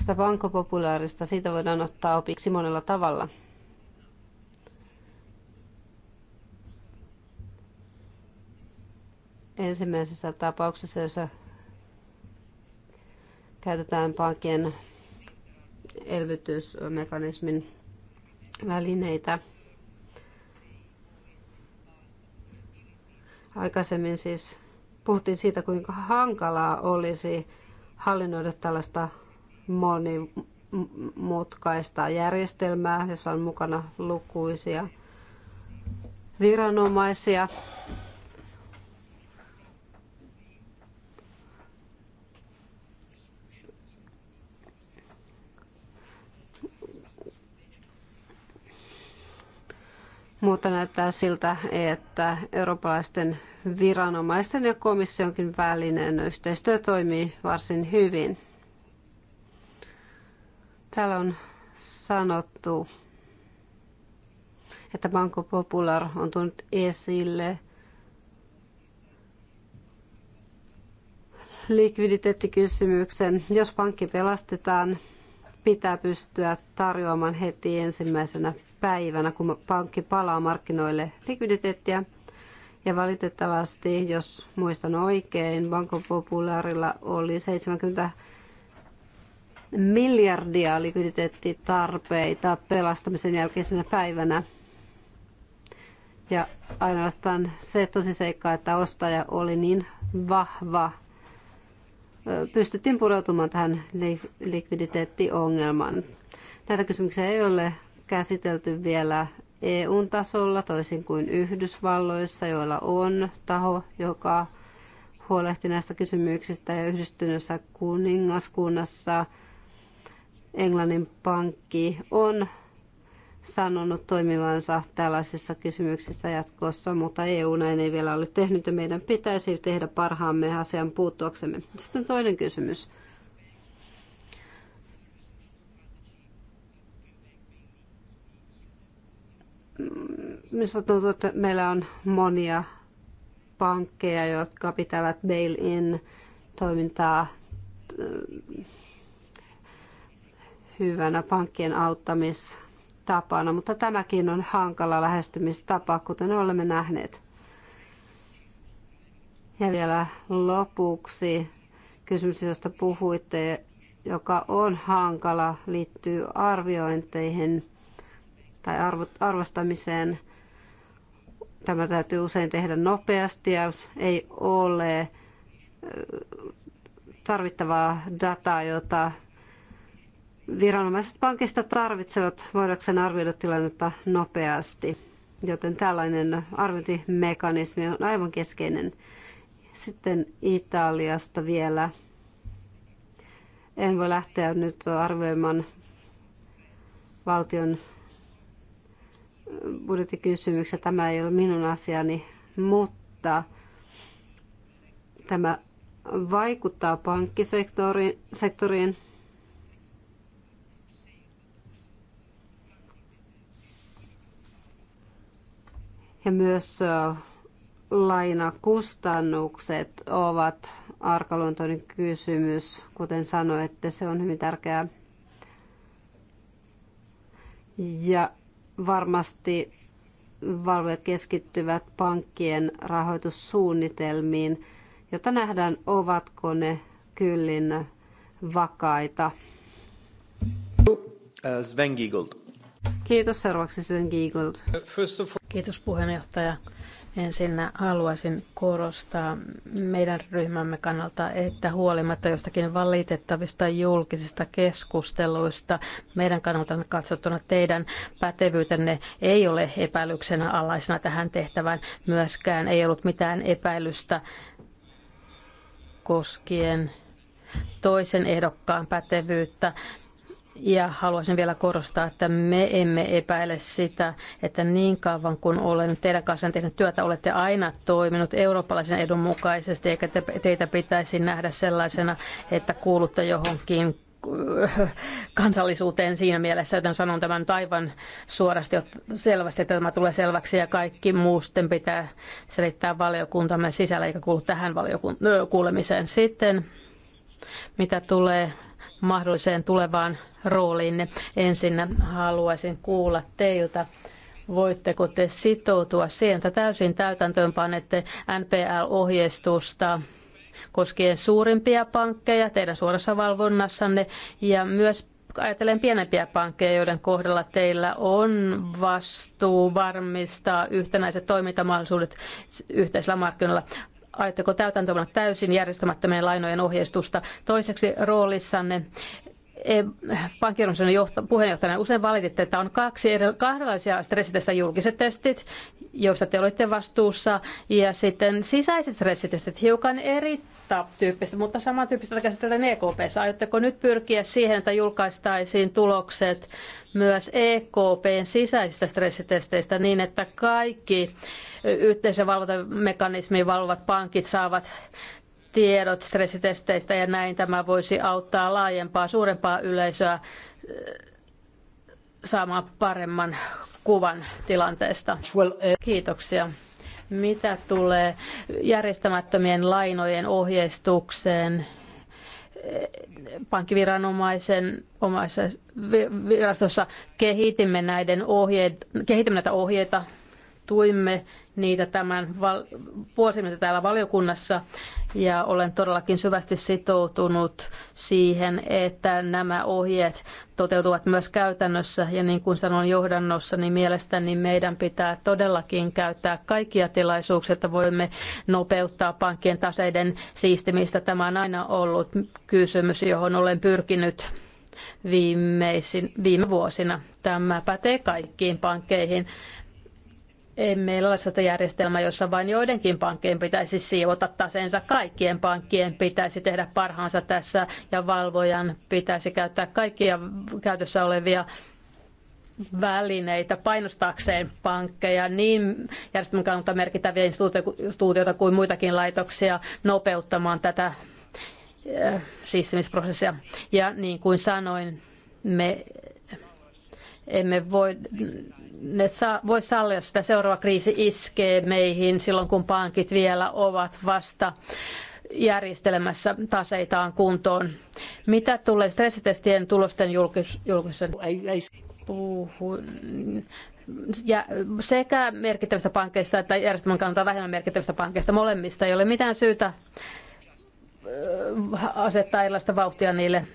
Tästä vankopopulaarista, siitä voidaan ottaa opiksi monella tavalla. Ensimmäisessä tapauksessa, jossa käytetään pankkien elvytysmekanismin välineitä. Aikaisemmin siis puhuttiin siitä, kuinka hankalaa olisi hallinnoida tällaista monimutkaista järjestelmää, jossa on mukana lukuisia viranomaisia. Mutta näyttää siltä, että eurooppalaisten viranomaisten ja komissionkin välinen yhteistyö toimii varsin hyvin. Täällä on sanottu, että Banco Popular on tullut esille likviditeettikysymyksen. Jos pankki pelastetaan, pitää pystyä tarjoamaan heti ensimmäisenä päivänä, kun pankki palaa markkinoille likviditeettiä. Ja valitettavasti, jos muistan oikein, Banco Popularilla oli 70 miljardia likviditeettitarpeita pelastamisen jälkeisenä päivänä. Ja ainoastaan se tosiseikka, että ostaja oli niin vahva, pystyttiin pureutumaan tähän likviditeettiongelmaan. Näitä kysymyksiä ei ole käsitelty vielä EU-tasolla, toisin kuin Yhdysvalloissa, joilla on taho, joka huolehti näistä kysymyksistä ja yhdistyneessä kuningaskunnassa – Englannin pankki on sanonut toimivansa tällaisissa kysymyksissä jatkossa, mutta EU näin ei vielä ole tehnyt ja meidän pitäisi tehdä parhaamme asian puuttuaksemme. Sitten toinen kysymys. Minusta tuntuu, että meillä on monia pankkeja, jotka pitävät bail-in toimintaa hyvänä pankkien auttamistapana, mutta tämäkin on hankala lähestymistapa, kuten olemme nähneet. Ja vielä lopuksi kysymys, josta puhuitte, joka on hankala, liittyy arviointeihin tai arvostamiseen. Tämä täytyy usein tehdä nopeasti ja ei ole tarvittavaa dataa, jota viranomaiset pankista tarvitsevat voidakseen arvioida tilannetta nopeasti. Joten tällainen arviointimekanismi on aivan keskeinen. Sitten Italiasta vielä. En voi lähteä nyt arvioimaan valtion budjettikysymyksiä. Tämä ei ole minun asiani, mutta tämä vaikuttaa pankkisektoriin Ja myös lainakustannukset ovat arkaluontoinen kysymys, kuten sanoitte, se on hyvin tärkeää. Ja varmasti valvojat keskittyvät pankkien rahoitussuunnitelmiin, jotta nähdään, ovatko ne kyllin vakaita. Sven Giegold. Kiitos seuraavaksi Sven Giegold. Kiitos puheenjohtaja. Ensin haluaisin korostaa meidän ryhmämme kannalta, että huolimatta jostakin valitettavista julkisista keskusteluista, meidän kannalta katsottuna teidän pätevyytenne ei ole epäilyksenä alaisena tähän tehtävään. Myöskään ei ollut mitään epäilystä koskien toisen ehdokkaan pätevyyttä ja haluaisin vielä korostaa, että me emme epäile sitä, että niin kauan kun olen teidän kanssa tehnyt työtä, olette aina toiminut eurooppalaisen edun mukaisesti, eikä teitä pitäisi nähdä sellaisena, että kuulutte johonkin äh, kansallisuuteen siinä mielessä, joten sanon tämän taivan suorasti selvästi, että tämä tulee selväksi ja kaikki muusten pitää selittää valiokuntamme sisällä eikä kuulu tähän kuulemiseen Sitten mitä tulee mahdolliseen tulevaan rooliinne. Ensinnä haluaisin kuulla teiltä, voitteko te sitoutua siihen, että täysin täytäntöön panette NPL-ohjeistusta koskien suurimpia pankkeja teidän suorassa valvonnassanne ja myös ajatellen pienempiä pankkeja, joiden kohdalla teillä on vastuu varmistaa yhtenäiset toimintamahdollisuudet yhteisellä markkinoilla. Aiotteko täytäntöönpanna täysin järjestämättömien lainojen ohjeistusta? Toiseksi roolissanne Eh, pankkirunsana puheenjohtajana usein valititte, että on kaksi eri, kahdenlaisia stressitestä julkiset testit, joista te olitte vastuussa, ja sitten sisäiset stressitestit, hiukan eri tyyppistä, mutta samantyyppistä käsitellään EKPssä. Aiotteko nyt pyrkiä siihen, että julkaistaisiin tulokset myös EKPn sisäisistä stressitesteistä niin, että kaikki yhteisen valvontamekanismiin valvovat pankit saavat tiedot stressitesteistä ja näin tämä voisi auttaa laajempaa, suurempaa yleisöä eh, saamaan paremman kuvan tilanteesta. Kiitoksia. Mitä tulee järjestämättömien lainojen ohjeistukseen, eh, pankkiviranomaisen omassa virastossa kehitimme, näiden ohjeet, kehitimme näitä ohjeita, tuimme niitä tämän val- vuosimme täällä valiokunnassa ja olen todellakin syvästi sitoutunut siihen, että nämä ohjeet toteutuvat myös käytännössä ja niin kuin sanoin johdannossa, niin mielestäni meidän pitää todellakin käyttää kaikkia tilaisuuksia, että voimme nopeuttaa pankkien taseiden siistimistä. Tämä on aina ollut kysymys, johon olen pyrkinyt viimeisin, viime vuosina. Tämä pätee kaikkiin pankkeihin meillä ole sitä järjestelmää, jossa vain joidenkin pankkien pitäisi siivota taseensa. Kaikkien pankkien pitäisi tehdä parhaansa tässä ja valvojan pitäisi käyttää kaikkia käytössä olevia välineitä painostaakseen pankkeja niin järjestelmän kannalta merkittäviä instituutioita kuin muitakin laitoksia nopeuttamaan tätä eh, siistimisprosessia. Ja niin kuin sanoin, me emme voi saa, voi sallia sitä. Seuraava kriisi iskee meihin silloin, kun pankit vielä ovat vasta järjestelemässä taseitaan kuntoon. Mitä tulee stressitestien tulosten julkisen puhun ja sekä merkittävistä pankkeista että järjestelmän kannalta vähemmän merkittävistä pankkeista molemmista ei ole mitään syytä asettaa erilaista vauhtia niille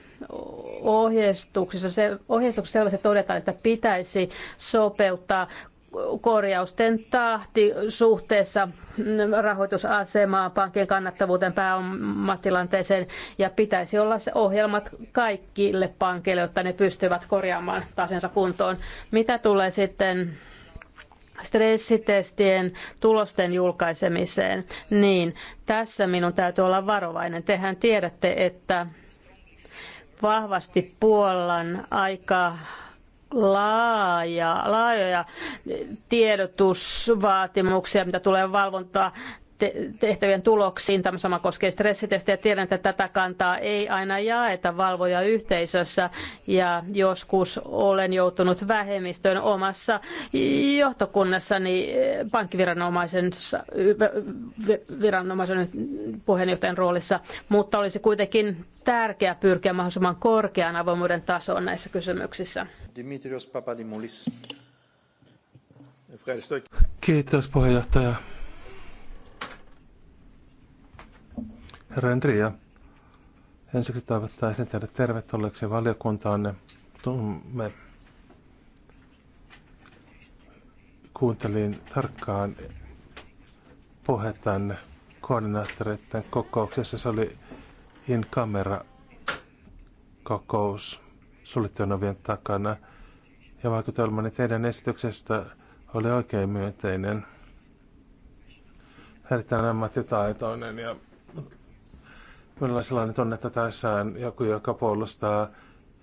ohjeistuksissa, se, ohjeistuksissa sellaiset todetaan, että pitäisi sopeuttaa korjausten tahti suhteessa rahoitusasemaan, pankin kannattavuuteen, pääomatilanteeseen ja pitäisi olla se ohjelmat kaikille pankeille, jotta ne pystyvät korjaamaan tasensa kuntoon. Mitä tulee sitten stressitestien tulosten julkaisemiseen, niin tässä minun täytyy olla varovainen. Tehän tiedätte, että vahvasti Puolan aika laaja, laajoja tiedotusvaatimuksia, mitä tulee valvontaa tehtävien tuloksiin. Tämä sama koskee stressitestejä. Tiedän, että tätä kantaa ei aina jaeta valvoja yhteisössä ja joskus olen joutunut vähemmistöön omassa johtokunnassani niin, eh, pankkiviranomaisen viranomaisen puheenjohtajan roolissa, mutta olisi kuitenkin tärkeää pyrkiä mahdollisimman korkean avoimuuden tasoon näissä kysymyksissä. Dimitrios Papadimoulis. Kiitos puheenjohtaja. Herra Andrea, ensiksi toivottaisin teidät tervetulleeksi valiokuntaanne. Tumme kuuntelin tarkkaan puhetan koordinaattoreiden kokouksessa. Se oli in camera kokous suljettujen ovien takana. Ja vaikutelmani teidän esityksestä oli oikein myönteinen. Erittäin ammattitaitoinen ja Minulla on sellainen tunne, että tässä on joku, joka puolustaa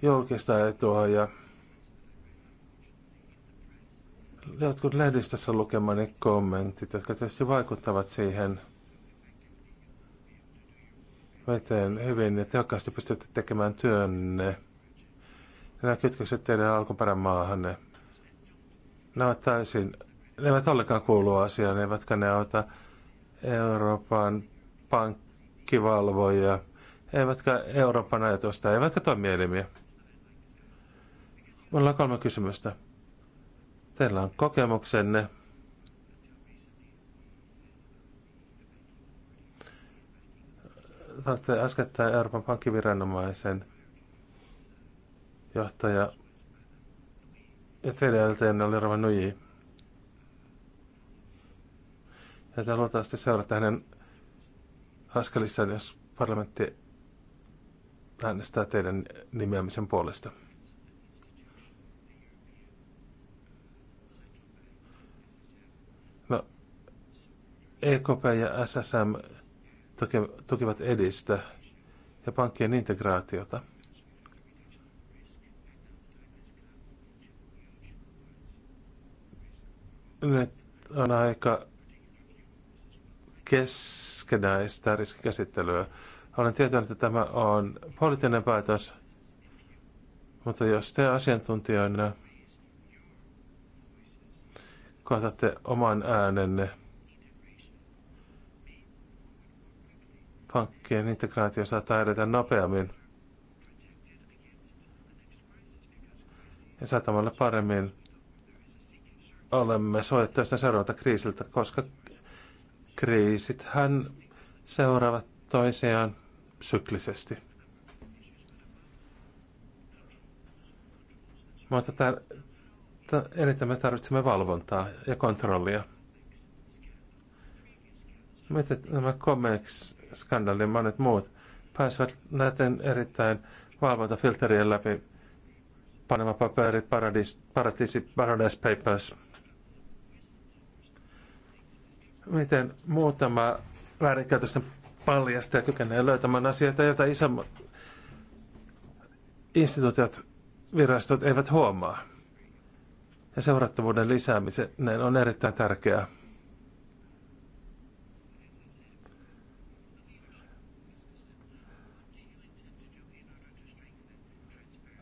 julkista etua ja jotkut lehdistössä lukemani kommentit, jotka tietysti vaikuttavat siihen, miten hyvin ja tehokkaasti pystytte tekemään työnne. Nämä kytkökset teidän alkuperän maahanne. Ne ovat täysin, ne eivät ollenkaan kuulu asiaan, eivätkä ne ota Euroopan pankki pankkivalvojia, eivätkä Euroopan ajatusta, eivätkä toimielimiä. Mulla on kolme kysymystä. Teillä on kokemuksenne. Olette äskettäin Euroopan pankkiviranomaisen johtaja ja teidän edeltäjänne oli Rava Nuji. Ja te luultavasti seuraatte hänen askelissaan, jos parlamentti äänestää teidän nimeämisen puolesta. No, EKP ja SSM tukivat edistä ja pankkien integraatiota. Nyt on aika keskenäistä riskikäsittelyä. Olen tietoinen, että tämä on poliittinen päätös, mutta jos te asiantuntijoina koetatte oman äänenne pankkien integraatio saattaa edetä nopeammin ja saatamalla paremmin olemme suojattuja sitä seuraavalta kriisiltä, koska kriisithän seuraavat toisiaan syklisesti. Mutta tär- t- eniten me tarvitsemme valvontaa ja kontrollia. Miten nämä comex skandalin monet muut pääsevät näiden erittäin valvontafilterien läpi panema paperi, paradis, paradisi, paradise papers – miten muutama väärinkäytösten paljastaja kykenee löytämään asioita, joita isommat instituutiot, virastot eivät huomaa. Ja seurattavuuden lisääminen on erittäin tärkeää.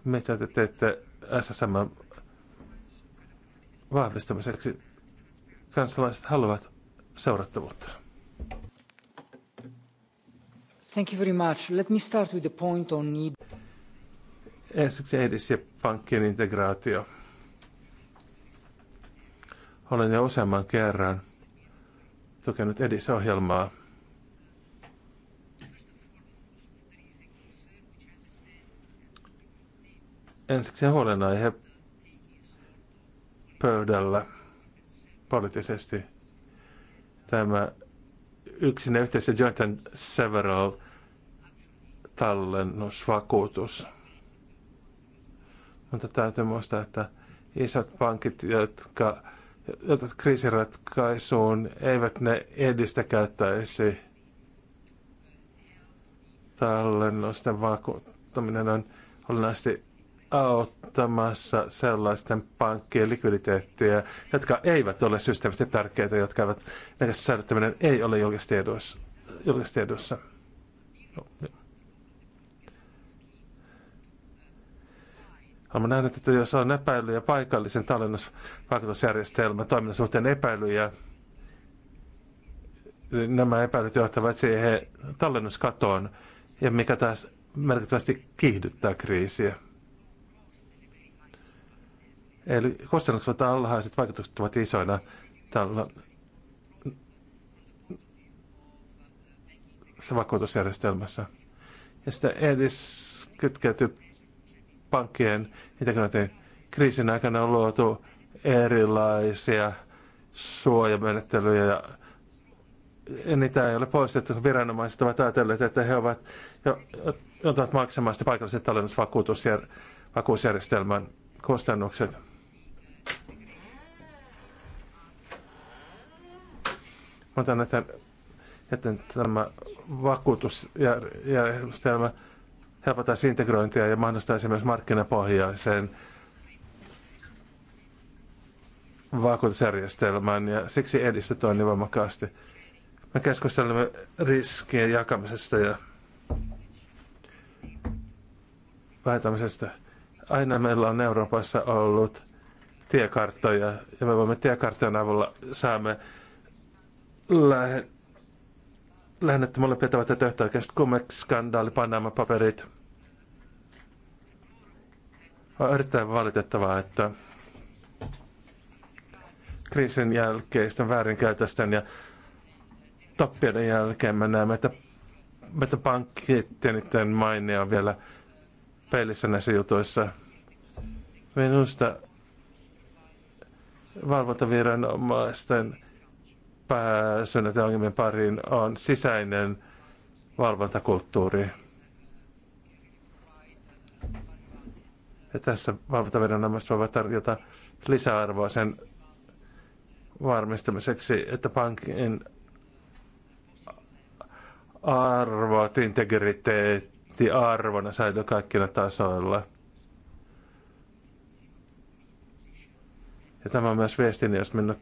Mitä te teette SSM vahvistamiseksi? Kansalaiset haluavat seurattavuutta. Thank you very much. Let me start with the point on need. Ensiksi edis ja pankkien integraatio. Olen jo useamman kerran tukenut edisohjelmaa. Ensiksi huolenaihe pöydällä poliittisesti tämä yksinä yhteisö Jonathan Several tallennusvakuutus. Mutta täytyy muistaa, että isot pankit, jotka, jotka kriisiratkaisuun eivät ne edistä käyttäisi tallennusten vakuuttaminen on olennaisesti auttamassa sellaisten pankkien likviditeettiä, jotka eivät ole systeemisesti tärkeitä, jotka eivät, näiden säilyttäminen ei ole julkisesti edussa. Haluan nähdä, että jos on epäilyjä paikallisen tallennusvaikutusjärjestelmän toiminnan suhteen epäilyjä, niin nämä epäilyt johtavat siihen tallennuskatoon, ja mikä taas merkittävästi kiihdyttää kriisiä. Eli kustannukset ovat alhaiset, vaikutukset ovat isoina. Tällä vakuutusjärjestelmässä. Ja sitten edes kytkeytyy pankkien integraatioon. Kriisin aikana on luotu erilaisia suojamenettelyjä ja niitä ei ole poistettu. Viranomaiset ovat ajatelleet, että he ovat joutuneet maksamaan paikalliset talennusvakuutusjärjestelmän tallennusvakuutusjärjestelmän kustannukset. Mutta näitä, että tämä vakuutusjärjestelmä helpottaisi integrointia ja mahdollistaisi myös markkinapohjaisen vakuutusjärjestelmän ja siksi edistetään niin voimakkaasti. Me keskustelemme riskien jakamisesta ja vähentämisestä. Aina meillä on Euroopassa ollut tiekarttoja ja me voimme tiekarttojen avulla saamme että mulle pitävät ja töhtöoikeiset Cumex-skandaali, Panama-paperit. On erittäin valitettavaa, että kriisin jälkeisten väärinkäytösten ja tappioiden jälkeen me näemme, että, että pankkit ja niiden maine on vielä peilissä näissä jutuissa. Minusta valvontaviranomaisten pääsynä tämän ongelmien pariin on sisäinen valvontakulttuuri. Ja tässä valvontaviranomaiset voivat tarjota lisäarvoa sen varmistamiseksi, että pankin arvot, integriteetti arvona säilyy kaikilla tasoilla. Ja tämä on myös viestini, jos minut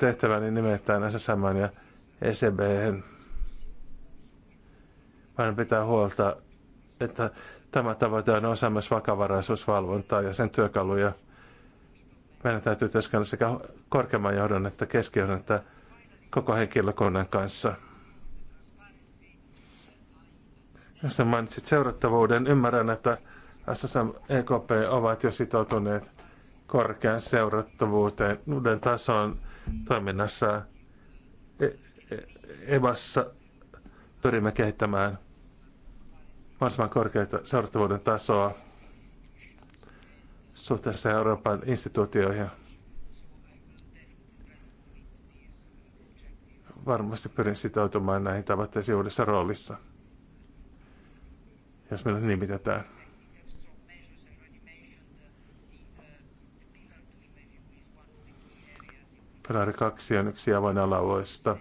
tehtäväni nimetään SSM ja ECB. Meidän pitää huolta, että tämä tavoite on osa myös vakavaraisuusvalvontaa ja sen työkaluja. Meidän täytyy työskennellä sekä korkeamman johdon että keskiohdon että koko henkilökunnan kanssa. Jos mainitsit seurattavuuden, ymmärrän, että SSM EKP ovat jo sitoutuneet korkean seurattavuuteen uuden tasoon toiminnassa e, e, Evassa pyrimme kehittämään mahdollisimman korkeita seurattavuuden tasoa suhteessa Euroopan instituutioihin. Varmasti pyrin sitoutumaan näihin tavoitteisiin uudessa roolissa, jos meillä nimitetään. Niin Pilari kaksi on yksi avainalavoista,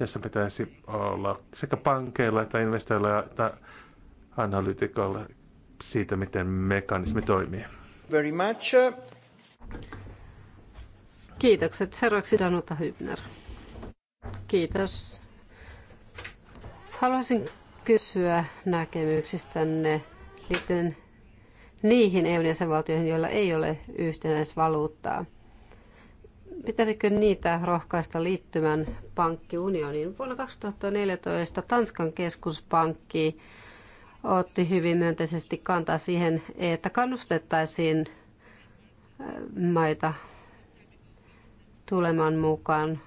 jossa pitäisi olla sekä pankeilla että investoilla että analytikoilla siitä, miten mekanismi toimii. Very much. Kiitokset. Seuraavaksi Danuta Hybner. Kiitos. Haluaisin kysyä näkemyksistänne liittyen niihin EU-jäsenvaltioihin, joilla ei ole yhtenäisvaluuttaa. Pitäisikö niitä rohkaista liittymään pankkiunioniin? Vuonna 2014 Tanskan keskuspankki otti hyvin myönteisesti kantaa siihen, että kannustettaisiin äh, maita tulemaan mukaan.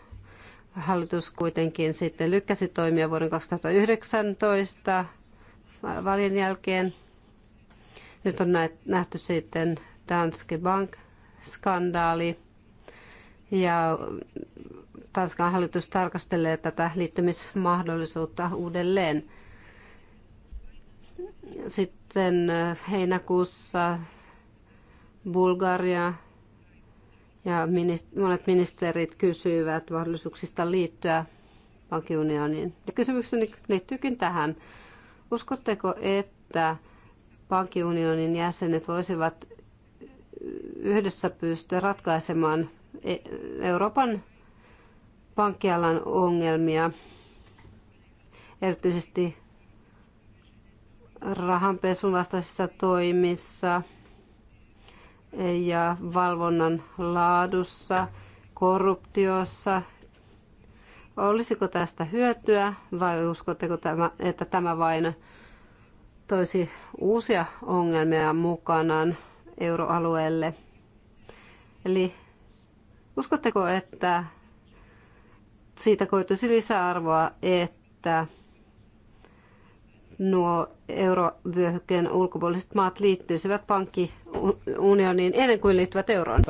Hallitus kuitenkin sitten lykkäsi toimia vuoden 2019 valin jälkeen. Nyt on nähty sitten Danske Bank-skandaali ja Tanskan hallitus tarkastelee tätä liittymismahdollisuutta uudelleen. Sitten äh, heinäkuussa Bulgaria ja monet ministerit kysyivät mahdollisuuksista liittyä pankkiunioniin. Ja kysymykseni liittyykin tähän. Uskotteko, että pankkiunionin jäsenet voisivat yhdessä pystyä ratkaisemaan E, Euroopan pankkialan ongelmia, erityisesti rahanpesun vastaisissa toimissa ja valvonnan laadussa, korruptiossa. Olisiko tästä hyötyä vai uskotteko, tämä, että tämä vain toisi uusia ongelmia mukanaan euroalueelle? Eli Uskotteko, että siitä koituisi lisäarvoa, että nuo eurovyöhykkeen ulkopuoliset maat liittyisivät pankkiunioniin ennen kuin liittyvät euroon.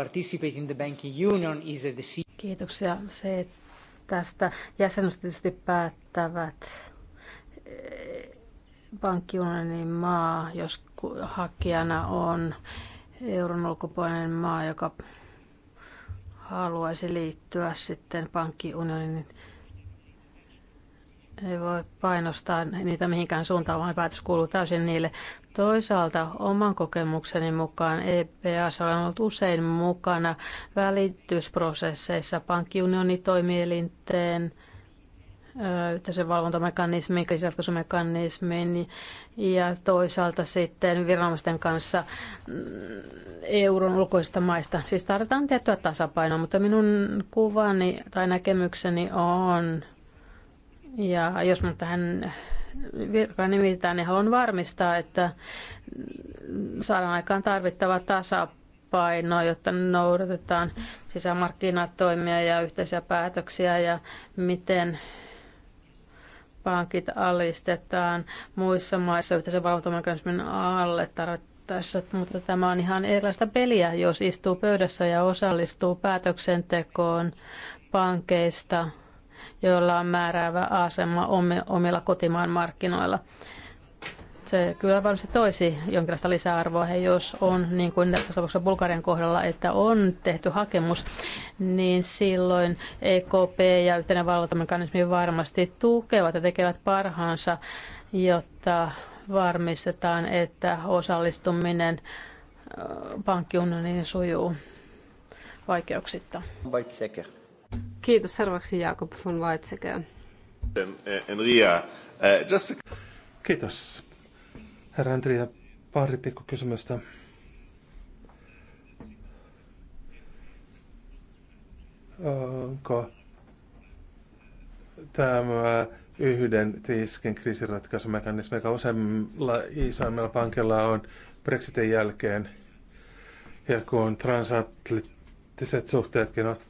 Kiitoksia. Se, että tästä jäsenyys tietysti päättävät eh, pankkiunionin maa, jos hakijana on euron ulkopuolinen maa, joka haluaisi liittyä sitten pankkiunioniin, niin ei voi painostaa niitä mihinkään suuntaan, vaan päätös kuuluu täysin niille. Toisaalta oman kokemukseni mukaan EPS on ollut usein mukana välitysprosesseissa pankkiunionitoimielinteen yhteisen valvontamekanismiin, kriisiratkaisumekanismiin ja toisaalta sitten viranomaisten kanssa mm, euron ulkoisista maista. Siis tarvitaan tiettyä tasapainoa, mutta minun kuvani tai näkemykseni on, ja jos minä tähän virkaan nimitään, niin haluan varmistaa, että saadaan aikaan tarvittava tasapaino painoa, jotta noudatetaan sisämarkkinatoimia ja yhteisiä päätöksiä ja miten pankit alistetaan muissa maissa yhteisen valvontamekanismin alle tarvittaessa, mutta tämä on ihan erilaista peliä, jos istuu pöydässä ja osallistuu päätöksentekoon pankeista, joilla on määräävä asema omilla kotimaan markkinoilla se kyllä varmasti toisi jonkinlaista lisäarvoa, ja jos on, niin kuin tässä tapauksessa Bulgarian kohdalla, että on tehty hakemus, niin silloin EKP ja yhteinen valvontamekanismi varmasti tukevat ja tekevät parhaansa, jotta varmistetaan, että osallistuminen pankkiunioniin sujuu vaikeuksitta. Kiitos seuraavaksi Jakob von Weizsäcker. Eh, just Kiitos. Rändriä pari pari pikkukysymystä. Onko tämä yhden tiskin kriisiratkaisumekanismi, joka useimmilla isoimmilla pankilla on Brexitin jälkeen, ja kun transatlanttiset suhteetkin ovat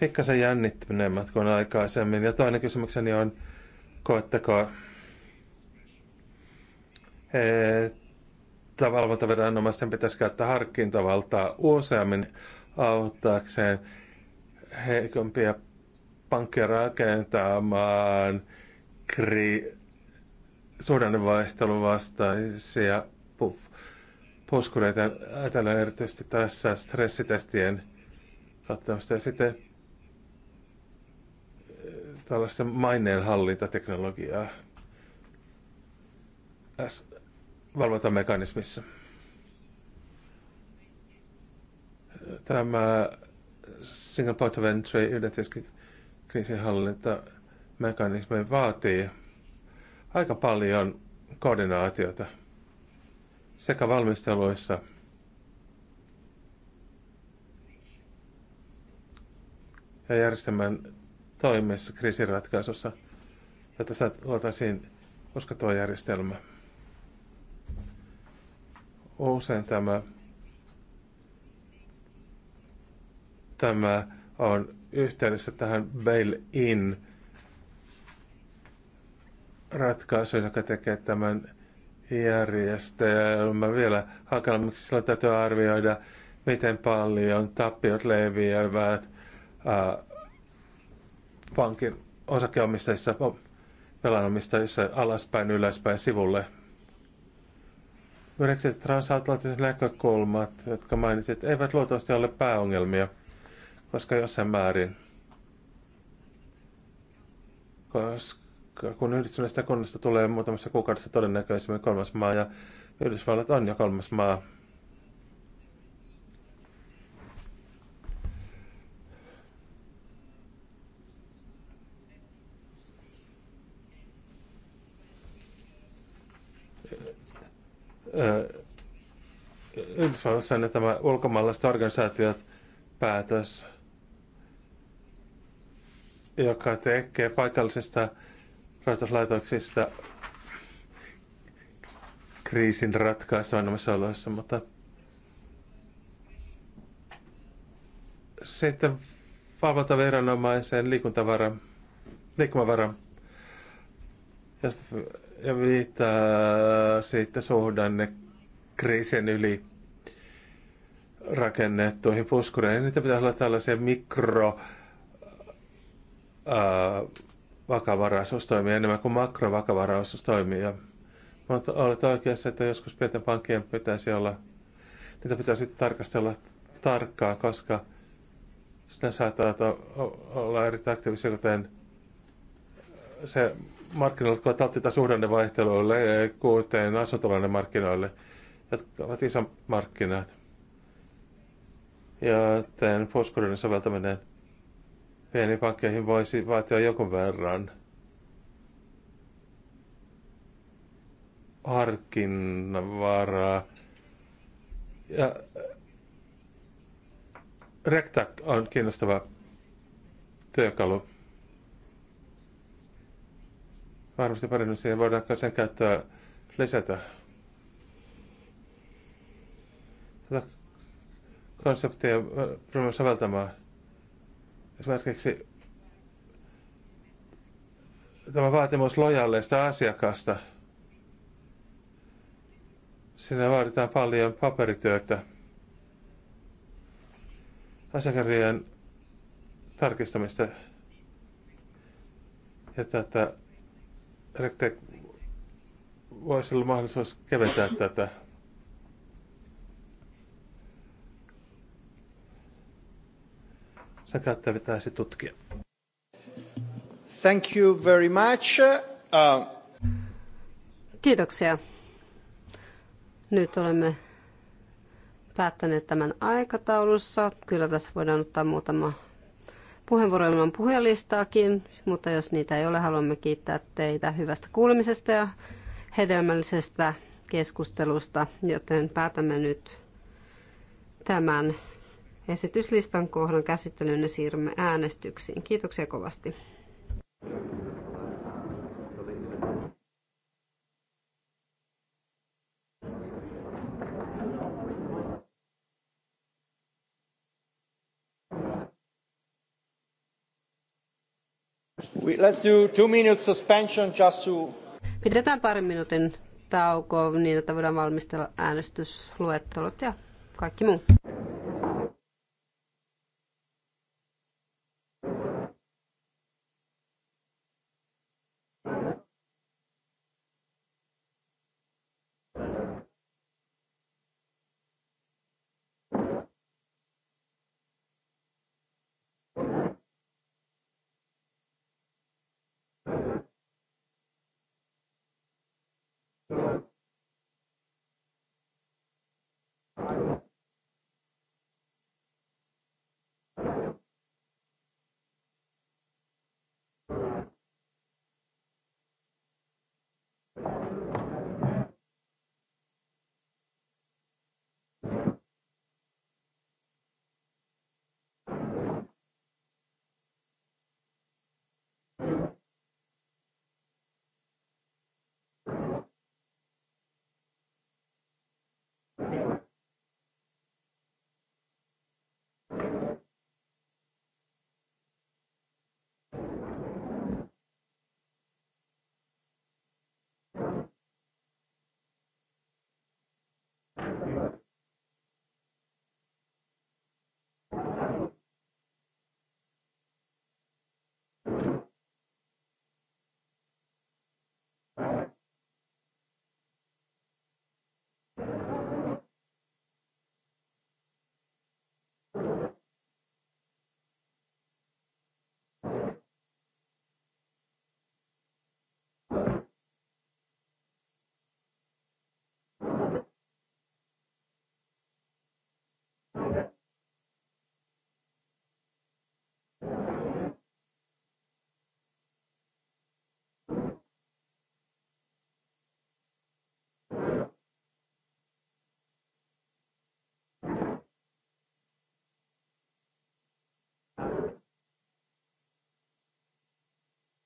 pikkasen jännittyneemmät kuin aikaisemmin. Ja toinen kysymykseni on, koetteko että valvontaviranomaisten pitäisi käyttää harkintavaltaa useammin auttaakseen heikompia pankkeja rakentamaan kri- suhdannevaihtelun vastaisia puff, puskureita. Ajatellaan erityisesti tässä stressitestien ottamista ja sitten eh, tällaista maineenhallintateknologiaa valvontamekanismissa. Tämä Single point of Entry kriisinhallintamekanismi vaatii aika paljon koordinaatiota sekä valmisteluissa ja järjestelmän toimessa kriisinratkaisussa, jotta saataisiin uskottava järjestelmä. Usein tämä, tämä on yhteydessä tähän bail-in ratkaisuun, joka tekee tämän järjestelmän vielä hankala, mutta silloin täytyy arvioida, miten paljon tappiot leviävät pankin osakeomistajissa, velanomistajissa alaspäin, ylöspäin, sivulle – Yhdeksäs transatlanttiset näkökulmat, jotka mainitsit, eivät luultavasti ole pääongelmia, koska jossain määrin, koska kun yhdistyneestä kunnasta tulee muutamassa kuukaudessa todennäköisemmin kolmas maa ja Yhdysvallat on jo kolmas maa, Yhdysvalloissa on tämä ulkomaalaiset organisaatiot päätös, joka tekee paikallisista rahoituslaitoksista kriisin ratkaisua näissä oloissa, mutta sitten valvontaviranomaisen liikuntavara, liikkumavara, jos ja mitä siitä suhdanne kriisin yli rakennettuihin puskureihin. Niitä pitää olla tällaisia mikro ää, vakavaraisuustoimia enemmän kuin makrovakavaraisuustoimia. Mutta olet oikeassa, että joskus pienten pankkien pitäisi olla, niitä pitäisi tarkastella tarkkaa, koska ne saattaa olla erittäin aktiivisia, kuten se jotka ovat tätä suhdannevaihteluille, eh, kuten asuntolainen markkinoille, jotka ovat isot markkinat. tämän puskurin soveltaminen pieniin pankkeihin voisi vaatia jonkun verran harkinnanvaraa. Ja eh, Rektak on kiinnostava työkalu varmasti paremmin niin siihen. voidaanko sen käyttöä lisätä. Tätä konseptia pyrimme soveltamaan. Esimerkiksi tämä vaatimus lojalleista asiakasta. Siinä vaaditaan paljon paperityötä. Asiakirjojen tarkistamista ja tätä Rekte, voisi olla mahdollisuus keventää tätä. Sä käyttää pitäisi tutkia. Thank you very much. Uh... Kiitoksia. Nyt olemme päättäneet tämän aikataulussa. Kyllä tässä voidaan ottaa muutama puheenvuoroja on puhujalistaakin, mutta jos niitä ei ole, haluamme kiittää teitä hyvästä kuulemisesta ja hedelmällisestä keskustelusta, joten päätämme nyt tämän esityslistan kohdan käsittelyyn ja siirrymme äänestyksiin. Kiitoksia kovasti. Pidetään parin minuutin tauko niin, että voidaan valmistella äänestysluettelot ja kaikki muu.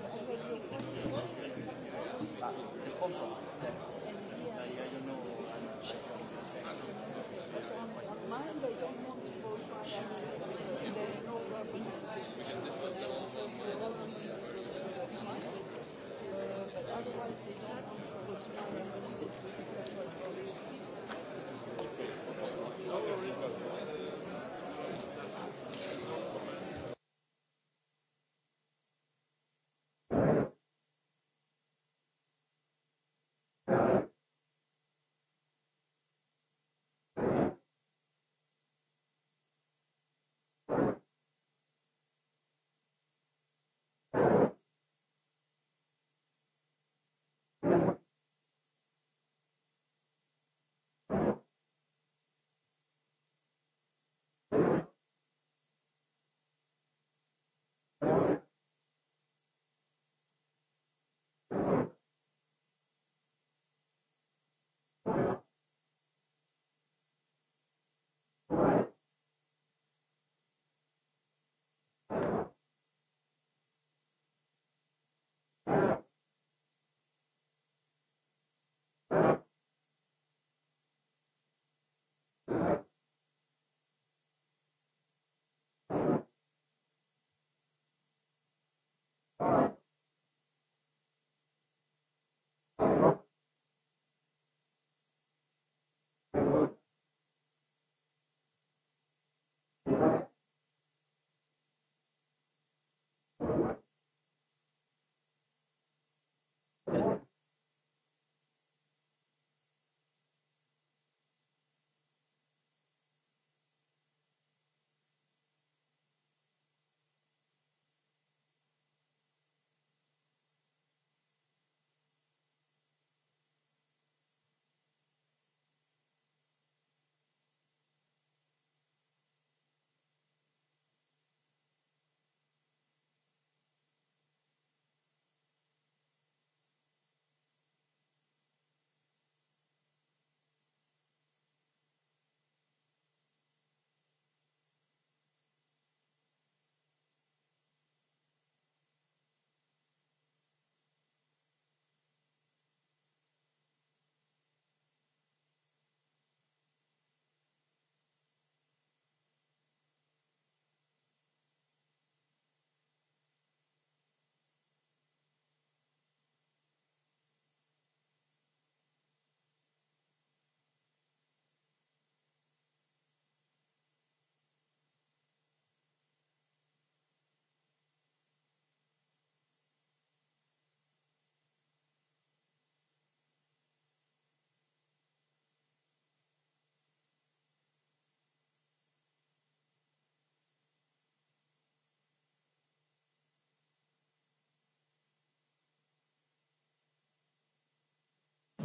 Thank you.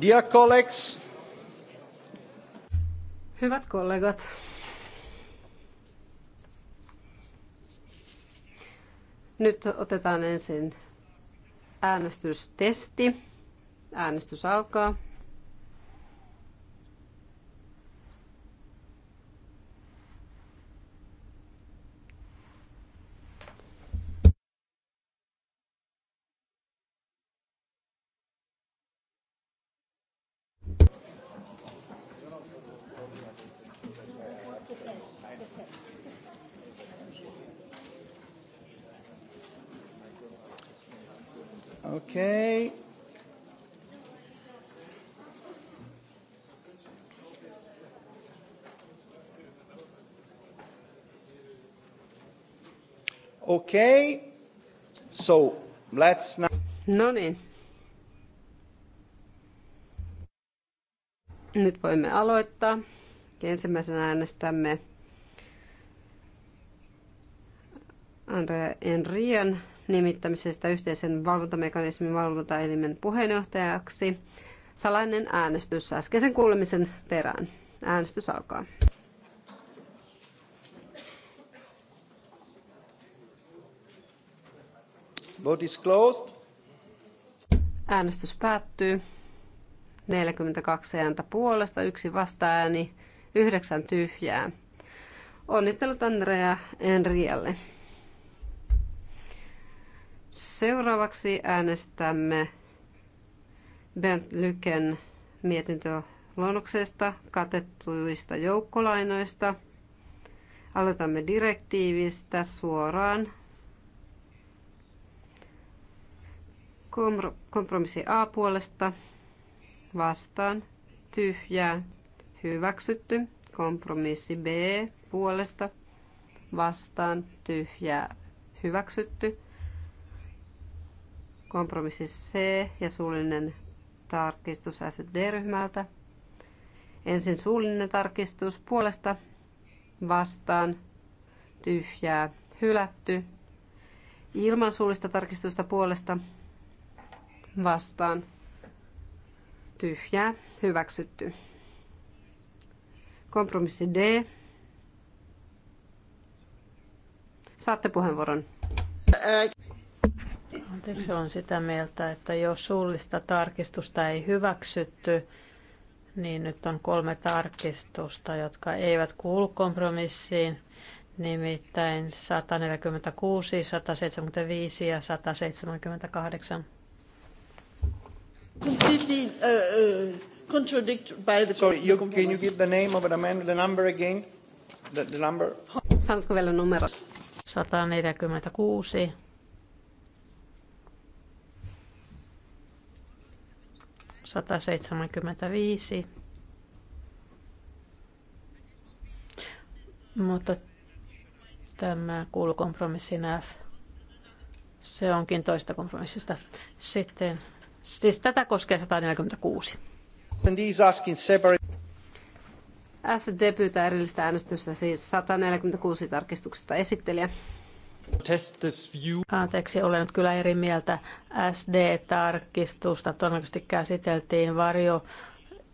Dear colleagues. Hyvät kollegat. Nyt otetaan ensin äänestystesti. Äänestys alkaa. Let's No niin. Nyt voimme aloittaa. Ensimmäisenä äänestämme Andrea Enrian nimittämisestä yhteisen valvontamekanismin valvontaelimen puheenjohtajaksi. Salainen äänestys äskeisen kuulemisen perään. Äänestys alkaa. Vote is closed. Äänestys päättyy. 42 ääntä puolesta, yksi vastaääni, yhdeksän tyhjää. Onnittelut Andrea Enrialle. Seuraavaksi äänestämme Bernd Lyken mietintöluonnoksesta katettuista joukkolainoista. Aloitamme direktiivistä suoraan Kompromissi A puolesta vastaan tyhjää hyväksytty. Kompromissi B puolesta vastaan tyhjää hyväksytty. Kompromissi C ja suullinen tarkistus SD-ryhmältä. Ensin suullinen tarkistus puolesta vastaan tyhjää hylätty. Ilman suullista tarkistusta puolesta vastaan tyhjää hyväksytty. Kompromissi D. Saatte puheenvuoron. Anteeksi, on sitä mieltä, että jos suullista tarkistusta ei hyväksytty, niin nyt on kolme tarkistusta, jotka eivät kuulu kompromissiin, nimittäin 146, 175 ja 178 completely uh, uh, contradicted by the... Sorry, you, can you give the name of the amendment, the number again? The, the number? Saanko vielä numero? 146. viisi. Mutta tämä kuuluu kompromissin F. Se onkin toista kompromissista. Sitten Siis tätä koskee 146. SD pyytää erillistä äänestystä siis 146 tarkistuksesta esittelijä. Test this view. Anteeksi, olen nyt kyllä eri mieltä. SD-tarkistusta todennäköisesti käsiteltiin varjo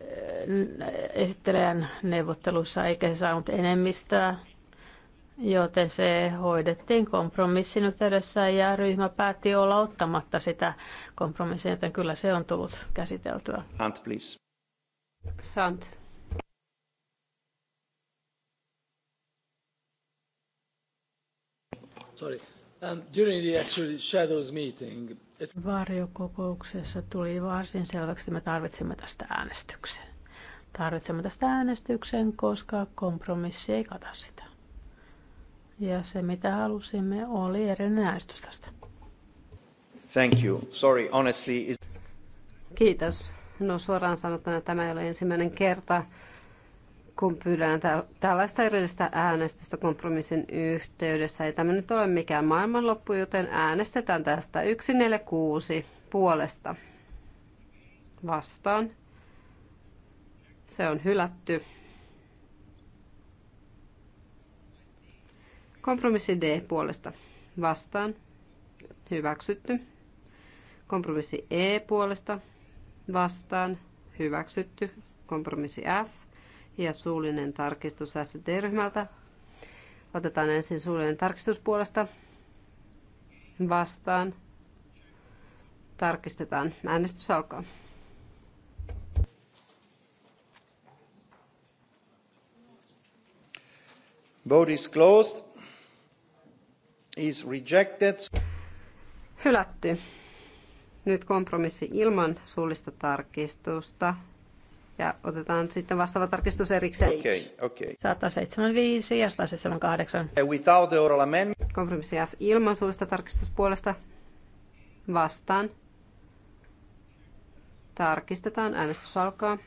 eh, esittelijän neuvotteluissa eikä se saanut enemmistöä joten se hoidettiin kompromissin yhteydessä ja ryhmä päätti olla ottamatta sitä kompromissia, joten kyllä se on tullut käsiteltyä. Sant, please. Sant. Sorry. Um, during the actual shadows meeting, it... Varjokokouksessa tuli varsin selväksi, että me tarvitsemme tästä äänestyksen. Tarvitsemme tästä äänestyksen, koska kompromissi ei kata sitä. Ja se, mitä halusimme, oli erillinen äänestys tästä. Thank you. Sorry, honestly... Is... Kiitos. No suoraan sanottuna tämä ei ole ensimmäinen kerta, kun pyydän tällaista erillistä äänestystä kompromissin yhteydessä. Ei tämä nyt ole mikään maailmanloppu, joten äänestetään tästä 146 puolesta vastaan. Se on hylätty. Kompromissi D puolesta vastaan. Hyväksytty. Kompromissi E puolesta vastaan. Hyväksytty. Kompromissi F ja suullinen tarkistus ST-ryhmältä. Otetaan ensin suullinen tarkistus puolesta vastaan. Tarkistetaan. Äänestys alkaa. Vote is closed is rejected. Hylätty. Nyt kompromissi ilman suullista tarkistusta. Ja otetaan sitten vastaava tarkistus erikseen. Okay, okay. 175 ja 178. Eh, without the oral amendment. Kompromissi F ilman suullista tarkistuspuolesta vastaan. Tarkistetaan. Äänestys alkaa.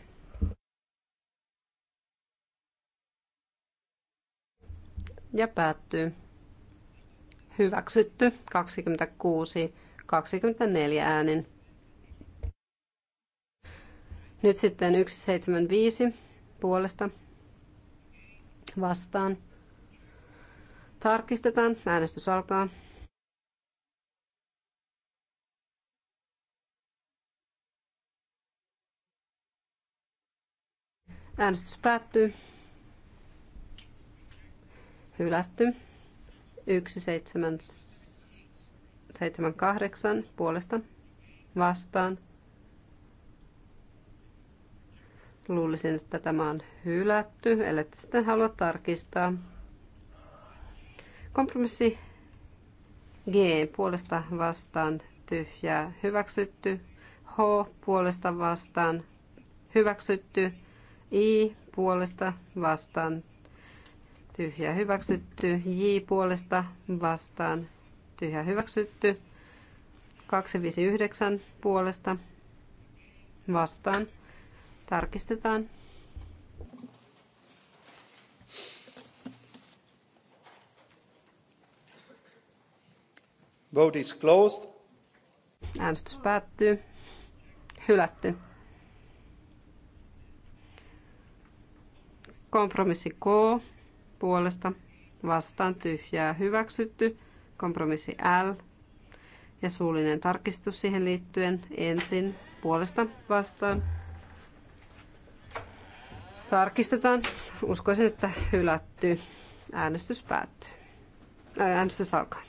Ja päättyy. Hyväksytty 26, 24 äänin. Nyt sitten 175 puolesta vastaan. Tarkistetaan. Äänestys alkaa. Äänestys päättyy. Hylätty. 178 puolesta vastaan. Luulisin, että tämä on hylätty, ellei sitten halua tarkistaa. Kompromissi G puolesta vastaan tyhjää hyväksytty. H puolesta vastaan hyväksytty. I puolesta vastaan Tyhjä hyväksytty. J puolesta vastaan tyhjä hyväksytty. 259 puolesta vastaan. Tarkistetaan. Vote is closed. Äänestys päättyy. Hylätty. Kompromissi K puolesta vastaan tyhjää hyväksytty. Kompromissi L ja suullinen tarkistus siihen liittyen ensin puolesta vastaan. Tarkistetaan. Uskoisin, että hylätty. Äänestys päättyy. Äänestys alkaa.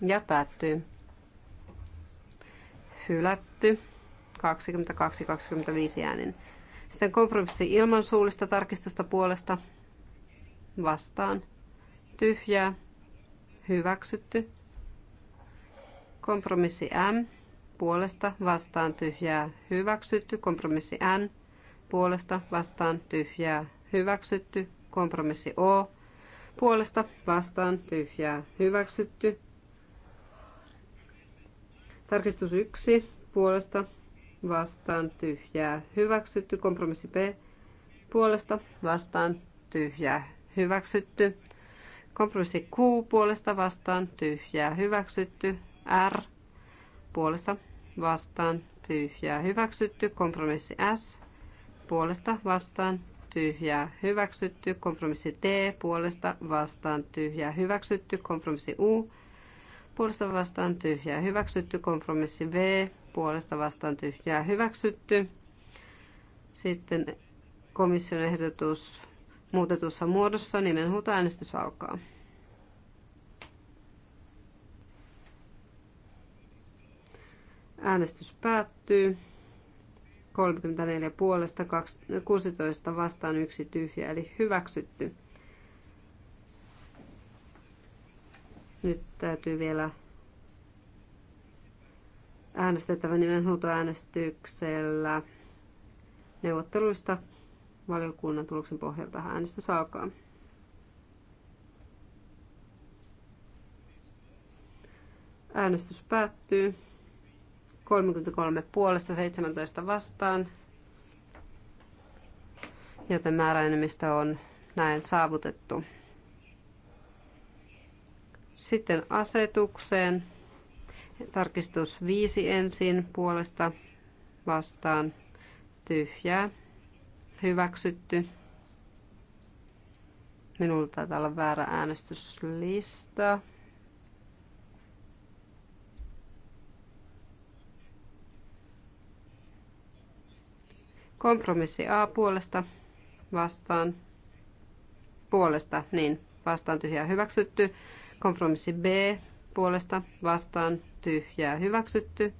Ja päättyy. Hylätty. 22-25 äänin. Sitten kompromissi ilman suullista tarkistusta puolesta vastaan. Tyhjää. Hyväksytty. Kompromissi M puolesta vastaan tyhjää hyväksytty. Kompromissi N puolesta vastaan tyhjää hyväksytty. Kompromissi O puolesta vastaan tyhjää hyväksytty. Tarkistus 1 puolesta vastaan tyhjää hyväksytty. Kompromissi B puolesta vastaan tyhjää hyväksytty. Kompromissi Q puolesta vastaan tyhjää hyväksytty. R puolesta vastaan tyhjää hyväksytty. Kompromissi S puolesta vastaan tyhjää hyväksytty. Kompromissi T puolesta vastaan tyhjää hyväksytty. Kompromissi U puolesta vastaan tyhjää hyväksytty. Kompromissi V puolesta vastaan tyhjää hyväksytty. Sitten komission ehdotus muutetussa muodossa äänestys alkaa. Äänestys päättyy. 34 puolesta, 16 vastaan yksi tyhjä, eli hyväksytty. Nyt täytyy vielä äänestettävä nimenhuutoäänestyksellä neuvotteluista valiokunnan tuloksen pohjalta. Äänestys alkaa. Äänestys päättyy. 33 puolesta 17 vastaan, joten määräenemmistö on näin saavutettu. Sitten asetukseen. Tarkistus 5 ensin puolesta vastaan tyhjää. Hyväksytty. Minulla taitaa olla väärä äänestyslista. Kompromissi A puolesta vastaan puolesta, niin vastaan tyhjää hyväksytty. Kompromissi B puolesta vastaan tyhjää hyväksytty.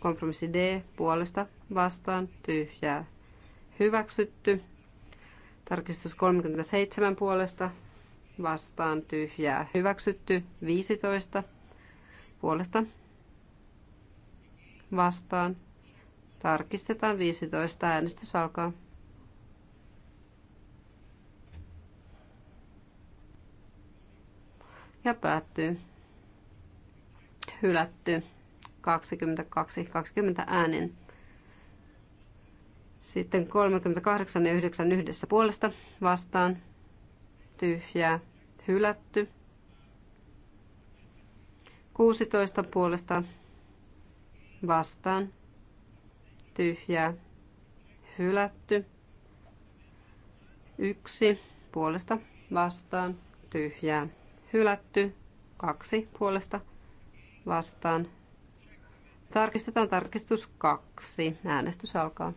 Kompromissi D puolesta vastaan tyhjää hyväksytty. Tarkistus 37 puolesta vastaan tyhjää hyväksytty. 15 puolesta vastaan. Tarkistetaan 15. Äänestys alkaa. Ja päättyy hylätty 22-20 äänin. Sitten 38 ja 9 yhdessä puolesta vastaan tyhjää hylätty. 16 puolesta vastaan tyhjää hylätty. Yksi puolesta vastaan tyhjää hylätty. Kaksi puolesta vastaan vastaan. Tarkistetaan tarkistus 2. Äänestys alkaa.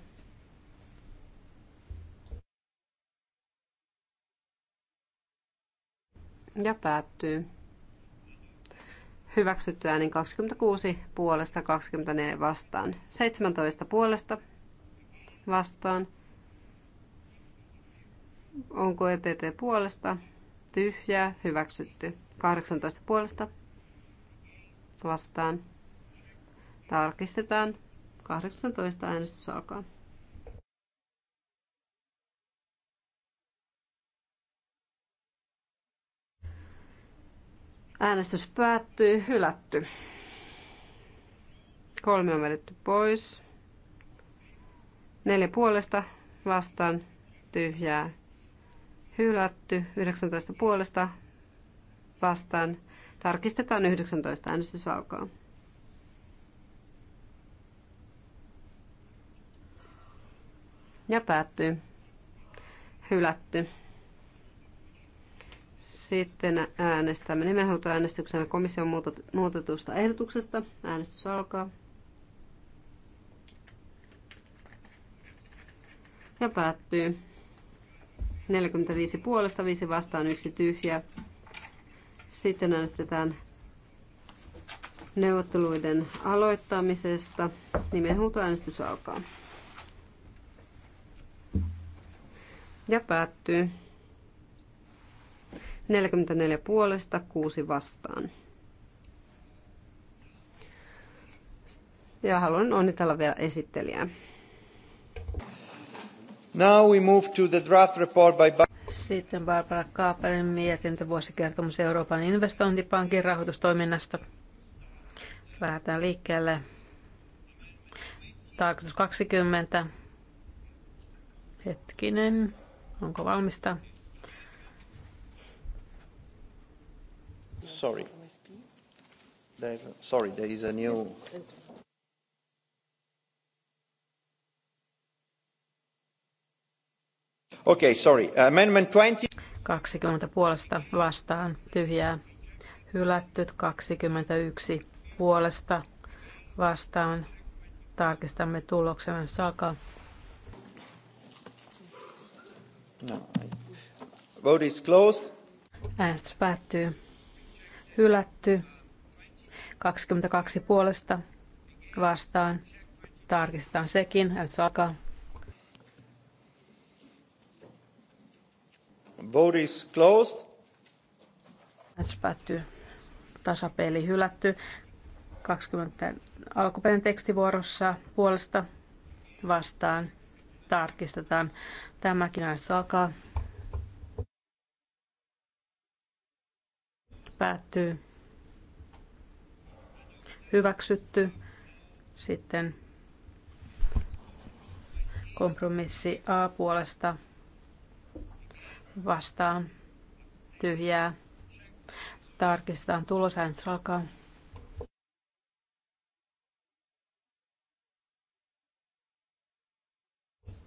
Ja päättyy. Hyväksytty ääni 26 puolesta 24 vastaan. 17 puolesta vastaan. Onko EPP puolesta? Tyhjää. Hyväksytty. 18 puolesta vastaan. Tarkistetaan. 18 äänestys alkaa. Äänestys päättyy, hylätty. Kolme on vedetty pois. Neljä puolesta vastaan tyhjää, hylätty. 19 puolesta vastaan Tarkistetaan 19. Äänestys alkaa. Ja päättyy. Hylätty. Sitten äänestämme nimenhoitoäänestyksenä komission muutetusta ehdotuksesta. Äänestys alkaa. Ja päättyy. 45 puolesta, 5 vastaan, 1 tyhjä. Sitten äänestetään neuvotteluiden aloittamisesta. Nimenhuutoäänestys alkaa. Ja päättyy. 44 puolesta, 6 vastaan. Ja haluan onnitella vielä esittelijää. Now we move to the draft report by sitten Barbara Kaapelin mietintö vuosikertomus Euroopan investointipankin rahoitustoiminnasta. Lähdetään liikkeelle. Tarkastus 20. Hetkinen, onko valmista? Sorry. Dave, sorry, there is a new... Okei, okay, sorry. Amendment 20. 20 puolesta vastaan tyhjää. Hylätty 21 puolesta vastaan. Tarkistamme tuloksen, jos No. Vote is closed. Äänestys päättyy. Hylätty. 22 puolesta vastaan. Tarkistetaan sekin. Äänestys alkaa. Vote is closed. päättyy. Tasapeli hylätty. 20 alkuperäinen tekstivuorossa puolesta vastaan tarkistetaan. Tämäkin äänestys alkaa. Päättyy. Hyväksytty. Sitten kompromissi A puolesta vastaan tyhjää. Tarkistetaan tulosäänestys alkaa.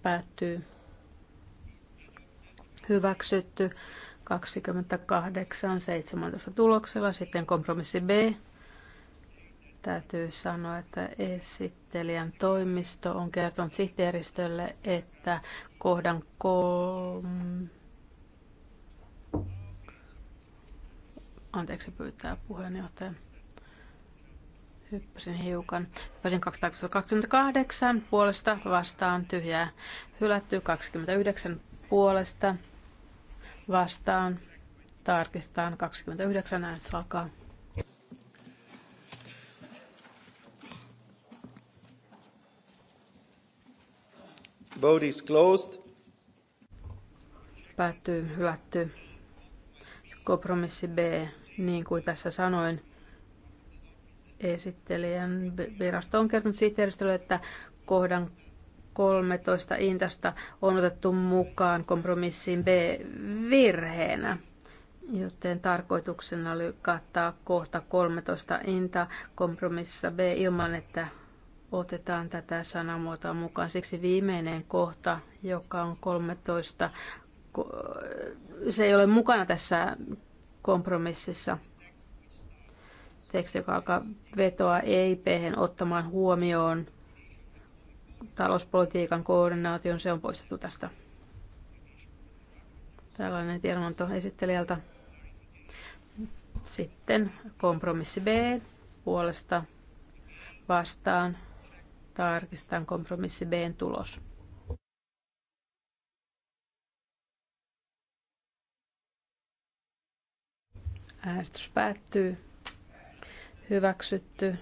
Päättyy. Hyväksytty 28-17 tuloksella. Sitten kompromissi B. Täytyy sanoa, että esittelijän toimisto on kertonut sihteeristölle, että kohdan kolme Anteeksi pyytää puheenjohtaja. Hyppäsin hiukan. Hyppäsin 228 puolesta vastaan tyhjää. Hylätty 29 puolesta vastaan. Tarkistetaan 29 äänestys alkaa. Vote is closed. Päättyy, hylätty. Kompromissi B niin kuin tässä sanoin, esittelijän virasto on kertonut sihteeristölle, että kohdan 13 Intasta on otettu mukaan kompromissiin B virheenä, joten tarkoituksena oli kattaa kohta 13 Inta kompromississa B ilman, että otetaan tätä sanamuotoa mukaan. Siksi viimeinen kohta, joka on 13, se ei ole mukana tässä kompromississa teksti, joka alkaa vetoa eip ottamaan huomioon talouspolitiikan koordinaation, se on poistettu tästä. Tällainen tiedonanto esittelijältä. Sitten kompromissi B puolesta vastaan tarkistan kompromissi Bn tulos. Äänestys päättyy. Hyväksytty.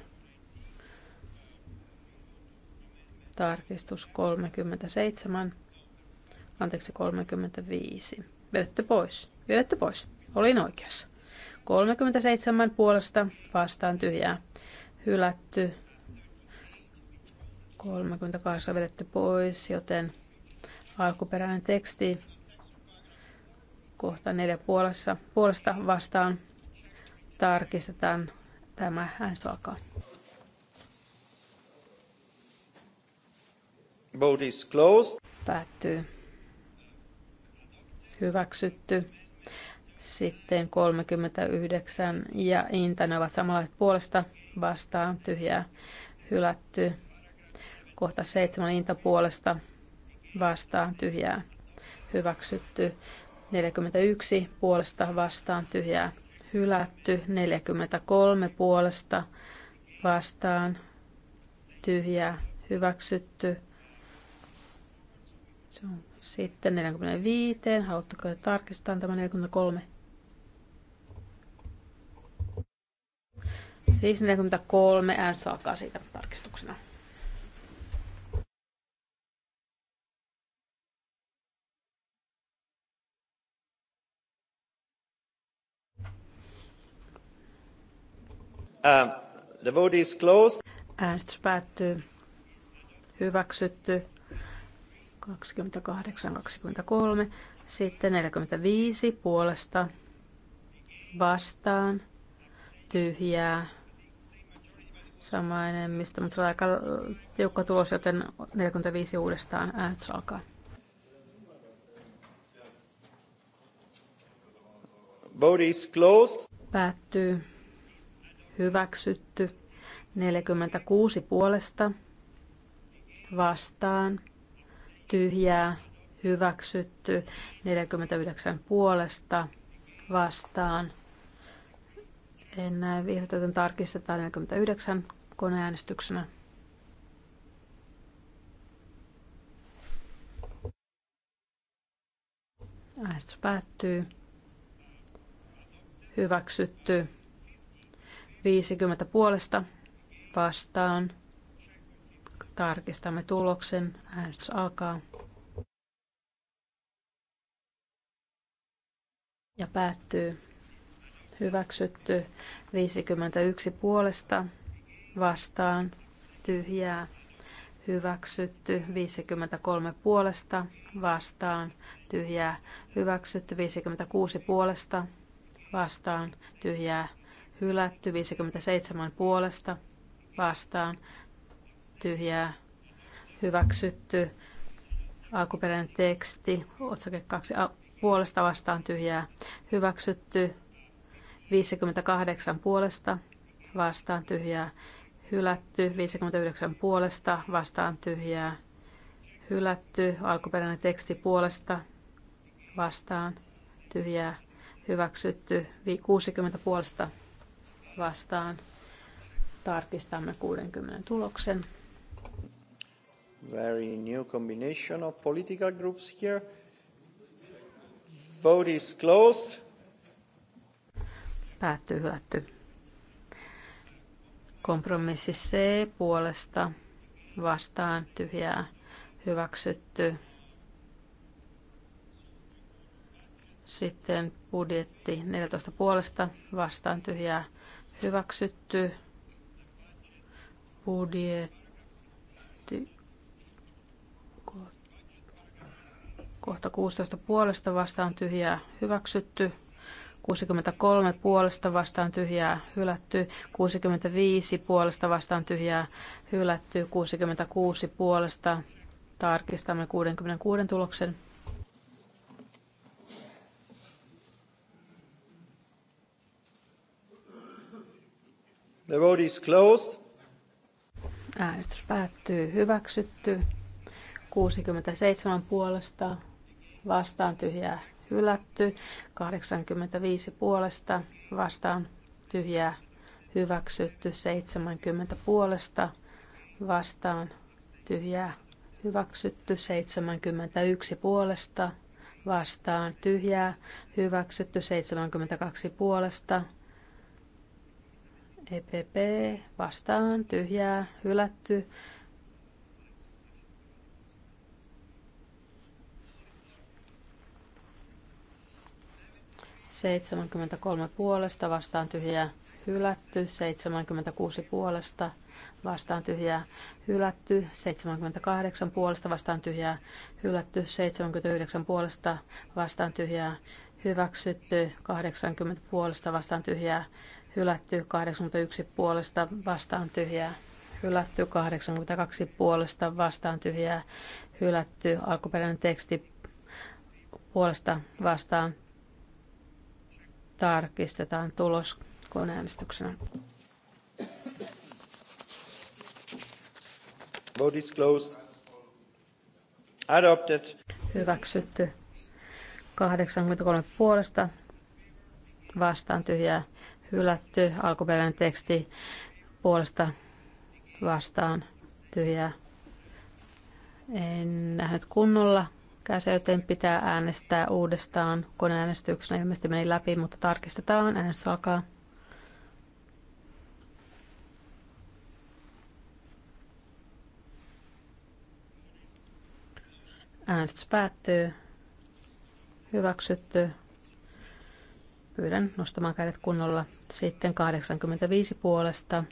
Tarkistus 37. Anteeksi, 35. Vedetty pois. Vedetty pois. Olin oikeassa. 37 puolesta vastaan tyhjää. Hylätty. 38 vedetty pois, joten alkuperäinen teksti kohta neljä puolessa, puolesta vastaan Tarkistetaan tämä äänestys Vote is closed. Päättyy. Hyväksytty. Sitten 39 ja Inta, ne ovat samanlaiset puolesta vastaan, tyhjää, hylätty. Kohta 7 Inta puolesta vastaan, tyhjää, hyväksytty. 41 puolesta vastaan, tyhjää, hylätty 43 puolesta vastaan tyhjää hyväksytty. Sitten 45. Haluatteko tarkistaa tämä 43? Siis 43 äänestys saakaa siitä tarkistuksena. Uh, the vote is closed. Äänestys päättyy. Hyväksytty. 28-23. Sitten 45 puolesta vastaan. Tyhjää. Sama enemmistö, mutta aika tiukka tulos, joten 45 uudestaan äänestys alkaa. Vote is closed. Päättyy hyväksytty. 46 puolesta vastaan, tyhjää, hyväksytty. 49 puolesta vastaan. En näe vihreät, joten tarkistetaan 49 koneäänestyksenä. Äänestys päättyy. Hyväksytty. 50 puolesta vastaan. Tarkistamme tuloksen. Äänestys alkaa. Ja päättyy. Hyväksytty 51 puolesta vastaan. Tyhjää. Hyväksytty 53 puolesta vastaan. Tyhjää. Hyväksytty 56 puolesta vastaan. Tyhjää hylätty, 57 puolesta vastaan, tyhjää, hyväksytty, alkuperäinen teksti, otsake 2, puolesta vastaan tyhjää, hyväksytty, 58 puolesta vastaan tyhjää, hylätty, 59 puolesta vastaan tyhjää, hylätty, alkuperäinen teksti puolesta vastaan tyhjää, hyväksytty, 60 puolesta vastaan. Tarkistamme 60 tuloksen. Very new combination of political groups here. Vote is closed. Päättyy hylätty. Kompromissi C puolesta vastaan tyhjää hyväksytty. Sitten budjetti 14 puolesta vastaan tyhjää hyväksytty budjetti kohta 16 puolesta vastaan tyhjää hyväksytty 63 puolesta vastaan tyhjää hylätty, 65 puolesta vastaan tyhjää hylätty, 66 puolesta tarkistamme 66 tuloksen. The vote is closed. Äänestys päättyy. Hyväksytty. 67 puolesta. Vastaan tyhjää. Hylätty. 85 puolesta. Vastaan tyhjää. Hyväksytty. 70 puolesta. Vastaan tyhjää. Hyväksytty. 71 puolesta. Vastaan tyhjää. Hyväksytty. 72 puolesta EPP vastaan, tyhjää, hylätty. Seitsemänkymmentä kolme puolesta vastaan tyhjää hylätty, Seitsemänkymmentä kuusi puolesta vastaan tyhjää hylätty, Seitsemänkymmentä kahdeksan puolesta vastaan tyhjää hylätty, Seitsemänkymmentä yhdeksän puolesta vastaan tyhjää hyväksytty 80 puolesta vastaan tyhjää, hylätty 81 puolesta vastaan tyhjää, hylätty 82 puolesta vastaan tyhjää, hylätty alkuperäinen teksti puolesta vastaan tarkistetaan tulos koneäänestyksenä. Vote is closed. Adopted. Hyväksytty. 83 puolesta vastaan tyhjää hylätty. Alkuperäinen teksti puolesta vastaan tyhjää. En nähnyt kunnolla käsi, joten pitää äänestää uudestaan. Koneäänestyksenä ilmeisesti meni läpi, mutta tarkistetaan. Äänestys alkaa. Äänestys päättyy hyväksytty. Pyydän nostamaan kädet kunnolla. Sitten 85 puolesta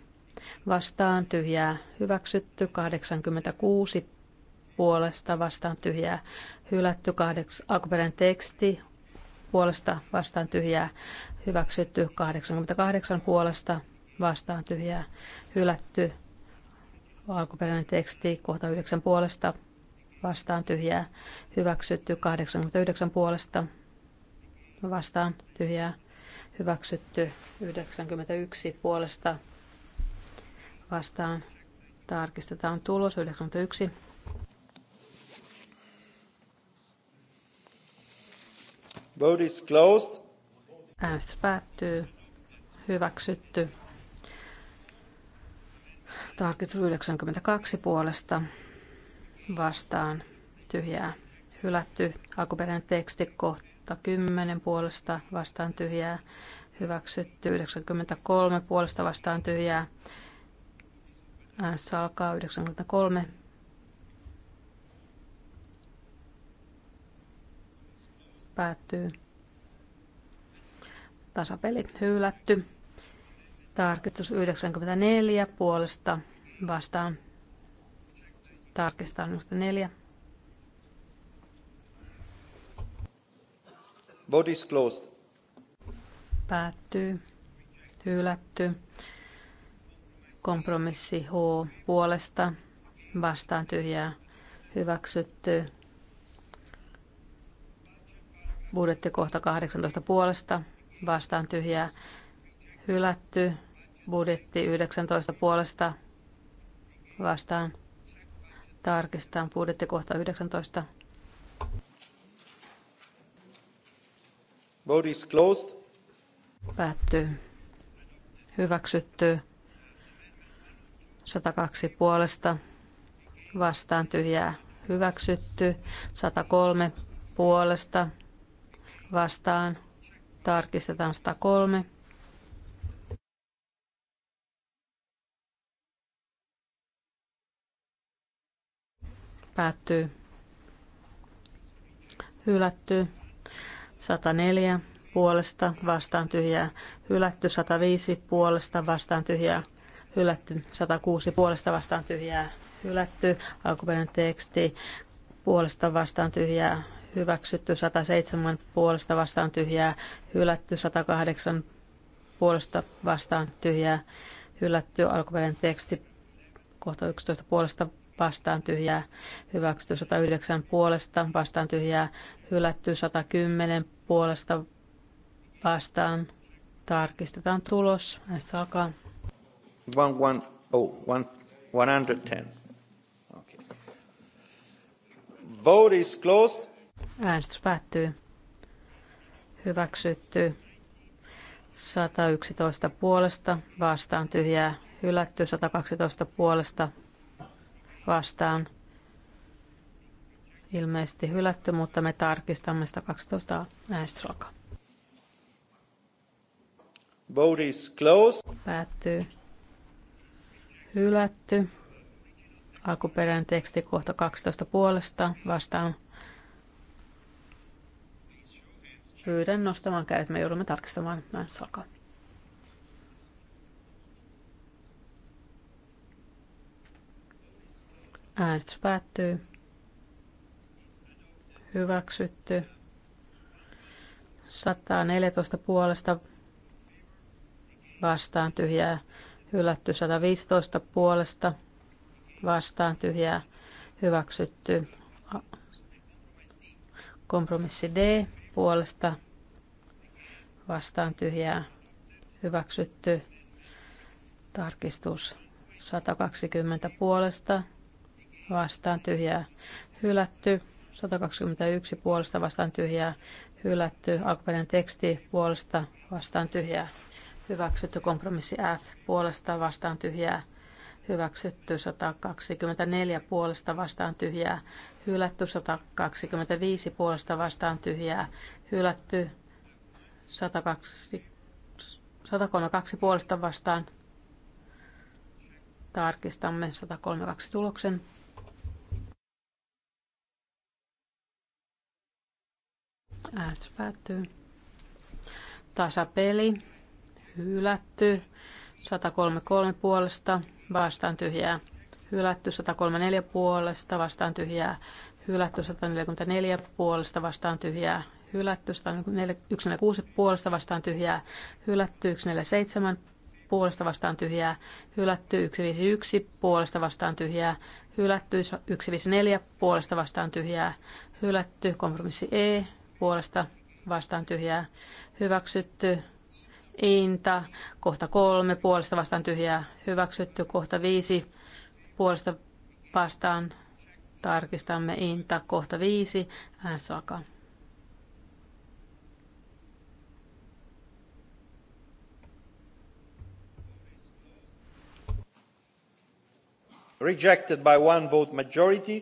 vastaan tyhjää hyväksytty. 86 puolesta vastaan tyhjää hylätty. alkuperäinen teksti puolesta vastaan tyhjää hyväksytty. 88 puolesta vastaan tyhjää hylätty. Alkuperäinen teksti kohta 9 puolesta vastaan tyhjää hyväksytty 89 puolesta vastaan tyhjää hyväksytty 91 puolesta vastaan tarkistetaan tulos 91 Vote is closed. Äänestys päättyy. Hyväksytty. Tarkistus 92 puolesta vastaan tyhjää hylätty. Alkuperäinen teksti kohta 10 puolesta vastaan tyhjää hyväksytty. 93 puolesta vastaan tyhjää. Äänestys alkaa 93. Päättyy. Tasapeli hylätty. Tarkistus 94 puolesta vastaan Tarkistaan neljä. Vote is closed. Päättyy. Hylätty. Kompromissi H puolesta. Vastaan tyhjää. Hyväksytty. Budjetti kohta 18 puolesta. Vastaan tyhjää. Hylätty. Budjetti 19 puolesta. Vastaan tarkistetaan budjettikohta 19. Vote is closed. Päättyy. Hyväksytty. 102 puolesta. Vastaan tyhjää. Hyväksytty. 103 puolesta. Vastaan. Tarkistetaan 103. Päättyy. Hylätty. 104 puolesta vastaan tyhjää. Hylätty 105 puolesta vastaan tyhjää. Hylätty 106 puolesta vastaan tyhjää. Hylätty alkuperäinen teksti puolesta vastaan tyhjää. Hyväksytty 107 puolesta vastaan tyhjää. Hylätty 108 puolesta vastaan tyhjää. Hylätty alkuperäinen teksti kohta 11 puolesta vastaan tyhjää hyväksytty 109 puolesta, vastaan tyhjää hylätty 110 puolesta vastaan. Tarkistetaan tulos. Näistä alkaa. one Oh, 110. Okay. Vote is closed. Äänestys päättyy. Hyväksytty. 111 puolesta, vastaan tyhjää, hylätty 112 puolesta, vastaan. Ilmeisesti hylätty, mutta me tarkistamme 112 äänestysalkaa. Vote is closed. Päättyy. Hylätty. Alkuperäinen teksti kohta 12 puolesta vastaan. Pyydän nostamaan kädet. Me joudumme tarkistamaan. Näin, alkaa. Äänestys päättyy. Hyväksytty. 114 puolesta vastaan tyhjää. Hylätty 115 puolesta vastaan tyhjää. Hyväksytty. Kompromissi D puolesta vastaan tyhjää. Hyväksytty. Tarkistus 120 puolesta vastaan tyhjää hylätty. 121 puolesta vastaan tyhjää hylätty. Alkuperäinen teksti puolesta vastaan tyhjää hyväksytty. Kompromissi F puolesta vastaan tyhjää hyväksytty 124 puolesta vastaan tyhjää, hylätty 125 puolesta vastaan tyhjää, hylätty 102, 132 puolesta vastaan. Tarkistamme 132 tuloksen. S päättyy. Tasapeli. Hylätty. 133 puolesta vastaan tyhjää. Hylätty 134 puolesta vastaan tyhjää. Hylätty 144 puolesta vastaan tyhjää. Hylätty 146 puolesta vastaan tyhjää. Hylätty 147 puolesta vastaan tyhjää. Hylätty 151 puolesta vastaan tyhjää. Hylätty 154 puolesta vastaan tyhjää. Hylätty kompromissi E puolesta vastaan tyhjää hyväksytty. Inta, kohta kolme, puolesta vastaan tyhjää hyväksytty, kohta viisi, puolesta vastaan tarkistamme Inta, kohta viisi, äänestys alkaa. Rejected by one vote majority,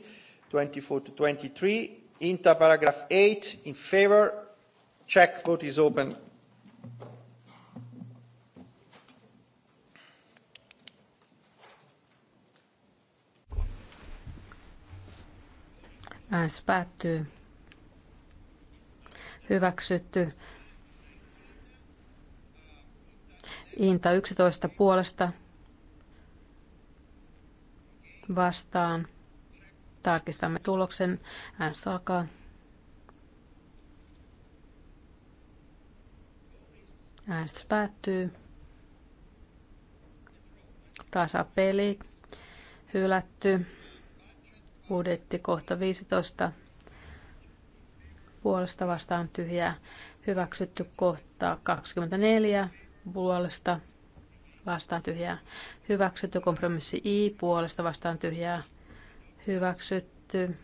24 to 23 inta paragraph 8 in favor check vote is open äänestys päättyy hyväksytty Inta 11 puolesta vastaan Tarkistamme tuloksen. Hän saakaa. Äänestys päättyy. Tasapeli. Hylätty. Budjetti kohta 15. Puolesta vastaan tyhjää. Hyväksytty kohta 24. Puolesta vastaan tyhjää. Hyväksytty kompromissi I. Puolesta vastaan tyhjää hyväksytty.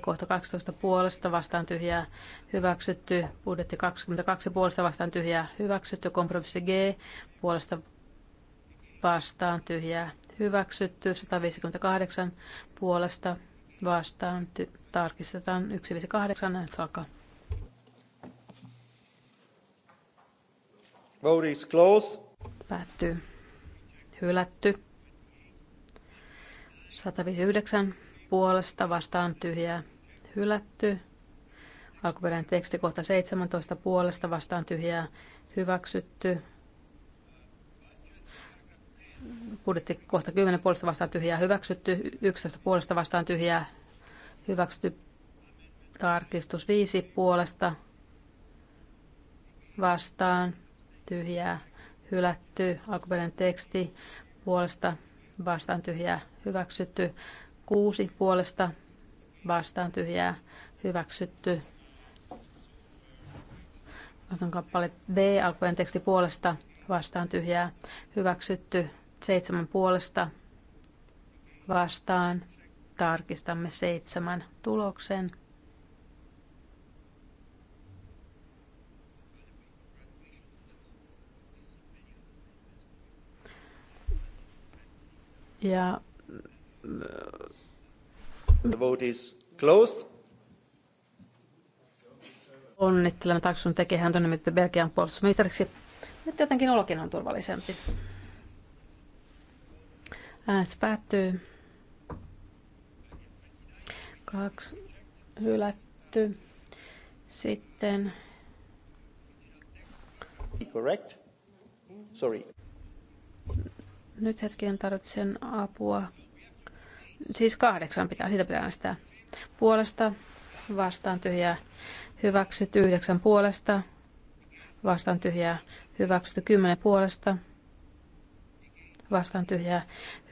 kohta 12 puolesta vastaan tyhjää hyväksytty. Budjetti 22 puolesta vastaan tyhjää hyväksytty. Kompromissi G puolesta vastaan tyhjää hyväksytty. 158 puolesta vastaan ty- tarkistetaan 158 saka. Vote is closed. Päättyy. Hylätty. 159 puolesta vastaan tyhjää hylätty. Alkuperäinen teksti kohta 17 puolesta vastaan tyhjää hyväksytty. Budjetti kohta 10 puolesta vastaan tyhjää hyväksytty. 11 puolesta vastaan tyhjää hyväksytty. Tarkistus 5 puolesta vastaan tyhjää hylätty. Alkuperäinen teksti puolesta vastaan tyhjää hyväksytty. Kuusi puolesta vastaan tyhjää hyväksytty. Vastaan kappale B alkujen teksti puolesta vastaan tyhjää hyväksytty. Seitsemän puolesta vastaan tarkistamme seitsemän tuloksen. Ja, The vote is closed. Onnittelen taksun tekee hän on nimitetty Belgian puolustusministeriksi. Nyt jotenkin olokin on turvallisempi. Äänestys päättyy. Kaksi hylätty. Sitten. Correct? Sorry. Nyt hetken tarvitsen apua. Siis kahdeksan pitää, siitä pitää äänestää. Puolesta, vastaan tyhjää, hyväksytty yhdeksän puolesta, vastaan tyhjää, hyväksytty kymmenen puolesta, vastaan tyhjää,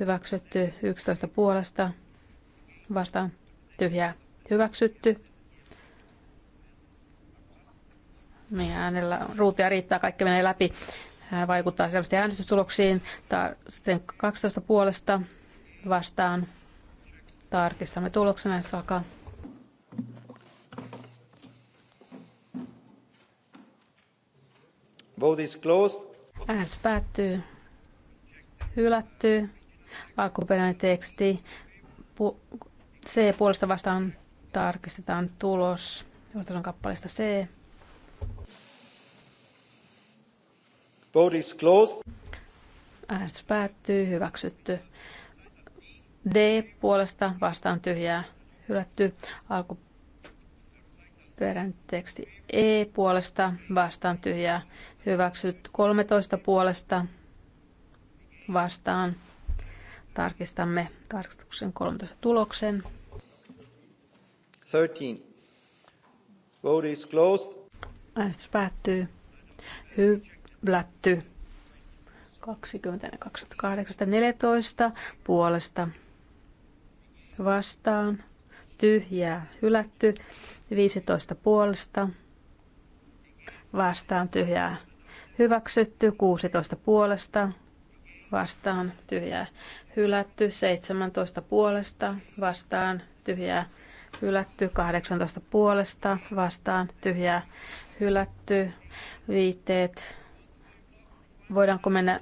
hyväksytty yksitoista puolesta, vastaan tyhjää, hyväksytty. Meidän niin, äänellä ruutia riittää, kaikki menee läpi vaikuttaa selvästi äänestystuloksiin. Sitten 12 puolesta vastaan tarkistamme tuloksen jos alkaa. Vote is closed. Äänestys päättyy. Hylätty. Alkuperäinen teksti. C puolesta vastaan tarkistetaan tulos. on kappaleesta C. Vote is closed. Äänestys päättyy. Hyväksytty. D puolesta vastaan tyhjää. Hylätty. Alkuperäinen teksti. E puolesta vastaan tyhjää. Hyväksytty. 13 puolesta vastaan. Tarkistamme tarkistuksen 13 tuloksen. 13. Vote is closed. Äänestys päättyy. Hy- Blätty 20 puolesta vastaan tyhjää hylätty 15 puolesta vastaan tyhjää hyväksytty 16 puolesta vastaan tyhjää hylätty 17 puolesta vastaan tyhjää hylätty 18 puolesta vastaan tyhjää hylätty viitteet Voidaanko mennä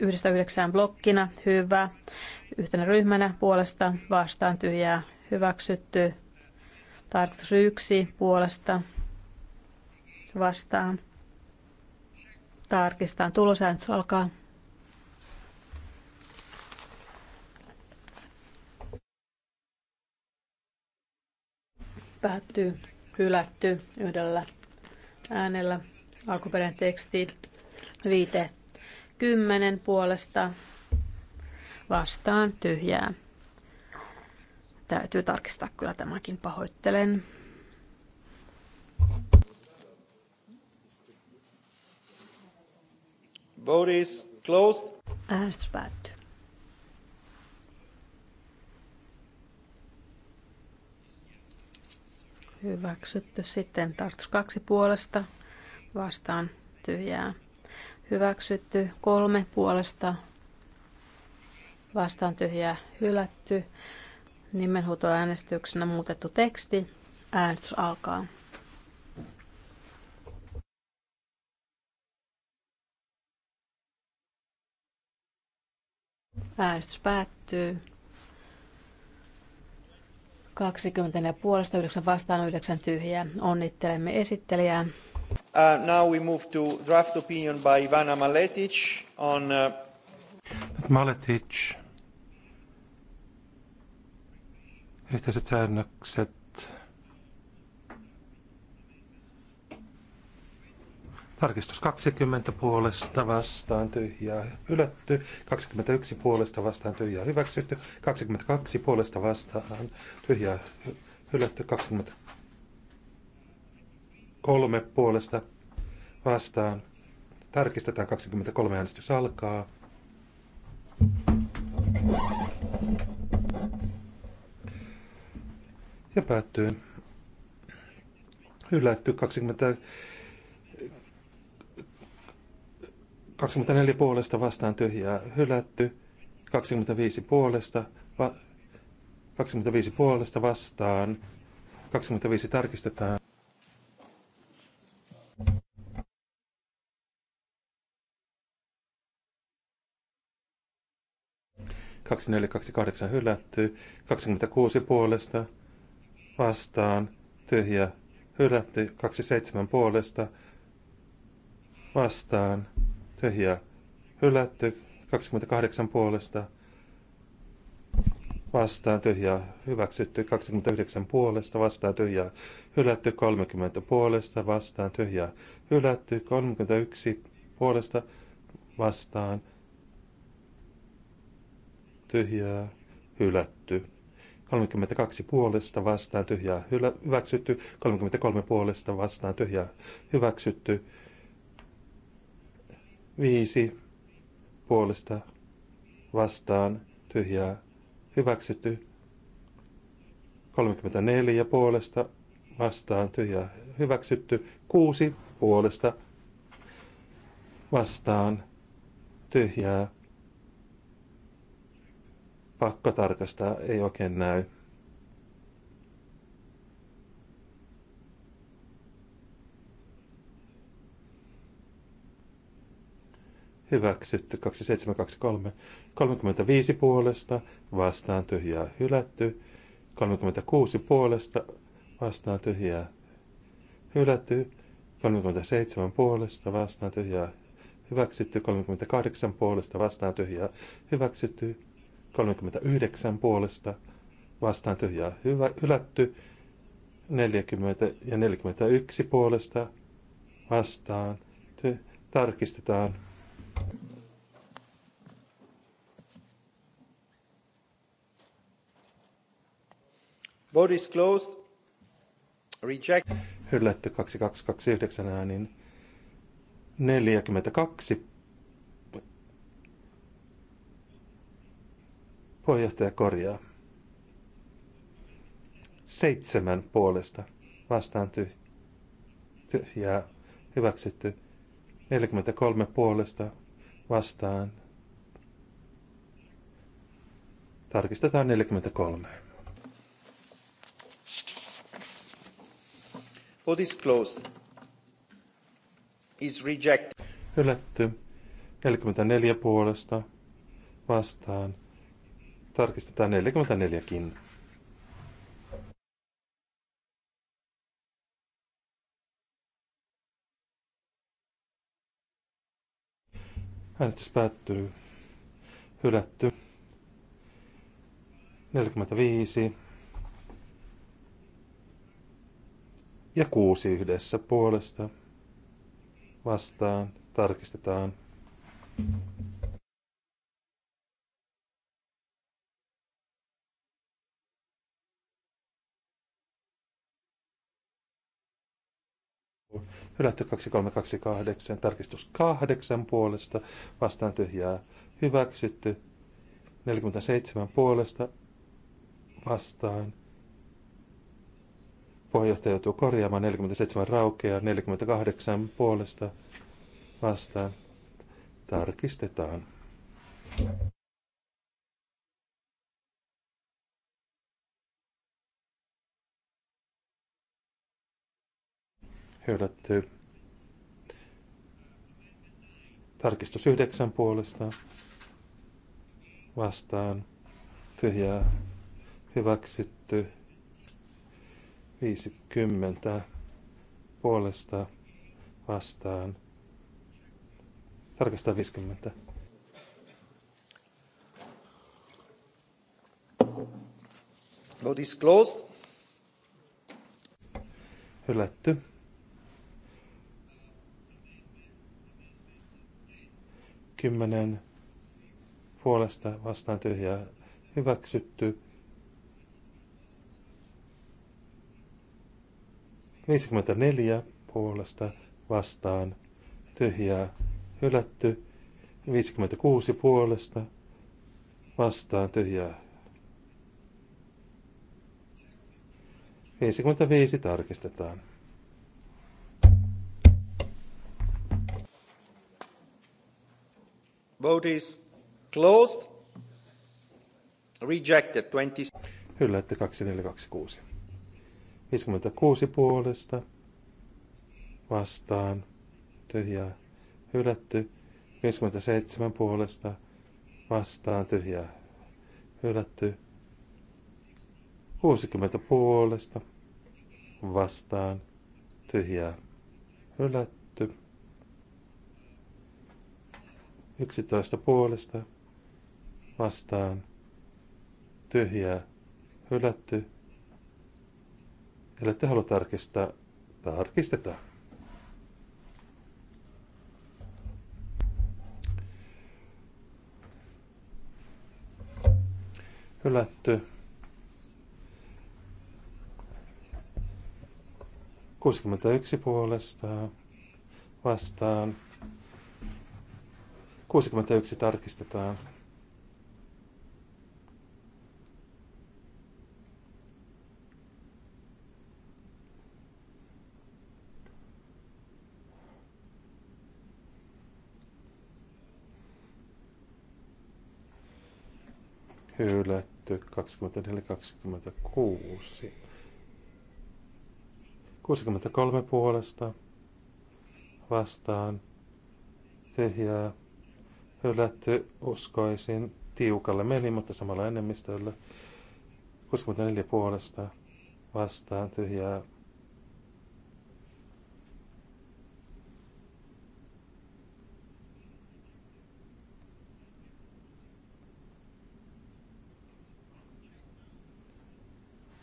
yhdestä yhdeksään blokkina? Hyvä. Yhtenä ryhmänä puolesta vastaan tyhjää hyväksytty. Tarkoitus yksi puolesta vastaan. Tarkistaan tulosäännöt alkaa. Päättyy, hylätty yhdellä äänellä. Alkuperäinen teksti, viite 10 puolesta vastaan tyhjää. Täytyy tarkistaa kyllä tämäkin, pahoittelen. Vote is closed. Äänestys päättyy. Hyväksytty sitten tarkistus kaksi puolesta vastaan tyhjää hyväksytty, kolme puolesta vastaan tyhjää hylätty, nimenhuutoäänestyksenä muutettu teksti, äänestys alkaa. Äänestys päättyy. 20 ja puolesta 9 vastaan 9 tyhjää. Onnittelemme esittelijää. Uh, now we move to draft opinion by Ivana Maletic on... Uh... Maletic. Yhteiset säännökset. Tarkistus 20 puolesta vastaan tyhjää hylätty, 21 puolesta vastaan tyhjää hyväksytty, 22 puolesta vastaan tyhjää hylätty, 23 kolme puolesta vastaan. Tarkistetaan 23 äänestys alkaa. Ja päättyy. Hylätty 20, 24 puolesta vastaan tyhjää hylätty. 25 puolesta, va, 25 puolesta vastaan. 25 tarkistetaan. 2428 hylätty, 26 puolesta vastaan, tyhjä hylätty, 27 puolesta vastaan, tyhjä hylätty, 28 puolesta vastaan, tyhjä hyväksytty, 29 puolesta vastaan, tyhjä hylätty, 30 puolesta vastaan, tyhjä hylätty, 31 puolesta vastaan, tyhjää, hylätty. 32 puolesta vastaan tyhjää hylä, hyväksytty, 33 puolesta vastaan tyhjää hyväksytty, 5 puolesta vastaan tyhjää hyväksytty, 34 puolesta vastaan tyhjää hyväksytty, 6 puolesta vastaan tyhjää pakko tarkastaa, ei oikein näy. Hyväksytty 2723. 35 puolesta vastaan tyhjää hylätty. 36 puolesta vastaan tyhjää hylätty. 37 puolesta vastaan tyhjää hyväksytty. 38 puolesta vastaan tyhjää hyväksytty. 39 puolesta vastaan tyhjää hyvä, hylätty. 40 ja 41 puolesta vastaan. Ty- tarkistetaan. Vote is closed. Reject. Hylätty 2229 äänin. 42 Puheenjohtaja korjaa. Seitsemän puolesta vastaan tyhjää hyväksytty. 43 puolesta vastaan. Tarkistetaan 43. Vote is closed. Is rejected. Hylätty. 44 puolesta vastaan tarkistetaan 44kin. Äänestys päättyy. Hylätty. 45. Ja kuusi yhdessä puolesta. Vastaan. Tarkistetaan. Hylätty 2328, tarkistus 8 puolesta, vastaan tyhjää hyväksytty. 47 puolesta vastaan. Puheenjohtaja joutuu korjaamaan 47 raukeaa, 48 puolesta vastaan. Tarkistetaan. Hylätty. Tarkistus yhdeksän puolesta. Vastaan. Tyhjää. Hyväksytty. 50 puolesta vastaan. tarkistaa 50. Vote is closed. Hylätty. Kymmenen puolesta vastaan tyhjää hyväksytty. 54 puolesta vastaan tyhjää hylätty. 56 puolesta vastaan tyhjää. 55 tarkistetaan. Vote is closed. Rejected 20. Hylätty 2426. 56 puolesta. Vastaan. Tyhjää. Hylätty. 57 puolesta. Vastaan. Tyhjää. Hylätty. 60 puolesta. Vastaan. Tyhjää. Hylätty. 11 puolesta vastaan tyhjää hylätty. Ellette halua tarkistaa, tarkistetaan. Hylätty. 61 puolesta vastaan 61 tarkistetaan. hylätty 24-26. 63 puolesta vastaan tyhjää hylätty uskoisin tiukalle meni, mutta samalla enemmistöllä 64 puolesta vastaan tyhjää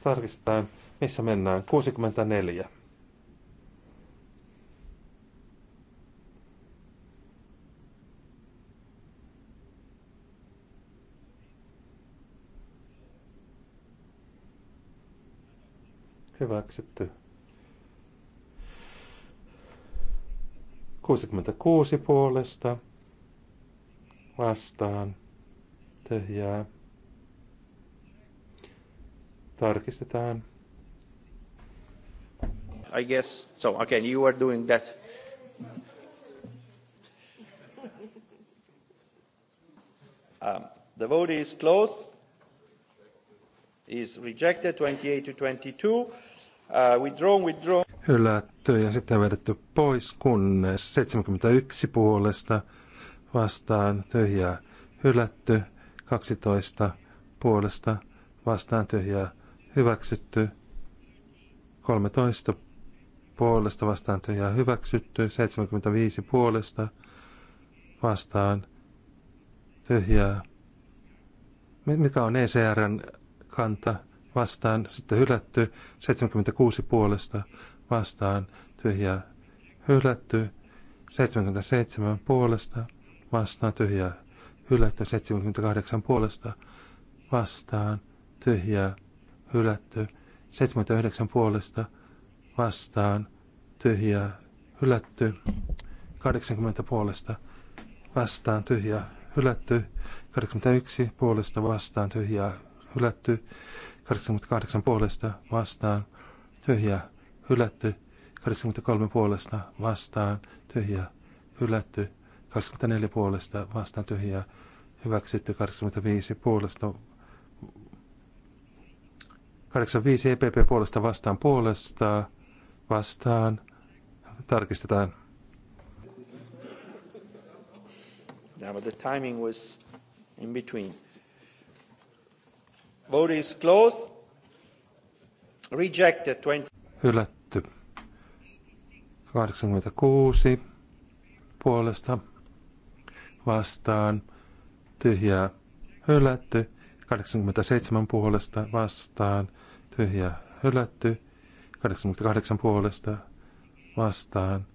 tarkistetaan, missä mennään. 64. Hyväksytty. 66 puolesta vastaan tyhjää. Tarkistetaan. I guess so. Again, you are doing that. Um, the vote is closed. Is rejected 28 to 22. Uh, withdrawn, withdrawn. Hylätty ja sitten vedetty pois, kunnes 71 puolesta vastaan tyhjää hylätty, 12 puolesta vastaan tyhjää hyväksytty, 13 puolesta vastaan tyhjää hyväksytty, 75 puolesta vastaan tyhjää. Mikä on ECRn kanta? vastaan, sitten hylätty, 76 puolesta vastaan, tyhjä hylätty, 77 puolesta vastaan, tyhjä hylätty, 78 puolesta vastaan, tyhjä hylätty, 79 puolesta vastaan, tyhjä hylätty, 80 puolesta vastaan, tyhjä hylätty, 81 puolesta vastaan, tyhjä hylätty, 88 puolesta vastaan, tyhjää, hylätty. 83 puolesta vastaan, tyhjää, hylätty. 24 puolesta vastaan, tyhjää, hyväksytty. 85 puolesta 85 EPP puolesta vastaan puolesta vastaan. Tarkistetaan. Now but the timing was in between. Vote is closed. Rejected 20. Hylätty. 86 puolesta vastaan. Tyhjää hylätty. 87 puolesta vastaan. Tyhjää hylätty. 88 puolesta vastaan.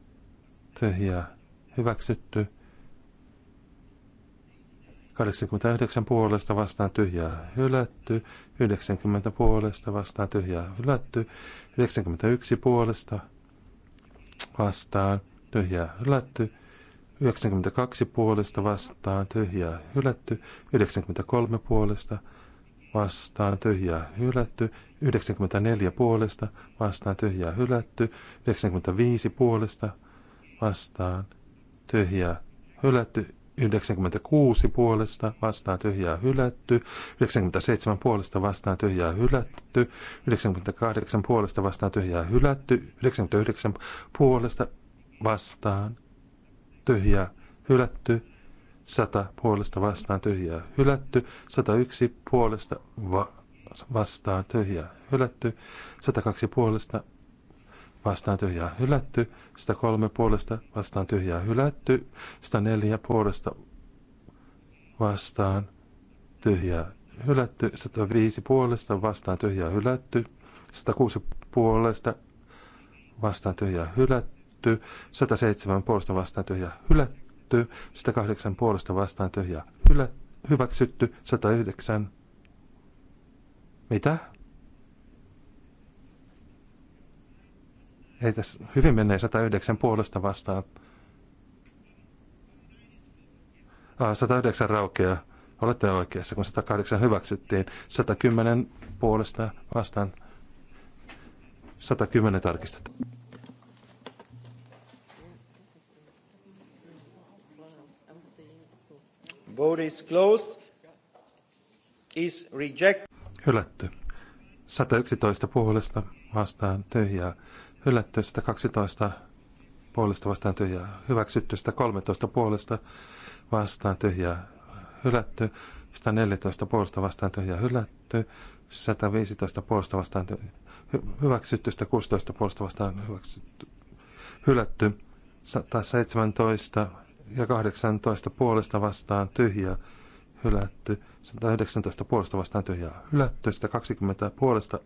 Tyhjää hyväksytty. 89 puolesta vastaan tyhjää hylätty, 90 puolesta vastaan tyhjää hylätty, 91 puolesta vastaan tyhjää hylätty, 92 puolesta vastaan tyhjää hylätty, 93 puolesta vastaan tyhjää hylätty, 94 puolesta vastaan tyhjää hylätty, 95 puolesta vastaan tyhjää hylätty, 96 puolesta vastaan tyhjää hylätty, 97 puolesta vastaan tyhjää hylätty, 98 puolesta vastaan tyhjää hylätty, 99 puolesta vastaan tyhjää hylätty, 100 puolesta vastaan tyhjää hylätty, 101 puolesta va- vastaan tyhjää hylätty, 102 puolesta vastaan tyhjää hylätty, 103 puolesta vastaan tyhjää hylätty, 104 puolesta vastaan tyhjää hylätty, 105 puolesta vastaan tyhjää hylätty, 106 puolesta vastaan tyhjää hylätty, 107 puolesta vastaan tyhjää hylätty, 108 puolesta vastaan tyhjää hylätty, hyväksytty, 109. Mitä? Ei tässä hyvin menee 109 puolesta vastaan. Ah, 109 raukeaa. Olette oikeassa, kun 108 hyväksyttiin. 110 puolesta vastaan. 110 tarkistetaan. Vote is closed. Is reject. Hylätty. 111 puolesta vastaan tyhjää hylätty 112 puolesta vastaan tyhjää, hyväksytty sitä 113 puolesta vastaan tyhjää, hylätty sitä 114 puolesta vastaan tyhjää, hylätty 115 puolesta vastaan tyhjää, hyväksytty sitä 116 puolesta vastaan hyväksytty, hylätty 117 ja 18 puolesta vastaan tyhjää, hylätty 119 puolesta vastaan tyhjää, hylätty sitä 120 puolesta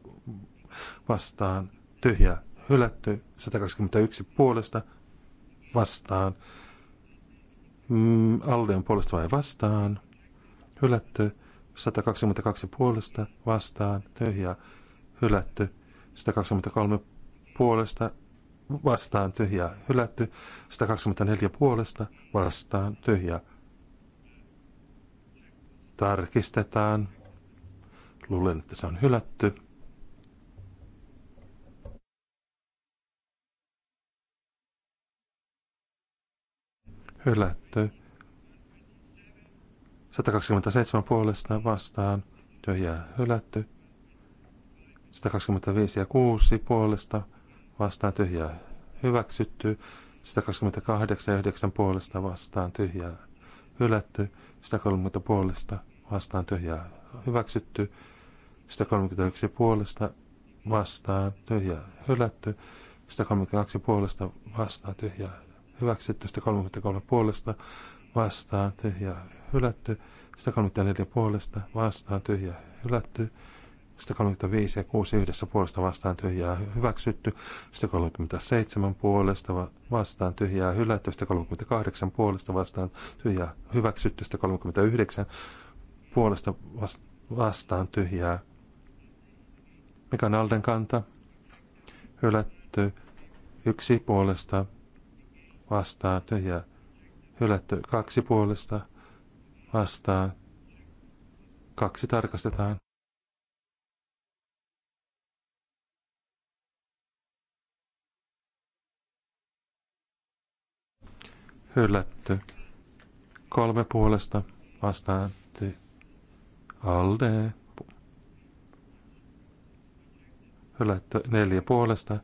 vastaan tyhjää, hylätty 121 puolesta vastaan. Mm, Alde on puolesta vai vastaan? Hylätty 122 puolesta vastaan. Tyhjä hylätty 123 puolesta vastaan. Tyhjä hylätty 124 puolesta vastaan. Tyhjä tarkistetaan. Luulen, että se on hylätty. hylätty. 127 puolesta vastaan tyhjää hylätty. 125 ja 6 puolesta vastaan tyhjää hyväksytty. 128 ja 9 puolesta vastaan tyhjää hylätty. 130 puolesta vastaan tyhjää hyväksytty. 131 puolesta vastaan tyhjää hylätty. 132 puolesta vastaan tyhjää hyväksytty, 133 puolesta vastaan, tyhjää hylätty, 134 puolesta vastaan, tyhjää hylätty, 135 ja 6 yhdessä puolesta vastaan tyhjää hyväksytty, 137 puolesta vastaan tyhjää hylätty, 138 puolesta vastaan tyhjää hyväksytty, 139 puolesta vastaan tyhjää. Mikä on Alden kanta? Hylätty, yksi puolesta vastaan tyhjää hylätty. Kaksi puolesta vastaan. Kaksi tarkastetaan. Hylätty. Kolme puolesta vastaan. Ty- Alde. Hylätty. Neljä puolesta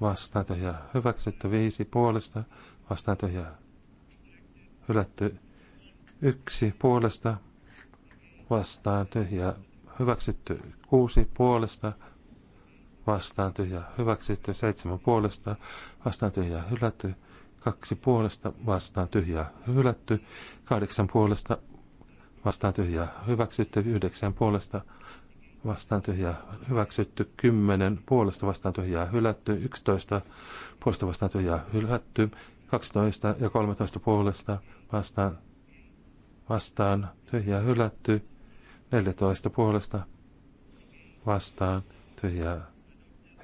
vastaan tyhjää hyväksytty, viisi puolesta vastaan tyhjää hylätty, yksi puolesta vastaan tyhjää hyväksytty, kuusi puolesta vastaan tyhjää hyväksytty, seitsemän puolesta vastaan tyhjää hylätty, kaksi puolesta vastaan tyhjää hylätty, kahdeksan puolesta vastaan tyhjää hyväksytty, yhdeksän puolesta vastaan tyhjää hyväksytty, 10 puolesta vastaan tyhjää hylätty, 11 puolesta vastaan tyhjää hylätty, 12 ja 13 puolesta vastaan, vastaan tyhjää hylätty, 14 puolesta vastaan tyhjää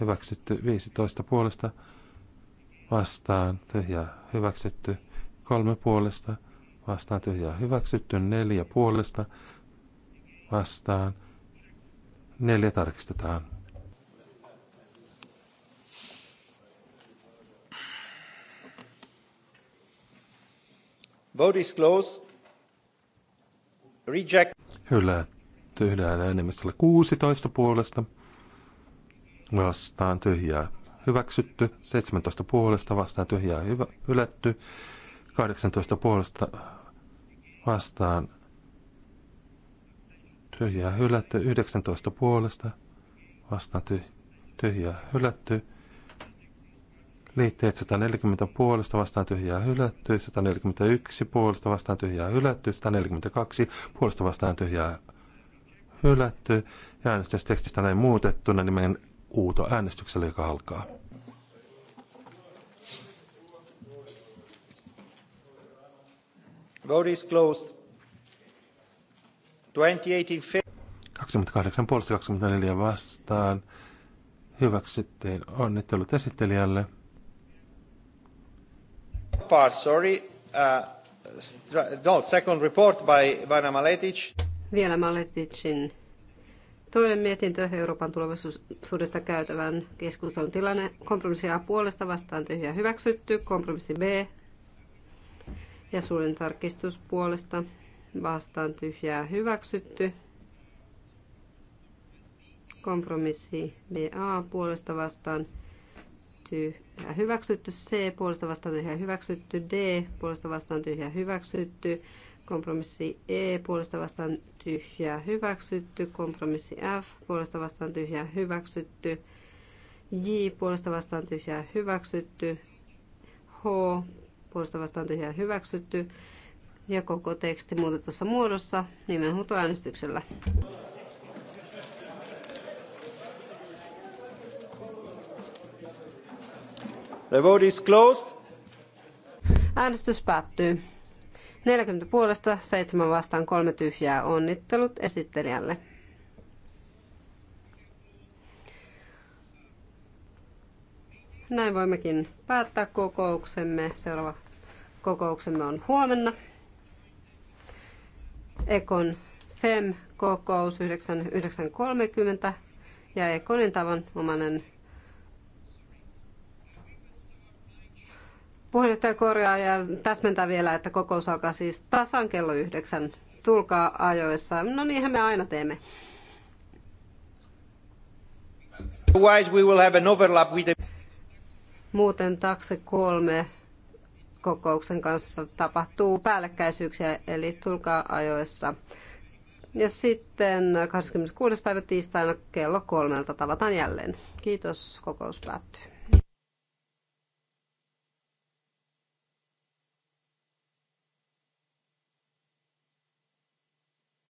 hyväksytty, 15 puolesta vastaan tyhjää hyväksytty, 3 puolesta vastaan tyhjää hyväksytty, 4 puolesta vastaan Neljä tarkistetaan. Vote is closed. Reject. Hylätty Tyhjää enemmistöllä 16 puolesta. Vastaan tyhjää. Hyväksytty. 17 puolesta vastaan tyhjää. Hyvä, hylätty. 18 puolesta vastaan tyhjää hylätty 19 puolesta, vastaan tyhjää hylätty. Liitteet 140 puolesta vastaan tyhjää hylätty, 141 puolesta vastaan tyhjää hylätty, 142 puolesta vastaan tyhjää hylätty. Ja äänestystekstistä näin muutettuna nimen niin uuto äänestyksellä, joka alkaa. Vote is closed. 28 vastaan. Hyväksyttiin onnittelut esittelijälle. Part, sorry. Uh, no, second report by Vana Maletic. Vielä Maleticin toinen mietintö Euroopan tulevaisuudesta käytävän keskustelun tilanne. Kompromissi A puolesta vastaan tyhjä hyväksytty. Kompromissi B ja suurin tarkistus puolesta vastaan tyhjää hyväksytty. Kompromissi BA puolesta vastaan tyhjää hyväksytty. C puolesta vastaan tyhjää hyväksytty. D puolesta vastaan tyhjää hyväksytty. Kompromissi E puolesta vastaan tyhjää hyväksytty. Kompromissi F puolesta vastaan tyhjää hyväksytty. J puolesta vastaan tyhjää hyväksytty. H puolesta vastaan tyhjää hyväksytty ja koko teksti muutetussa muodossa nimenhuutoäänestyksellä. The vote is closed. Äänestys päättyy. 40 puolesta, 7 vastaan, 3 tyhjää. Onnittelut esittelijälle. Näin voimmekin päättää kokouksemme. Seuraava kokouksemme on huomenna. Ekon FEM-kokous 9.30 ja Ekonin tavanomainen puheenjohtaja korjaa ja täsmentää vielä, että kokous alkaa siis tasan kello yhdeksän. Tulkaa ajoissa. No niinhän me aina teemme. Muuten takse kolme kokouksen kanssa tapahtuu päällekkäisyyksiä, eli tulkaa ajoissa. Ja sitten 26. päivä tiistaina kello kolmelta tavataan jälleen. Kiitos, kokous päättyy.